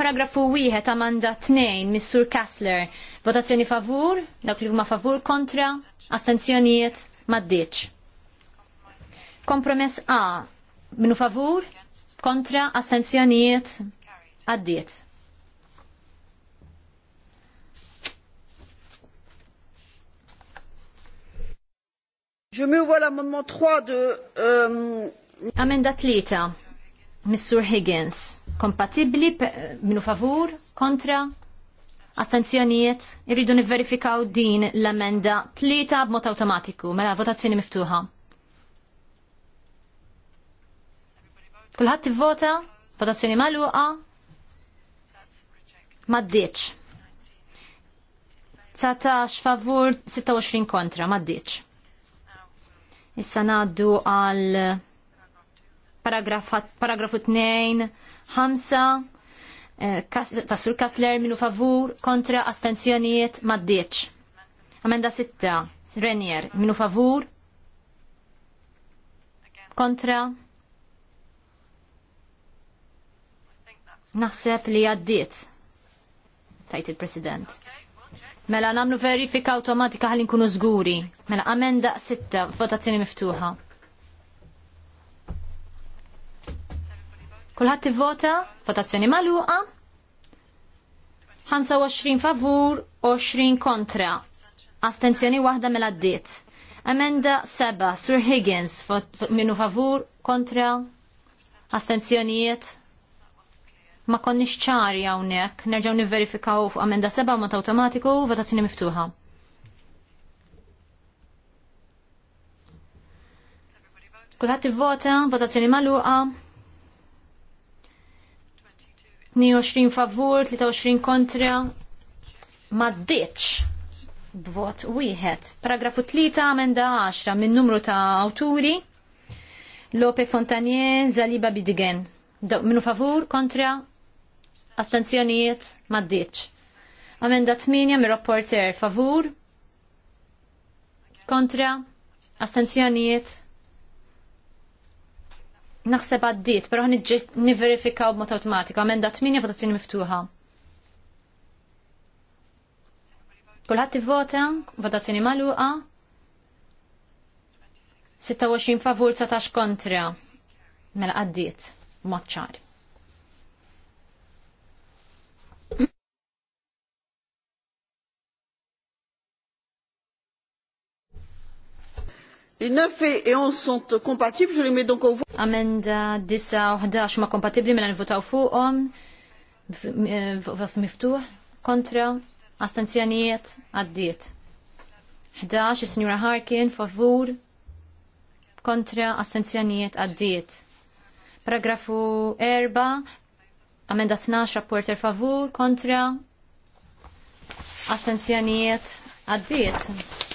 Paragrafu wieħed amanda tnejn Missur sur Kassler. Votazzjoni favur, dak li huma favur kontra, astenzjonijiet maddiċ. Kompromess A, minu favur, kontra, astenzjonijiet għaddiet. Je me vois l'amendement 3 de... Euh... Amenda Tlita, Mr. Higgins kompatibli minu favur, kontra, astenzjonijiet, irridu nivverifikaw din l-emenda tlieta b'mod automatiku mela votazzjoni miftuħa. Kulħadd vota votazzjoni magħluqa, maddiċ. 19 favur, 26 kontra, maddiċ. Issa naddu għal paragrafu 2, 5, tasur sur minu favur kontra astenzjonijiet maddiċ. Amenda 6, Renier minu favur kontra naħseb li għaddiet tajt il-President. Mela namlu verifika automatika ħalli nkunu żguri. Mela amenda 6, votazzjoni miftuħa. Kulħadd ivvota, votazzjoni magħluqa. 25 favur, 20 kontra. Astenzjoni waħda mela ddiet. Amenda 7, Sir Higgins, minnu favur, kontra, astenzjonijiet. Ma konniex ċari hawnhekk, nerġgħu nivverifikaw fuq amenda 7 mot automatiku, votazzjoni miftuħa. Kulħadd ivvota, votazzjoni magħluqa. 22 favur, 23 kontra, ma ditx? b'vot wieħed. Paragrafu 3 amenda 10 minn numru ta' awturi Lope Fontanier, Zaliba Bidigen. minnu favur, kontra, astenzjonijiet, maddiċ. Amenda 8 mir rapporter favur, kontra, astenzjonijiet, Naħseb għaddiet, pero niverifikaw b'mod automatika, t 8 votazzjoni miftuħa. Kulħadd ivvota, votazzjoni magħluqa. 26 favur 19 kontra. Mela għaddiet, mod ċari. 9 et 11 sont compatibles, je les mets donc au vote. Amenda 10 u 11 ma kompatibli mela nivvotaw fuqhom. Vot miftuħ, kontra, astenzjonijiet, għaddiet. 11 is-Sinjura Harkin favur, kontra, astenzjonijiet, għaddiet. Paragrafu 4, amenda 12 rapporter favur, kontra, astenzjonijiet, għaddiet.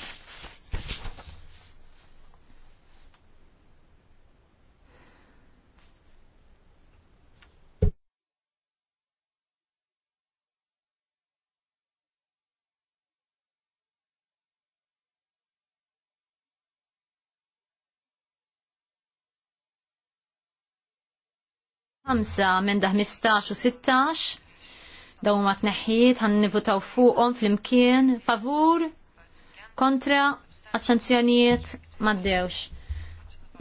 Ħamsa minn da 15 u 16 daw ma tneħħiet għan nivutaw fuqhom fl-imkien favur kontra astenzjonijiet maddewx.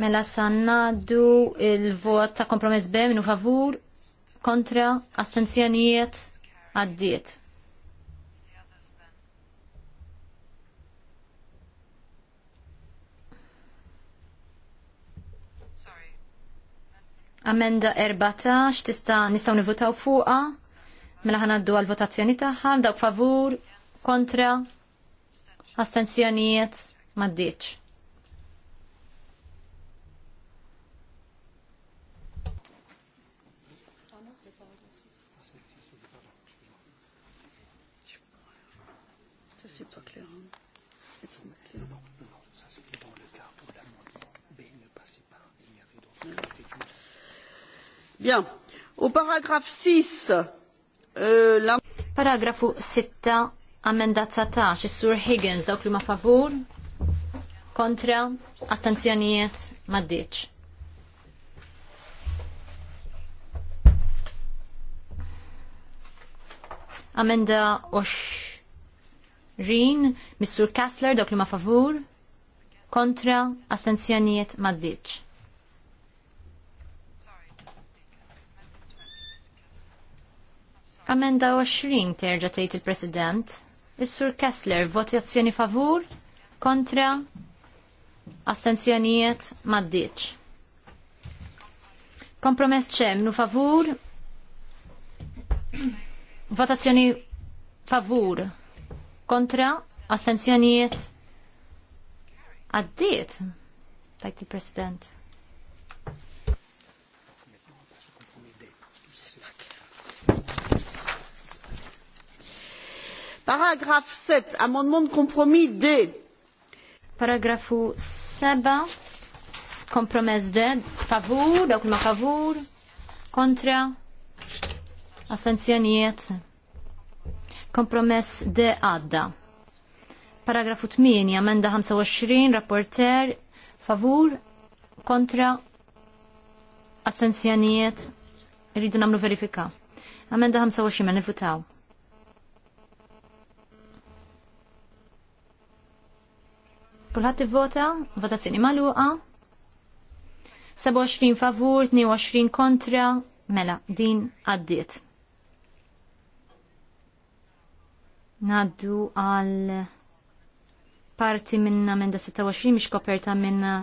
Mela sannaddu il-vot ta' kompromess B minu favur kontra astenzjonijiet għaddiet. Amenda 14 tista' nistgħu nivvotaw fuqha. Mela ddu għal votazzjoni tagħha, dawk favur, kontra, astensjonijiet, ddiċ. Bien. paragraf 6, euh, Paragrafu 6, amenda tsatax, is-Sur Higgins, dawk li ma favur, kontra, astenzjonijiet, maddiċ. Amenda 20, Missur Kessler, dawk li ma favur, kontra, astenzjonijiet, maddiċ. Amenda 20 terġa' tgħid il-President. Is-Sur Kessler, votazzjoni favur, kontra, astenzjonijiet maddiċ. Kompromess ċem, nu favur, votazzjoni favur, kontra, astenzjonijiet għaddiet, tajt il-President. Paragraf 7, amendement de compromis D. Paragrafu 7, kompromess D, favur, dawk ma favur, kontra, astenzjonijiet, kompromess D għadda. Paragrafu 8, amenda 25, rapporter, favur, kontra, astenzjonijiet, rridu namlu verifika. Amenda 25, nifutaw. Kulħadd ivvota, votazzjoni magħluqa. 27 favur, 22 kontra, mela, din għaddiet. Naddu għal parti minna menda 26 mhix koperta minna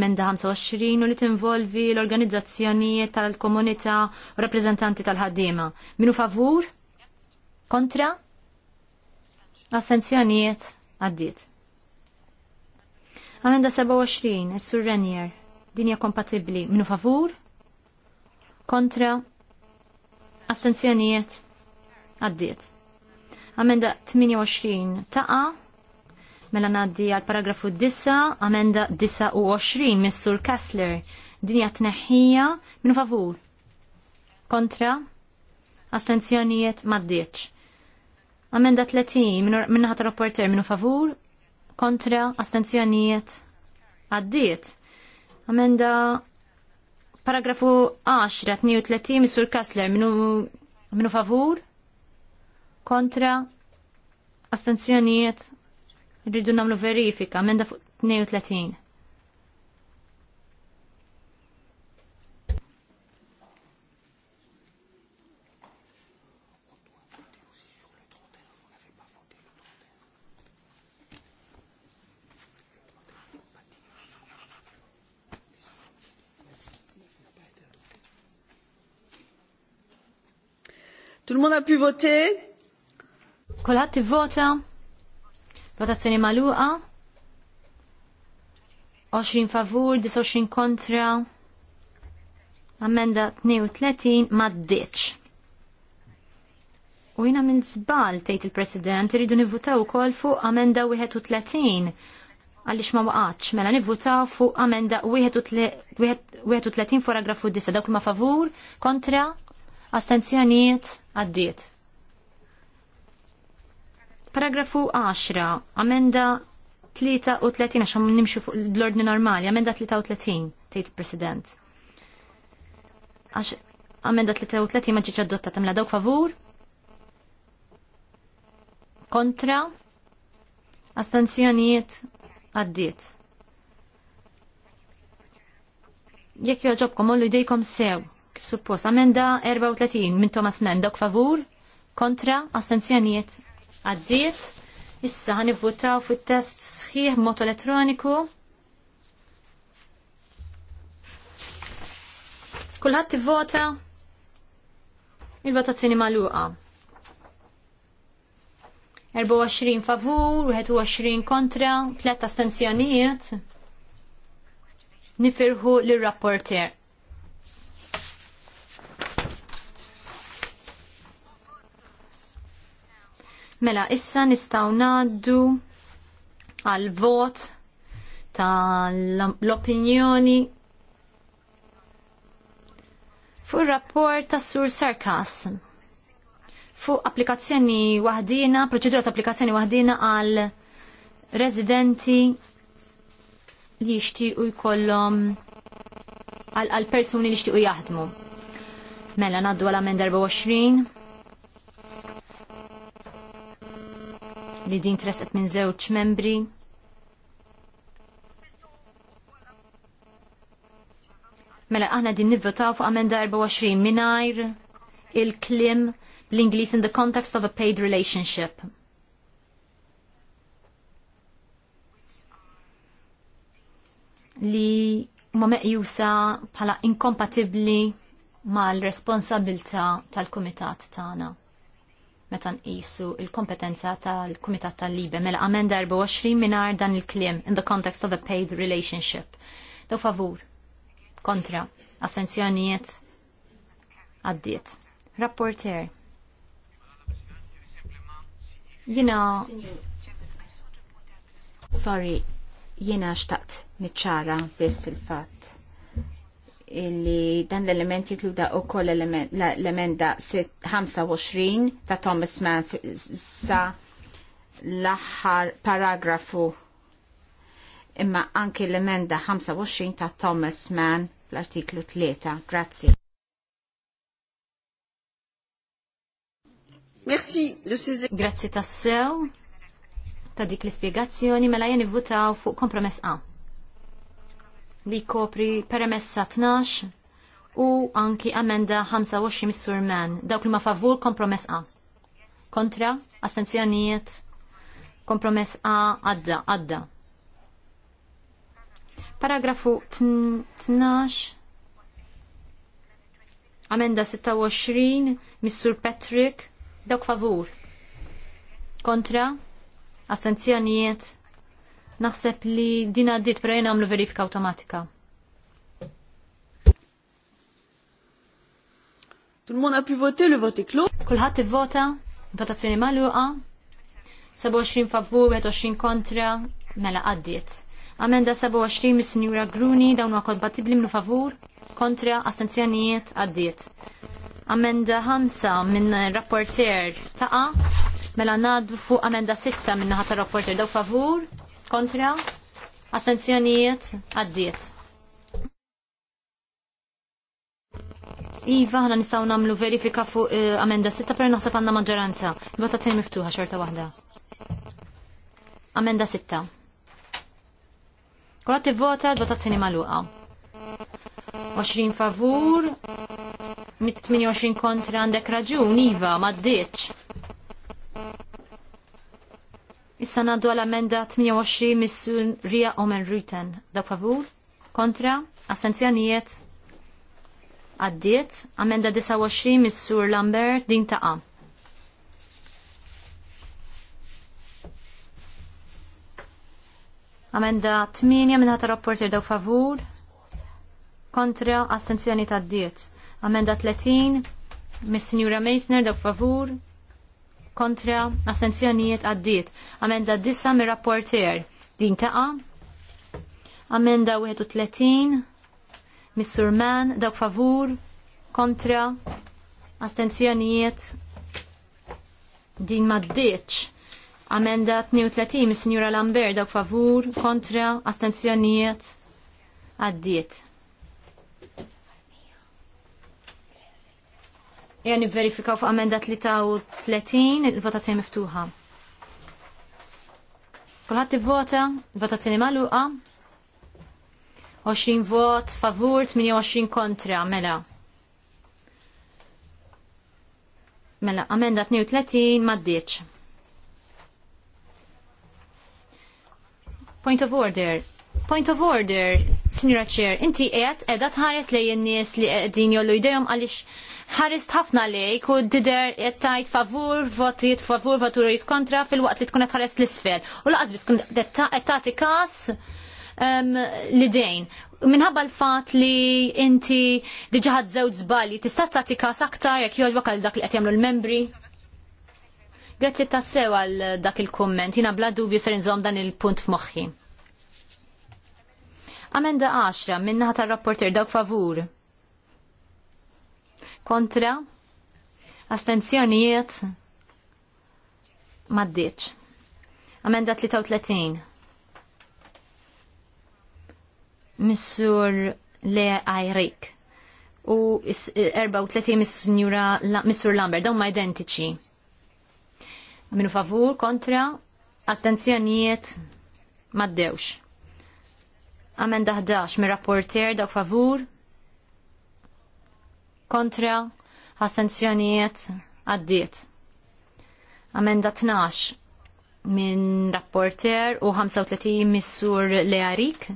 menda 25 u li tinvolvi l-organizzazzjonijiet tal-komunità u rappreżentanti tal-ħaddiema. Minu favur? Kontra? Astenzjonijiet għaddiet. Għamenda 27, Sur Renier. Dinja kompatibli. Minu favur? Kontra? Astenzjonijiet? Għaddiet. Amenda 28 taqa. Mela naddi għal paragrafu 9, amenda 29 Missur Kessler, Dinja tneħħija minu favur. Kontra? Astenzjonijiet maddiċ. Amenda 30 minnaħat rapporter minu favur kontra astenzjonijiet għaddiet. Amenda paragrafu 10, 32, Missur Kassler, minu, minu favur, kontra, astenzjonijiet, rridu namlu verifika, amenda 32. Tout le monde a pu voter? Kolħat vota. Votazzjoni maluqa. 20 favur, 29 kontra. Amenda 32 maddiċ. U jina minn zbal, tejt il-President, irridu nivvutaw kol fuq amenda 31 għalix ma waqax, mela nivvutaw fuq amenda 31 paragrafu 10, dawk ma favur, kontra, Astenzjoniet għaddiet. Paragrafu 10, amenda 33 għax nimxu fuq l-ordni normali, amenda 33, tgħid President. Għax amenda 33 ma ġietx adottata mela dawk favur? Kontra? Astenzjoniet għaddiet. Jekk joġobkom ollu jdejkom sew suppost. Amenda 34 minn Thomas Mann, dok favur, kontra, astenzjonijiet għaddiet. Issa votaw fit-test sħiħ mod elettroniku. Kulħadd tivvota il-votazzjoni magħluqa. 24 favur, 21 kontra, 3 astenzjonijiet. Nifirħu l-rapporter. Mela, issa nistaw naddu għal vot tal-opinjoni fuq rapport ta' Sur Sarkas fuq applikazzjoni wahdina, proċedura ta' applikazzjoni wahdina għal residenti li jixtiequ jkollhom għal persuni li jixtiequ jaħdmu. Mela naddu għal amend 24 li din tresqet minn żewġ membri. Mela aħna din nivvotaw fuq amenda 24 mingħajr il-klim bl-Ingliż in the context of a paid relationship. Li huma meqjusa bħala inkompatibbli mal-responsabilta tal-kumitat tagħna meta nqisu il-kompetenza tal-Kumitat tal-Libe mela amenda 24 minar dan il-klim in the context of a paid relationship. Daw favur. Kontra. Assenzjonijiet. Għaddiet. Rapporter. Jina. Sorry, jina xtaqt niċċara biss il-fat illi dan l-element jikluda u koll l-emenda 25 ta' Thomas Mann sa l-axħar paragrafu imma anki l-emenda 25 ta' Thomas Mann fl-artiklu 3. Grazzi. Merci de ces... Grazzi tassew ta' dik l-ispiegazzjoni mela jen votaw fuq kompromess A li kopri peremessa 12 u anki amenda 25 mis-surman, dawk li ma favur kompromess A. Kontra, astenzjonijiet, kompromess A għadda, għadda. Paragrafu 12, amenda 26, Missur Patrick, dawk favur. Kontra, astenzjonijiet, Naħseb li din għaddit pero jena għamlu verifika automatika. Tout le monde a pu voter, le vote est clos. Kulħat vota, votazzjoni maluqa, 27 favur, 20 kontra, mela għaddiet. Amenda 27 mis sinjura Gruni, dawn huwa kompatibbli minn favur, kontra, astenzjonijiet, għaddiet. Amenda 5 minn rapporter taqa, mela naddu fuq amenda 6 minn ħata rapporter daw favur, kontra, astenzjonijiet għaddiet. Iva, ħana nistaw namlu verifika fuq eh, amenda sitta per naħseb għanna maġġoranza. Il-votazzjoni miftuħa xorta waħda. Amenda sitta. Kolla tivvota votazzjoni maluqa. 20 favur, 28 kontra għandek raġun, Iva, ma Issa naddu għal-amenda 28 missun Ria Omen Ruten. Da favur? Kontra? Assenzjonijiet? Għaddiet. Amenda 29 missur Lambert din taqa. Amenda 8 minna ta' rapporter daw favur. Kontra astenzjoni ta' Amenda 30 mis Signora Meisner daw favur kontra astenzjonijiet għaddit. Amenda disa mir rapporter din taqa. Amenda 31 Missur Man dawk favur kontra astenzjonijiet din maddiċ. Amenda 32 mis-Sinjura Lambert dawk favur kontra astenzjonijiet għaddiet. jani verifikaw fuq amenda 33 il-votazzjoni miftuħa. Kulħadd ivvota, votazzjoni magħluqa. 20 vot favur, 28 kontra, mela. Mela, amenda 32 maddiċ. Point of order. Point of order, Signora Chair, inti qiegħed qiegħda tħares lejn nies li qegħdin jollu jdejhom għaliex ħarist ħafna lejk u dider qed tajt favur, votijiet favur, voturijiet kontra fil-waqt li tkun qed ħares l-isfel. U laqas biss tkun qed tagħti każ ehm, l Minħabba l-fat li inti diġaħad żewġ żbalji, tista' tagħti każ aktar jekk jogħġbok għal dak li qed jagħmlu l-membri? Grazzi tassew għal dak il-komment, jina bla dubju ser nżom dan il-punt f'moħħi. Amenda 10, naħa tar rapporter dawk favur kontra, astenzjonijiet, maddiċ. Amenda 33. Missur Le Ayrik u 34 eh, Missur Lambert, dawn ma identiċi. Minu favur, kontra, astenzjonijiet, maddewx. Amenda 11 mir rapporter dawk favur, kontra astenzjonijiet għaddiet. Amenda 12 minn rapporter u 35 missur Learik.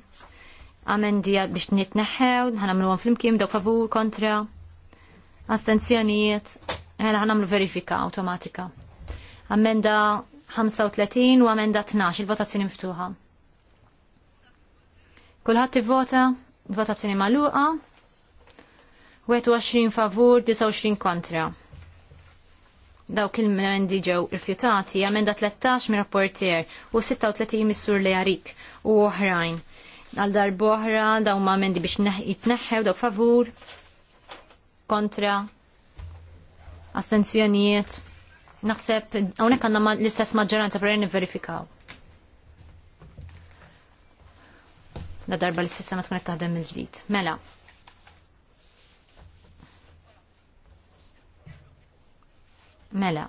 għad biex nitneħħew, ħanamlu għan flimkim, daw favur kontra astenzjonijiet, ħana ħanamlu verifika automatika. Amenda 35 u amenda 12, il-votazzjoni miftuħa. Kulħadd ivvota, votazzjoni magħluqa, 21 favur, 29 kontra. Dawk il-mendi ġew rifjutati, amenda 13 mir rapportier u 36 missur li għarik u oħrajn. Għal darboħra daw ma mendi biex jitneħħew daw favur, kontra, astenzjonijiet. Naħseb, għonek għanna l-istess maġġoranza per verifikaw. Da darba l-sistema tkun taħdem il-ġdid. Mela, Mela,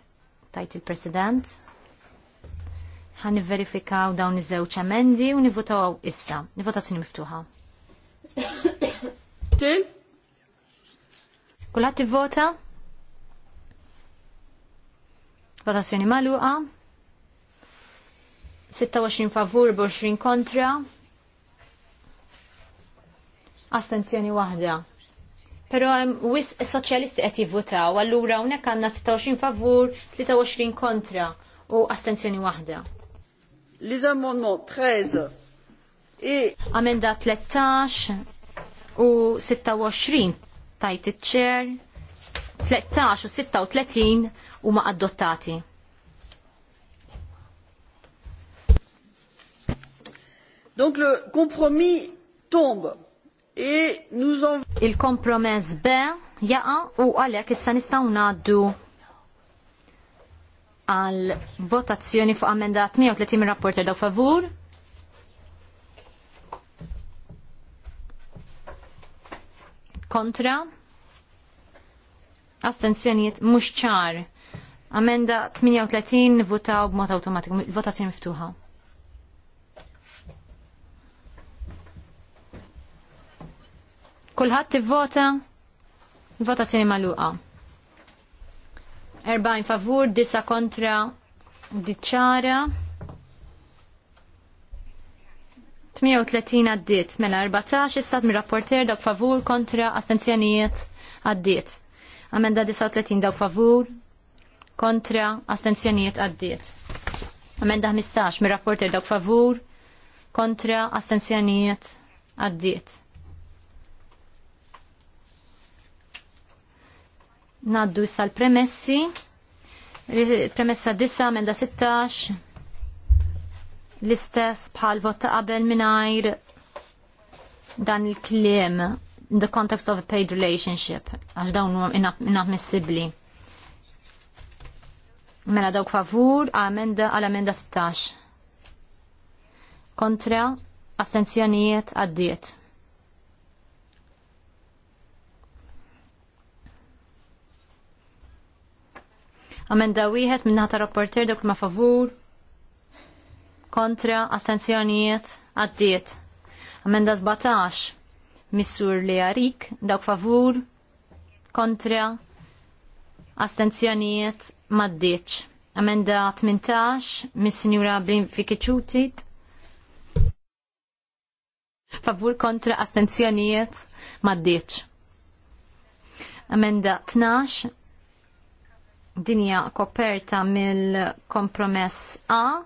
tajt il-President, ħan verifikaw dawn iż-żewġ emendi u nivvotaw issa. Nivotazzjoni miftuħa. Kulħadd ivvota? Votazzjoni magħluqa. 26 favur, 20 kontra. Astenzjoni waħda. Pero um, wis soċjalisti qed jivvutaw, allura hawnhekk għandna 26 favur, 23 kontra u astenzjoni waħda. Les amendements 13 et Amenda 13 u 26 tajt iċ-ċer, 13 u 36 huma adottati. Donc le compromis tombe. E Il-kompromess B jaqa u għalek issa nistaw naddu għal votazzjoni fuq amendat 130 rapporter daw favur. Kontra. Astenzjoniet mux ċar. Amenda 38 votaw b'mod automatiku, votazzjoni miftuħa. Kulħadd tivvota votazzjoni magħluqa. 40 favur, 9 kontra, diċċara. 38 għaddiet, mela 14 issa mir rapporter dawk favur kontra astenzjonijiet għaddiet. Amenda 39 dawk favur kontra astenzjonijiet għaddiet. Amenda 15 mir rapporter dawk favur kontra astenzjonijiet għaddiet. Naddu issa l-premessi. Premessa 9, menda 16. L-istess bħal vot ta' qabel minajr dan il-klim in the context of a paid relationship, għax dawn missibli. Mela dawk favur għal-amenda 16. Kontra, astenzjonijiet għaddiet. Amenda wieħed minn ħata rapporter dak ma' favur, kontra, astenzjonijiet, għaddiet. Amenda 17, missur li għarik, dawk favur, kontra, astenzjonijiet, maddiċ. Amenda 18, miss-sinjura Blinfikiċutit, favur kontra astenzjonijiet maddiċ. Amenda 12 dinja koperta mill-kompromess A.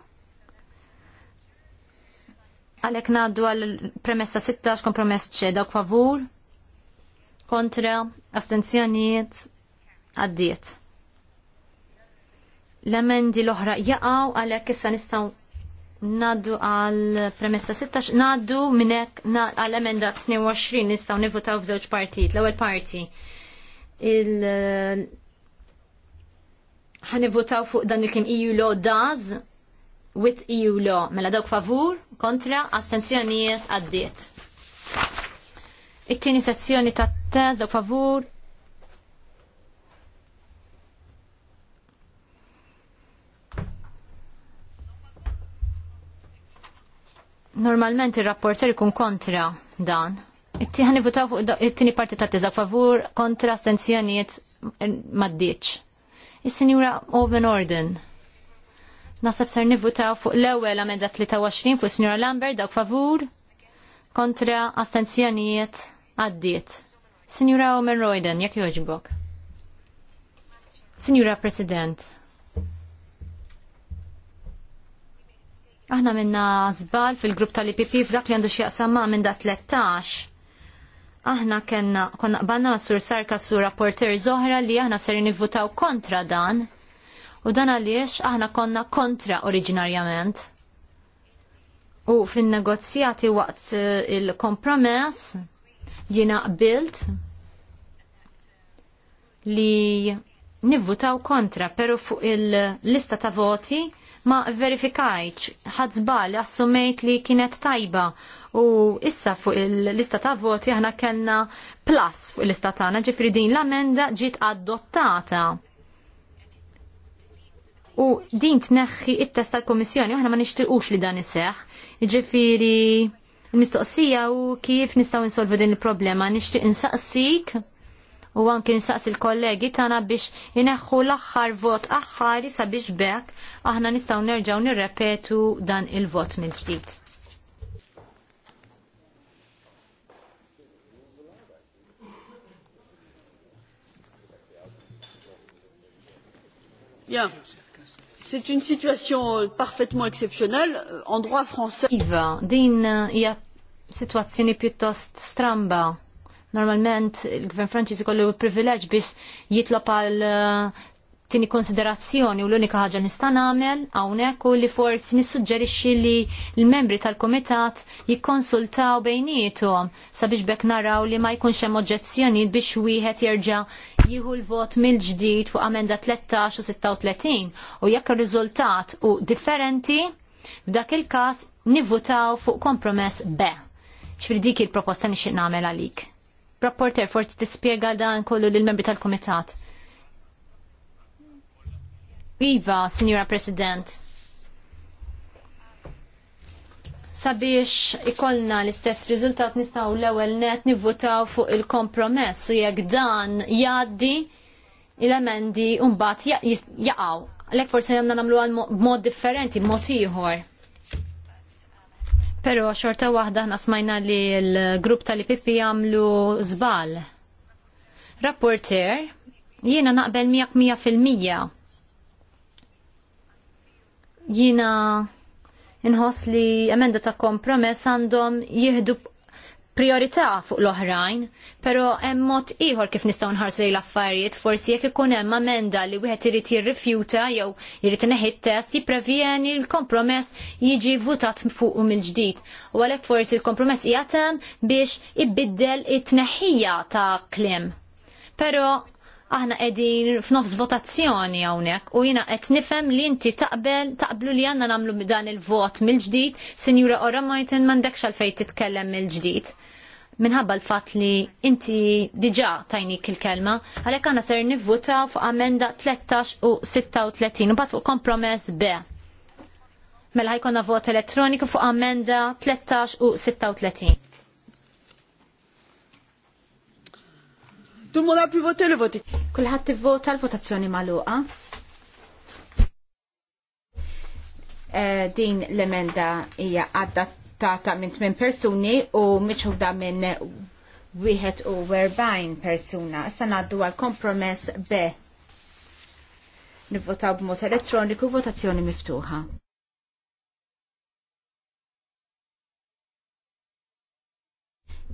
Għalek naddu għal premessa 16 kompromess C, dawk favur, kontra, astenzjonijiet, għaddiet. L-emendi l-oħra jaqaw għalek issa nistaw naddu għal premessa 16, naddu minnek għal emenda 22 nistaw nivutaw f'żewġ partijiet. L-ewwel parti il ħanivvotaw fuq dan il-kim EU law does with EU law. Mela dawk favur, kontra, astenzjonijiet għaddiet. It-tieni sezzjoni ta' test dawk favur. Normalment ir-rapporter ikun kontra dan. It-tieni votaw fuq it-tieni parti ta' test favur, kontra, astenzjonijiet maddiċ. Is-Sinjura Owen Orden. Nasab ser nivutaw fuq l-ewwel amenda 23 fuq Sinjura Lambert dawk favur kontra astenzjonijiet għaddiet. Sinjura Owen Royden, jekk joġbok. Sinjura President, aħna minna zbal fil-grupp tal-IPP f'dak li għandu xieqsam ma' minn da' 13 aħna kena konna qbanna ma' sur sarka sur rapporter zohra li aħna ser nivvutaw kontra dan u dan għaliex aħna konna kontra oriġinarjament. U fin-negozjati waqt eh, il-kompromess jina qbilt li nivvutaw kontra, pero fuq il-lista ta' voti ma verifikajċ ħadżbal assumejt li kienet tajba U issa fuq il-lista ta' voti aħna kellna plus fuq il-lista tagħna, ġifri din l-amenda ġiet adottata. U din tneħħi it-test tal-Komissjoni, aħna ma nixtiequx li dan iseħħ. Ġifiri l mistoqsija u kif nistgħu insolvu din il-problema, nixtieq insaqsik u anki nistaqsi l kollegi tana biex ineħħu l-axħar vot aħħari sabiex bekk aħna nistaw nerġaw nirrepetu dan il-vot mill-ġdid. Bien. C'est une situation euh, parfaitement exceptionnelle euh, en droit français. Iva, din uh, hija situazzjoni pjuttost stramba. Normalment il-Gvern Franċiż ikollu il-privileġġ biex jitlob għal uh, tini konsiderazzjoni u l-unika ħaġa nista' nagħmel hawnhekk u li forsi nissuġġerixxi li l-membri tal-kumitat jikkonsultaw bejnietom sabiex bekk naraw li ma jkunx hemm oġġezzjonijiet biex wieħed jerġa' jieħu l-vot mill-ġdid fuq amenda 13 u 36 u jekk ir-riżultat u differenti f'dak il-każ nivvutaw fuq kompromess B. Xfir dik il-proposta nixtieq nagħmel għalik. Rapporter forti tispjega dan kollu lill membri tal-kumitat. Iva, Signora President. Sabiex ikollna l-istess riżultat nistgħu l-ewwel net nivvutaw fuq il-kompromess u jekk dan jgħaddi l-emendi mbagħad jaqgħu. Lek forsi jemna nagħmlu għal mod differenti, b'mod ieħor. Però xorta waħda ħna smajna li l-grupp tal-IPP jagħmlu żball. Rapporter, jiena naqbel miegħek mija fil-mija Jina inħoss li emenda ta' kompromess għandhom jihdu priorità fuq l-oħrajn, pero hemm mod ieħor kif nistgħu nħarsu lejn l-affarijiet, forsi jekk ikun hemm amenda li wieħed irid jirrifjuta jew irid ineħħi t-test jipprevjeni l-kompromess jiġi votat fuq mill-ġdid. U għalhekk forsi l-kompromess jagħtem biex ibiddel it-tneħħija ta' klim. Pero aħna qegħdin f'nofs votazzjoni hawnhekk u jiena qed nifhem li inti taqbel taqblu li għandna nagħmlu dan il-vot mill-ġdid, Sinjura Ora Martin m'għandekx fejn titkellem mill-ġdid. Minħabba l-fatt li inti diġà tajnik il-kelma, għalhekk għandna ser nivvuta fuq amenda 13 u 36 u bad fuq kompromess B. Mela ħajkonna vot elettroniku fuq amenda 13 u 36. Tout le monde a pu voter le vote. Kulħadd tivvota l-votazzjoni magħluqa. Eh, din l-emenda hija adattata minn tmien persuni u miċħuda minn wieħed u werbajn persuna. Issa ngħaddu għal kompromess B. Nivvotaw b'mod elettroniku votazzjoni miftuħa.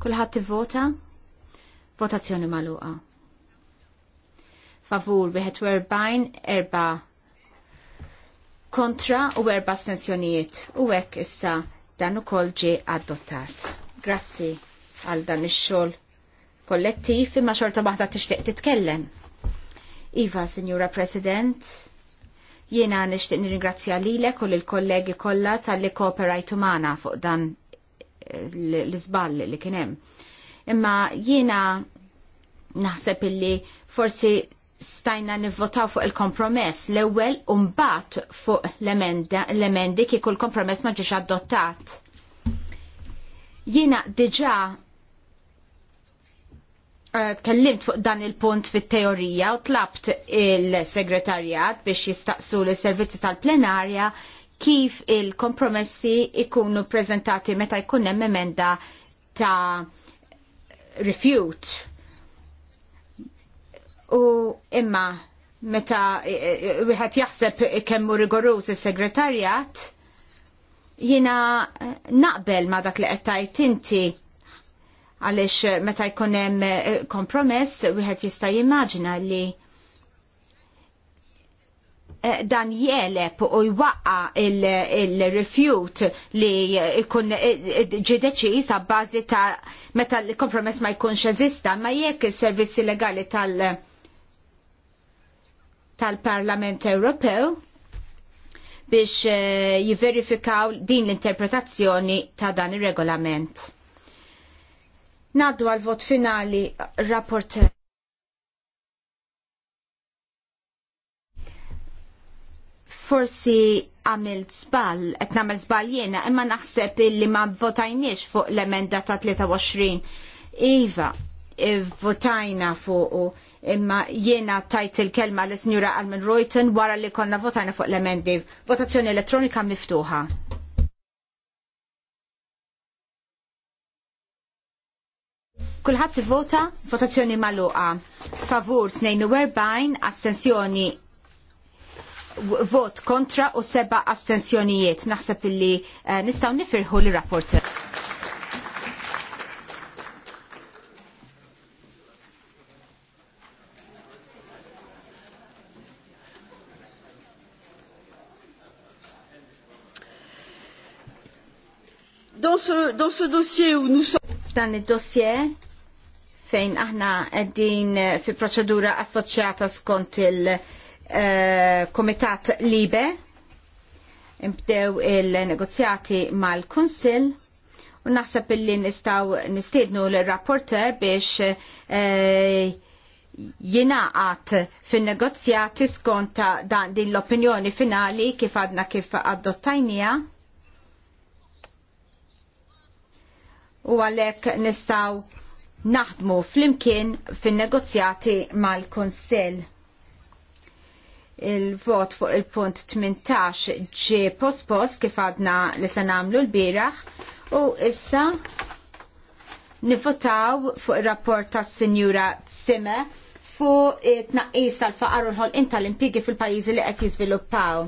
Kulħadd tivvota? Votazzjoni magħluqa favur wieħed u erbajn erba' kontra u erba' astensjonijiet u hekk issa dan ukoll ġie adottat. Grazzi għal dan ix-xogħol kollettiv imma xorta waħda tixtieq titkellem. Iva, sinjura President, jiena nixtieq nirringrazzja lilek u lill-kollegi kollha tal-li kooperajtu magħna fuq dan eh, l-iżball li kien hemm. Imma jiena naħseb illi forsi stajna nivvotaw fuq il-kompromess l-ewwel u mbagħad fuq l-emendi kieku l-kompromess ma ġiex adottat. Jiena diġà eh, tkellimt fuq dan il-punt fit-teorija u tlabt il-segretarjat biex jistaqsu l-servizzi tal-plenarja kif il-kompromessi ikunu prezentati meta jkun hemm emenda ta' refute u imma meta e, e, e, wieħed jaħseb kemm hu rigoruż is-segretarjat jiena naqbel ma dak li qed tajt inti għaliex meta jkun hemm kompromess wieħed jista' jimmaġina li dan jeleb u jwaqqa il refjut li ikun ġi deċiż għabbażi ta' meta l-kompromess ma' jkunx eżista, ma' jekk il-servizzi legali tal- tal-Parlament Ewropew biex eh, jiverifikaw din l-interpretazzjoni ta' dan ir-regolament. Naddu għal vot finali rapporter forsi għamilt zbal, qed nagħmel zbal jiena, imma naħseb illi ma votajniex fuq l-emenda ta' 23. Iva, eh, votajna fuq imma jiena tajt il-kelma l sinjura Almen Reuten wara li konna votajna fuq l-emendi. Votazzjoni elettronika miftuħa. Kulħadd vota votazzjoni magħluqa. Favur 42, astensjoni vot kontra u seba astensjonijiet. Naħseb illi eh, nistgħu nifirħu l rapport Dans ce, dossier où nous sommes... Dans le dossier fejn aħna din fi proċedura assoċjata skont il-Komitat eh, uh, Libe, imbdew il-negozjati mal-Kunsil, u naħseb illi nistaw nistednu l-rapporter biex eh, jinaqat fin negozjati skont dan din l-opinjoni finali kif għadna kif adottajnija. u għalhekk nistgħu naħdmu flimkien fin-negozjati mal-Kunsill. Il-vot fuq il-punt 18 ġie pospost kif għadna li se nagħmlu l-bieraħ u issa nivotaw fuq ir-rapport tas-Sinjura Zimmer fuq it-tnaqqis tal-faqar u l-ħolqin tal impigi fil-pajjiżi li qed jiżviluppaw.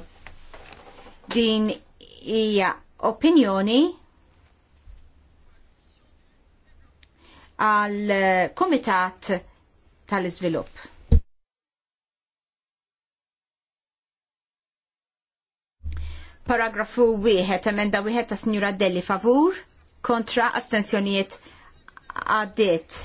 Din hija opinjoni għal eh, Komitat tal-Iżvilupp. Paragrafu wieħed, emenda wieħed ta' Sinjura Delli favur, kontra astensjonijiet għaddiet.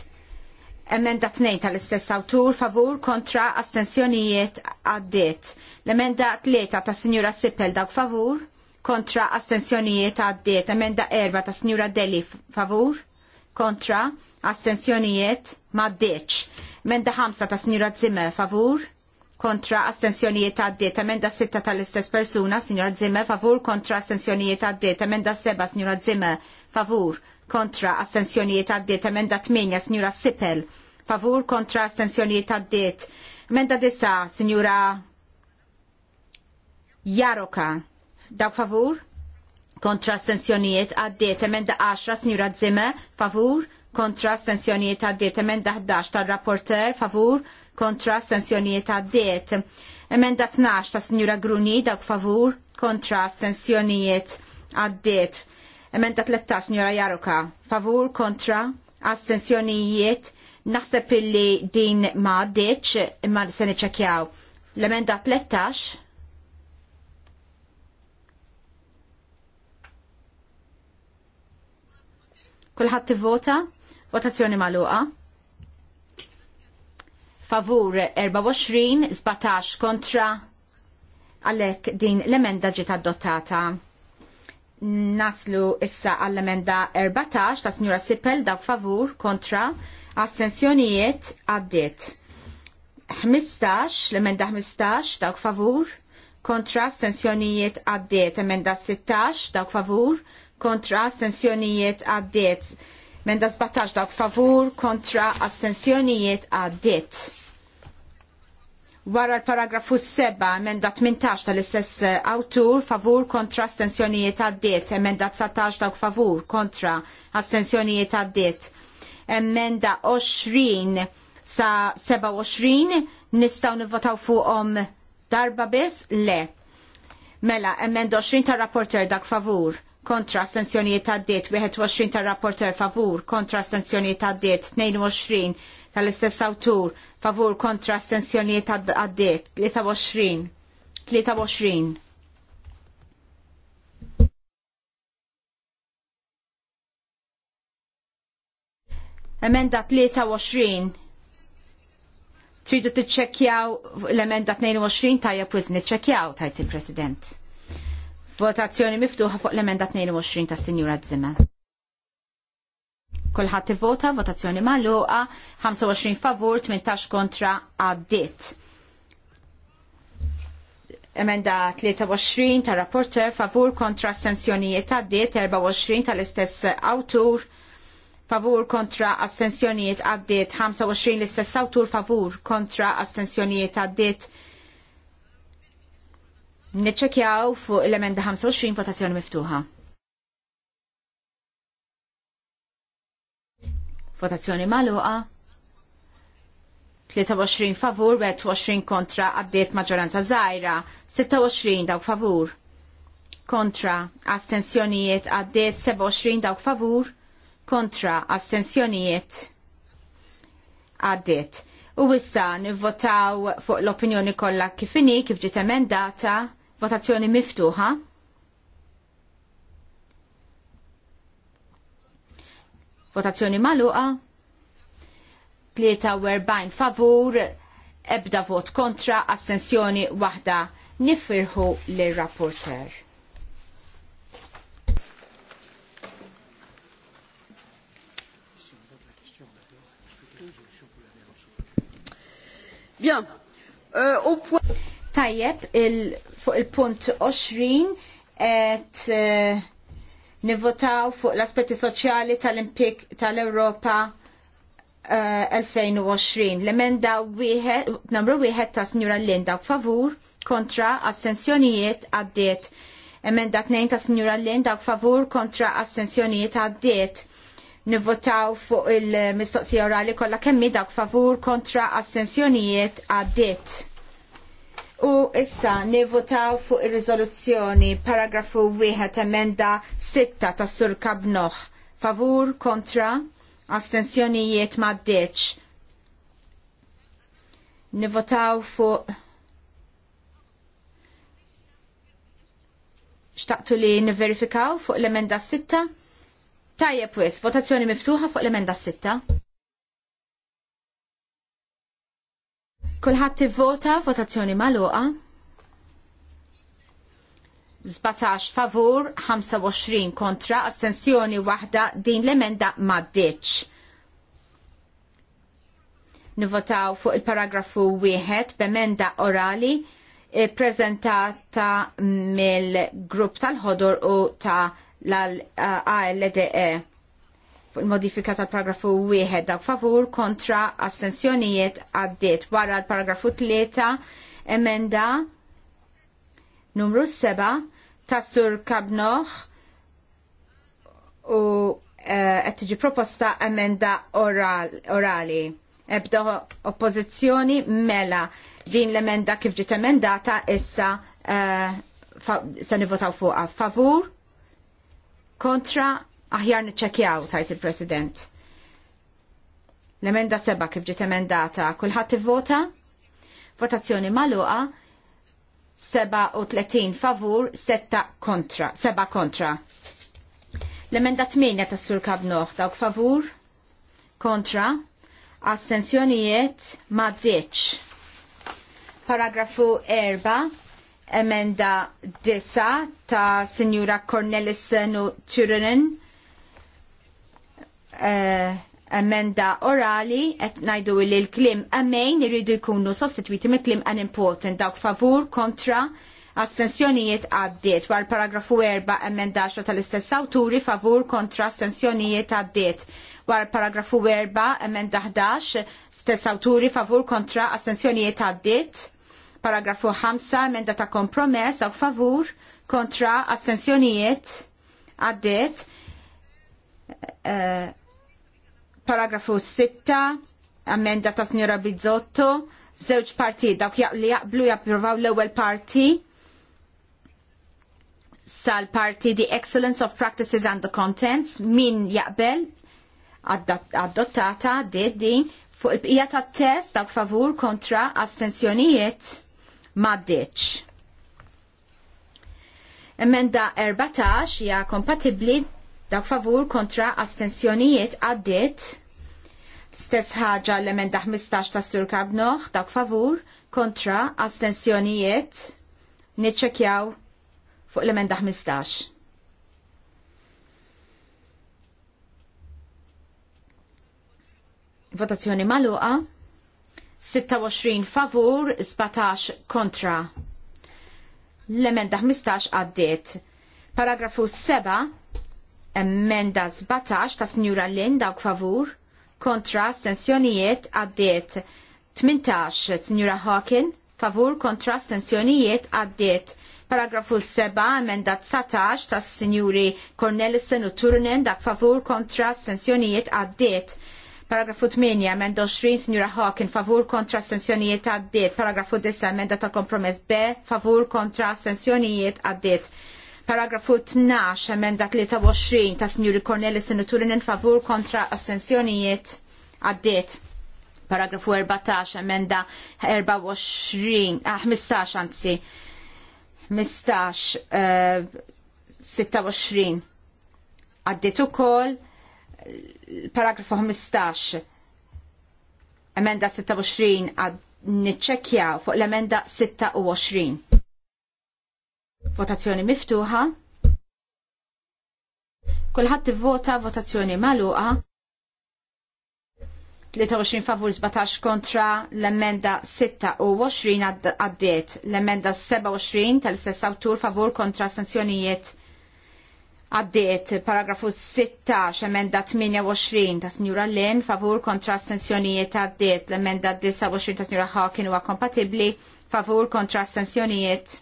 Emenda tnejn tal-istess awtur favur kontra astensjonijiet għaddiet. L-emenda tlieta ta' Sinjura Sippel dawk favur kontra astensjonijiet għaddiet. Emenda erba ta' Sinjura Delli favur kontra astensjonijiet maddeċ. Menda ħamsa ta' Sinjura Zimmer favur kontra astensjonijiet għaddiet. Emenda sitta tal-istess persuna, Sinjura Zimmer favur kontra astensjonijiet għaddiet. Emenda seba, Sinjura Zimmer favur kontra astensjonijiet għaddiet. Emenda tminja, Sinjura Sipel favur kontra astensjonijiet għaddiet. Menda disa, Sinjura Jaroka dawk favur kontra astensjonijiet għaddiet. Emenda 10, Sinjura Zimmer favur kontra sensjonijiet għaddiet. Emenda 11 tal-rapporter favur kontra sensjonijiet għaddiet. Emenda 12 ta' Signora Gruni dak favur kontra sensjonijiet għaddiet. Emenda 13 Signora Jaroka favur kontra s-sensjonijiet naħseb illi din ma għaddiċ imma se niċċekjaw. L-emenda 13 Kulħadd tivvota? Votazzjoni maluqa. Favur 24, 17 kontra. Għalek din l-emenda ġiet adottata. Naslu issa għall-emenda 14 ta' Signora Sipel dawk favur kontra astensjonijiet għaddit. 15, l-emenda 15 dawk favur kontra astensjonijiet għaddiet. Emenda 16 dawk favur kontra astensjonijiet għaddiet. Menda 17 dak favur kontra assenzjonijiet għaddit. Wara l-paragrafu 7, emenda 18 tal-istess eh, awtur, favur kontra astensjonijiet għaddit. emenda 19 dawk favur kontra astensjonijiet għaddiet, emenda 20 sa 27 nistaw nivvotaw fuqhom darba biss? Le. Mela, emenda 20 tar rapporter dak favur kontra astensjonijiet għaddiet 21 tar rapporter favur kontra astensjonijiet għaddiet 22 tal-istess awtur favur kontra astensjonijiet għaddiet 23 23 Emenda 23 Tridu tiċċekkjaw l-emenda 22 tajja pwiz ċekjaw tajt il-President. Votazzjoni miftuħa fuq l-emenda 22 ta' Sinjura Zimmer. Kulħadd ivvota, votazzjoni magħluqa, 25 favur, 18 kontra għaddit. Emenda 23 ta' rapporter favur kontra assenzjonijiet għaddit, 24 tal-istess autur, favur kontra assenzjonijiet għaddiet, 25 l-istess awtur favur kontra assenzjonijiet għaddiet, Niċċekjaw fuq l-emenda 25 votazzjoni miftuħa. Votazzjoni maluqa. 23 favur, 20 kontra, għaddiet maġġoranza zaħira, 26 dawk favur. Kontra, astensjonijiet għaddiet 27 dawk favur, kontra, astensjonijiet għaddiet. U issa nivvotaw fuq l-opinjoni kollha kif inhi kif ġiet emendata Votazzjoni miftuħa. Votazzjoni maluqa. 43 favur, ebda vot kontra, astensjoni waħda. Nifirħu l-rapporter. Bien. Euh, au point... Tajjeb, il, fuq il-punt 20 et uh, nivotaw fuq l-aspetti soċjali tal-impik tal-Europa uh, eh, 2020. L-emenda numru wieħed ta' Signora Linda favur kontra assenzjonijiet għaddiet. Emenda 2 ta' Signora Linda favur kontra assenzjonijiet għaddiet nivvotaw fuq il-mistoqsija orali kollha kemmi dak favur kontra assenzjonijiet għaddiet. U issa nivvotaw fuq ir-riżoluzzjoni paragrafu wieħed emenda 6 tas Sur Kabnoħ. Favur, kontra, astensjonijiet maddeċ. Nivvotaw fuq Xtaqtu li nivverifikaw fuq l-emenda 6? Tajjeb wis, votazzjoni miftuħa fuq l-emenda 6. Kulħadd tivvota votazzjoni magħluqa. 17 favur, 25 kontra, astensjoni waħda din l-emenda maddiċ. Nivotaw fuq il-paragrafu wieħed b'emenda orali eh, prezentata mill-grupp tal-ħodor u ta' l-ALDE il-modifika tal-paragrafu wieħed dak favur kontra astensjonijiet għaddiet wara l-paragrafu 3 emenda numru 7 tas-sur Kabnoħ u eh, qed tiġi proposta emenda orali. Ebda oppożizzjoni mela din l-emenda kif ġiet emendata issa eh, se nivotaw fuqha favur kontra aħjar niċċekjaw tajt il-President. L-emenda seba kif ġiet emendata, kulħadd ivvota? Votazzjoni magħluqa 37 favur, 6 kontra, 7 kontra. L-emenda 8 tas Sur Kabnoħ dawk favur, kontra, astensjonijiet ma' Paragrafu 4, emenda 9 ta' Sinjura Cornelis Turinen Eh, emenda orali qed ngħidu li l-klim amen iridu jkunu sostituiti mill-klim unimportant dawk favur kontra astensjonijiet għaddiet war paragrafu 4 emenda 10 tal-istess awturi favur kontra astensjonijiet għaddiet war paragrafu 4 emenda 11 stess awturi favur kontra astensjonijiet għaddiet paragrafu 5 emenda ta' kompromess dawk favur kontra astensjonijiet għaddiet uh, Paragrafu 6, ammenda ta' Signora Bizzotto, f'żewġ parti dawk li jaqblu jappruvaw l-ewwel parti sal-parti The Excellence of Practices and the Contents min jaqbel adottata deddi, fuq il-bqija ta' test dawk favur kontra astensjonijiet maddiċ. Emenda 14 hija kompatibbli Dak favur kontra astensjonijiet għaddiet. Stess ħaġa l-emenda 15 ta' Sur Kabnoħ, dak favur kontra astensjonijiet niċċekjaw fuq l-emenda 15. Votazzjoni maluqa 26 favur, 17 kontra. L-emenda 15 għaddiet. Paragrafu 7 emmenda 17 ta' Sinjura Lin dawk favur kontra astensjonijiet għaddiet 18 Sinjura Hawkin favur kontra astensjonijiet għaddiet Paragrafu 7, emenda 19 ta' sinjuri Cornelissen u Turnen dak favur kontra stensjonijiet għaddiet. Paragrafu 8, emenda 20, signora Hawkin, favur kontra stensjonijiet għaddiet. Paragrafu 10, emenda ta' kompromess B, favur kontra stensjonijiet għaddiet. Paragrafu 12, emenda 23 ta' Signori Cornelli Senuturin in favur kontra astensjonijiet għaddiet. Paragrafu 14, emenda 24, ah, 15 anzi, 15, uh, 26. Għaddiet ukoll paragrafu 15, emenda 26 għad niċċekjaw fuq l-emenda 26. Votazzjoni miftuħa. Kulħadd tivvota votazzjoni magħluqa. 23 favur 17 kontra l-emenda 26 għaddiet. L-emenda 27 tal-istess awtur favur kontra sanzjonijiet għaddiet. Paragrafu 16, emenda 28 ta' Sinjura Lin favur kontra sanzjonijiet għaddiet. L-emenda 29 ta' Sinjura Hawkin huwa kompatibbli favur kontra sanzjonijiet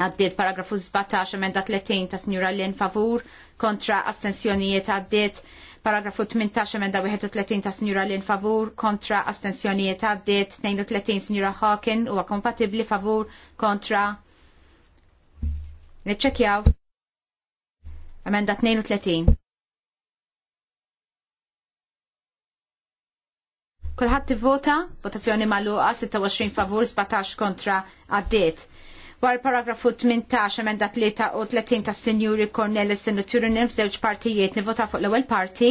Għaddiet paragrafu 17 emenda 30 ta' Signora Lin favur kontra astensjonijiet għaddiet paragrafu 18 emenda 31 ta' Signora Lien favur kontra astensjonijiet għaddiet 32 Signora Hawken huwa kompatibbli favur kontra Neċċekjaw. Emenda 32. Kulħadd tivvota, votazzjoni magħluqa 26 favur, 17 kontra għaddiet. Wara paragrafu 18 emenda 33 ta' Sinjuri Cornelison u Nims, f'żewġ partijiet nivota fuq l-ewwel parti.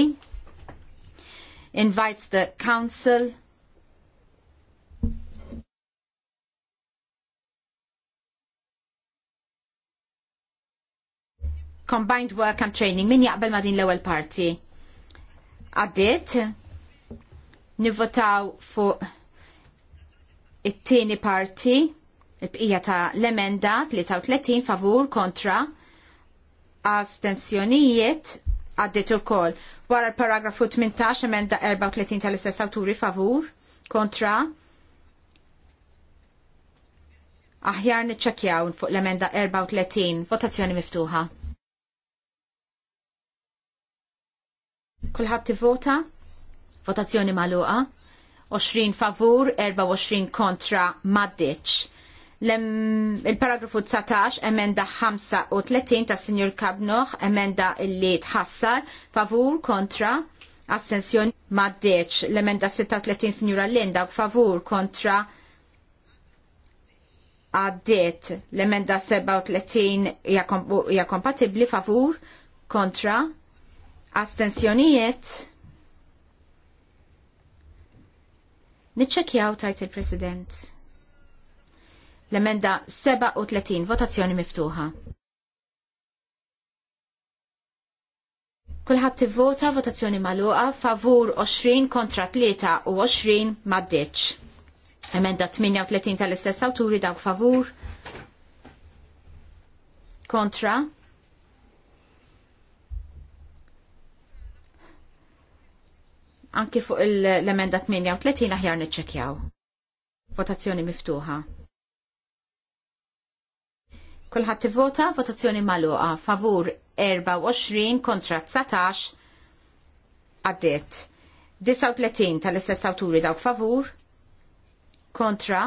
Invites the Council Combined Work and Training. Min jaqbel ma din l-ewwel parti? Għaddit, nivvotaw fuq it-tieni parti Il-bqija ta' l-emenda 33 favur kontra astensjonijiet għaddit ukoll. Wara l-paragrafu 18 emenda 34 tal-istess awturi favur kontra aħjar niċċakjaw fuq l-emenda 34 votazzjoni miftuħa. Kulħadd tivvota? Votazzjoni magħluqa. 20 favur, 24 kontra maddiċ il-paragrafu 19, emenda 35 ta' Sinjur Kabnoħ, emenda li tħassar, favur, kontra, assenzjon maddeċ, l-emenda 36 Sinjura Linda, favur, kontra, għaddiet l-emenda 37 hija kompatibbli favur, kontra, astensjonijiet. Niċċekjaw tajt il-President. L-emenda 37, votazzjoni miftuħa. Kulħadd tivvota votazzjoni magħluqa favur 20 kontra 23 m'għaddiċ. Emenda 38 tal-istess awturi dawk favur. Kontra. Anki fuq l-emenda 38 aħjar niċċekjaw. Votazzjoni miftuħa. Kulħadd tivvota votazzjoni magħluqa favur 24 kontra 19 għaddit. 39 tal-istess awturi dawk favur kontra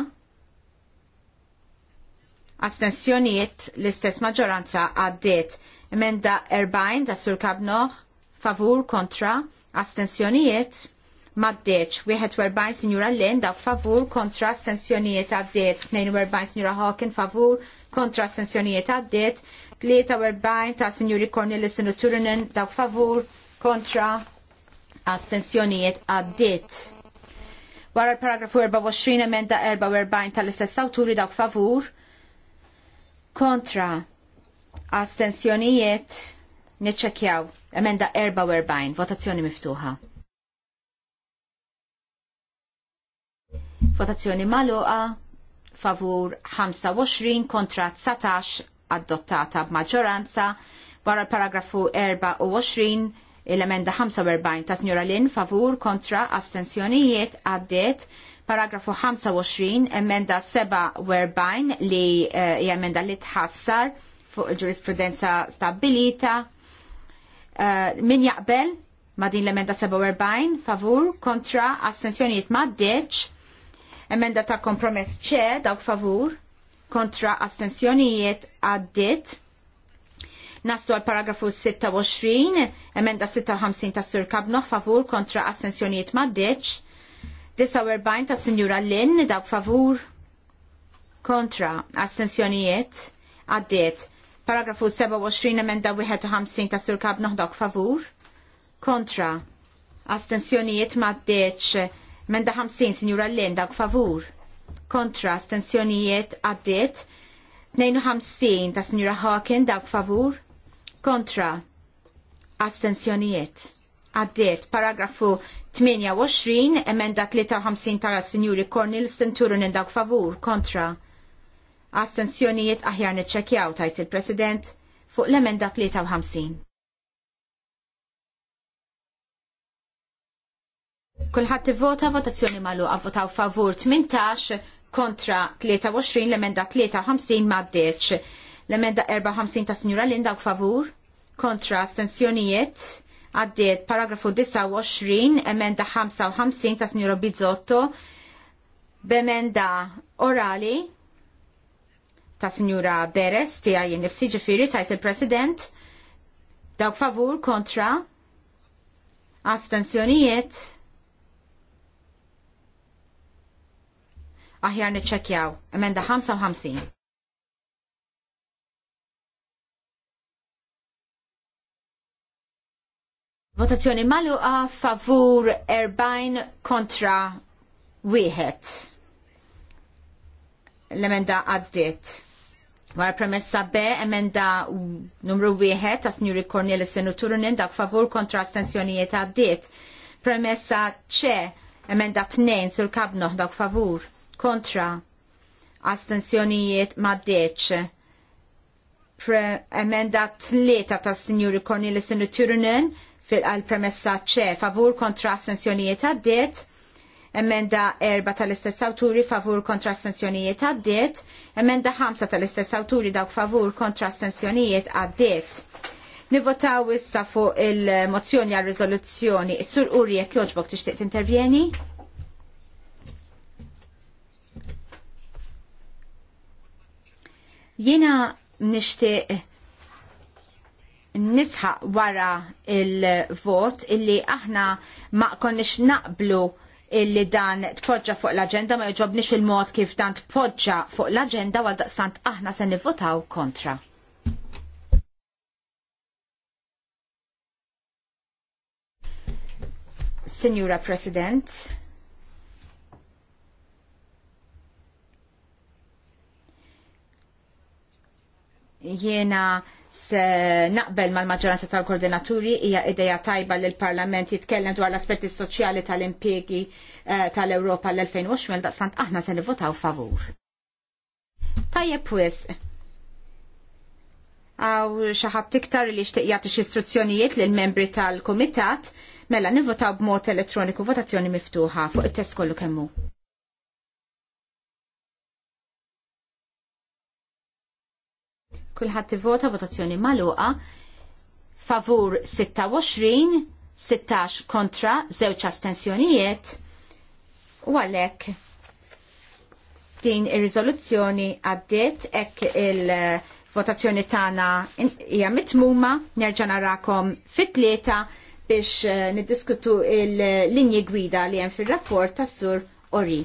astensjoniet l-istess maġġoranza għaddiet emenda 40 da sur kabnoħ favur kontra astensjonijiet maddeċ 41 sinjura Lenn, dak favur kontra astensjonijiet għaddiet 42 sinjura Hawken favur kontra astensjonijiet għaddiet 43 ta' sinjuri Cornelis u Turinen dak favur kontra astensjonijiet għaddeċ. Wara l-paragrafu 24 emenda 44 tal-istess awturi dawk favur kontra astensjonijiet neċċekjaw. emenda 44 votazzjoni miftuħa. Votazzjoni maloqa favur 25 kontra 19 adottata b'maġġoranza wara paragrafu 24 l-emenda 45 ta' Signora Lin favur kontra astensjonijiet għaddiet paragrafu 25 emenda 47 li uh, emenda li tħassar fuq il-ġurisprudenza stabilita uh, min jaqbel ma' din l-emenda 47 favur kontra astensjonijiet ma' deċ Emenda ta' kompromess ċe dawk favur kontra astensjonijiet għaddit. Nassu għal paragrafu 26, emenda 56 ta' Sir Kabno favur kontra astensjonijiet maddeċ. 49 ta' Sinjura Lin dawk favur kontra astensjonijiet għaddit. Paragrafu 27 emenda 51 ta' Sir Kabno dawk favur kontra astensjonijiet maddeċ. Menda 50, Sinjura Linda, favur. Kontra, stensjonijiet għaddit. 52 ta' Sinjura Hawken, dawk favur. Kontra, astensjonijiet. Għaddit, paragrafu 28, emenda 53 tara Sinjuri Cornel, Stenturun dawk favur. Kontra, astensjonijiet aħjar neċċekjaw tajt il-President fuq l-emenda 53. Kulħadd ivvota votazzjoni magħluqa votaw favur 18 kontra 23 l-emenda 53 m'għaddiex. L-emenda 54 ta' Sinjura Linda u favur kontra astenzjonijiet għaddiet paragrafu 29 emenda 55 ta' Sinjura Bizzotto b'emenda orali ta' Sinjura Beres ti għajin nifsi ġifieri tajt il-President dawk favur kontra astensjonijiet aħjar niċċekjaw. Emenda 55. Votazzjoni maluqa favur 40 kontra wieħed. L-emenda għaddit. Wara premessa B, emenda numru wieħed ta' Snuri Cornelis Senuturunin dak favur kontra astensjonijiet għaddit. Premessa C, emenda 2 sur kabnoħ dak favur kontra astensjonijiet maddeċ. Emenda tlieta ta' Sinjuri Cornelison u Turunen fil-premessa ċe favur kontra astensjonijiet għaddiet emenda erba tal-istess awturi favur kontra astensjonijiet għaddiet, emenda ħamsa tal-istess awturi dawk favur kontra astensjonijiet għaddiet. Nivotaw issa fuq il-mozzjoni għal riżoluzzjoni Sur Uri, jekk t tixtieq intervjeni? Jena nishtiq nisħaq wara il-vot illi aħna ma konniex naqblu illi dan tpoġġa fuq l-agenda ma jġobniex il-mod kif dan tpoġġa fuq l-agenda għal daqsant aħna se nivvotaw kontra. Signora President, Jiena se naqbel mal-maġġoranza tal-koordinaturi hija ideja tajba li l-Parlament jitkellem dwar l-aspetti soċjali tal-impjegi eh, tal-Ewropa l-2020 daqsant aħna se nivvotaw favur. Tajjeb wis. Għaw xaħat iktar li xtieq jagħti istruzzjonijiet lill membri tal-Kumitat mela nivvotaw b'mod elettroniku votazzjoni miftuħa fuq it-test kollu kemm hu. Kulħadd ivota votazzjoni magħluqa favur 26, 16 kontra, żewġ astensjonijiet u għalhekk din ir-riżoluzzjoni għaddiet hekk il-votazzjoni tagħna hija mitmuma, nerġa' narakom fit-tlieta biex eh, niddiskutu il-linji gwida li hemm fir-rapport tas-sur Ori.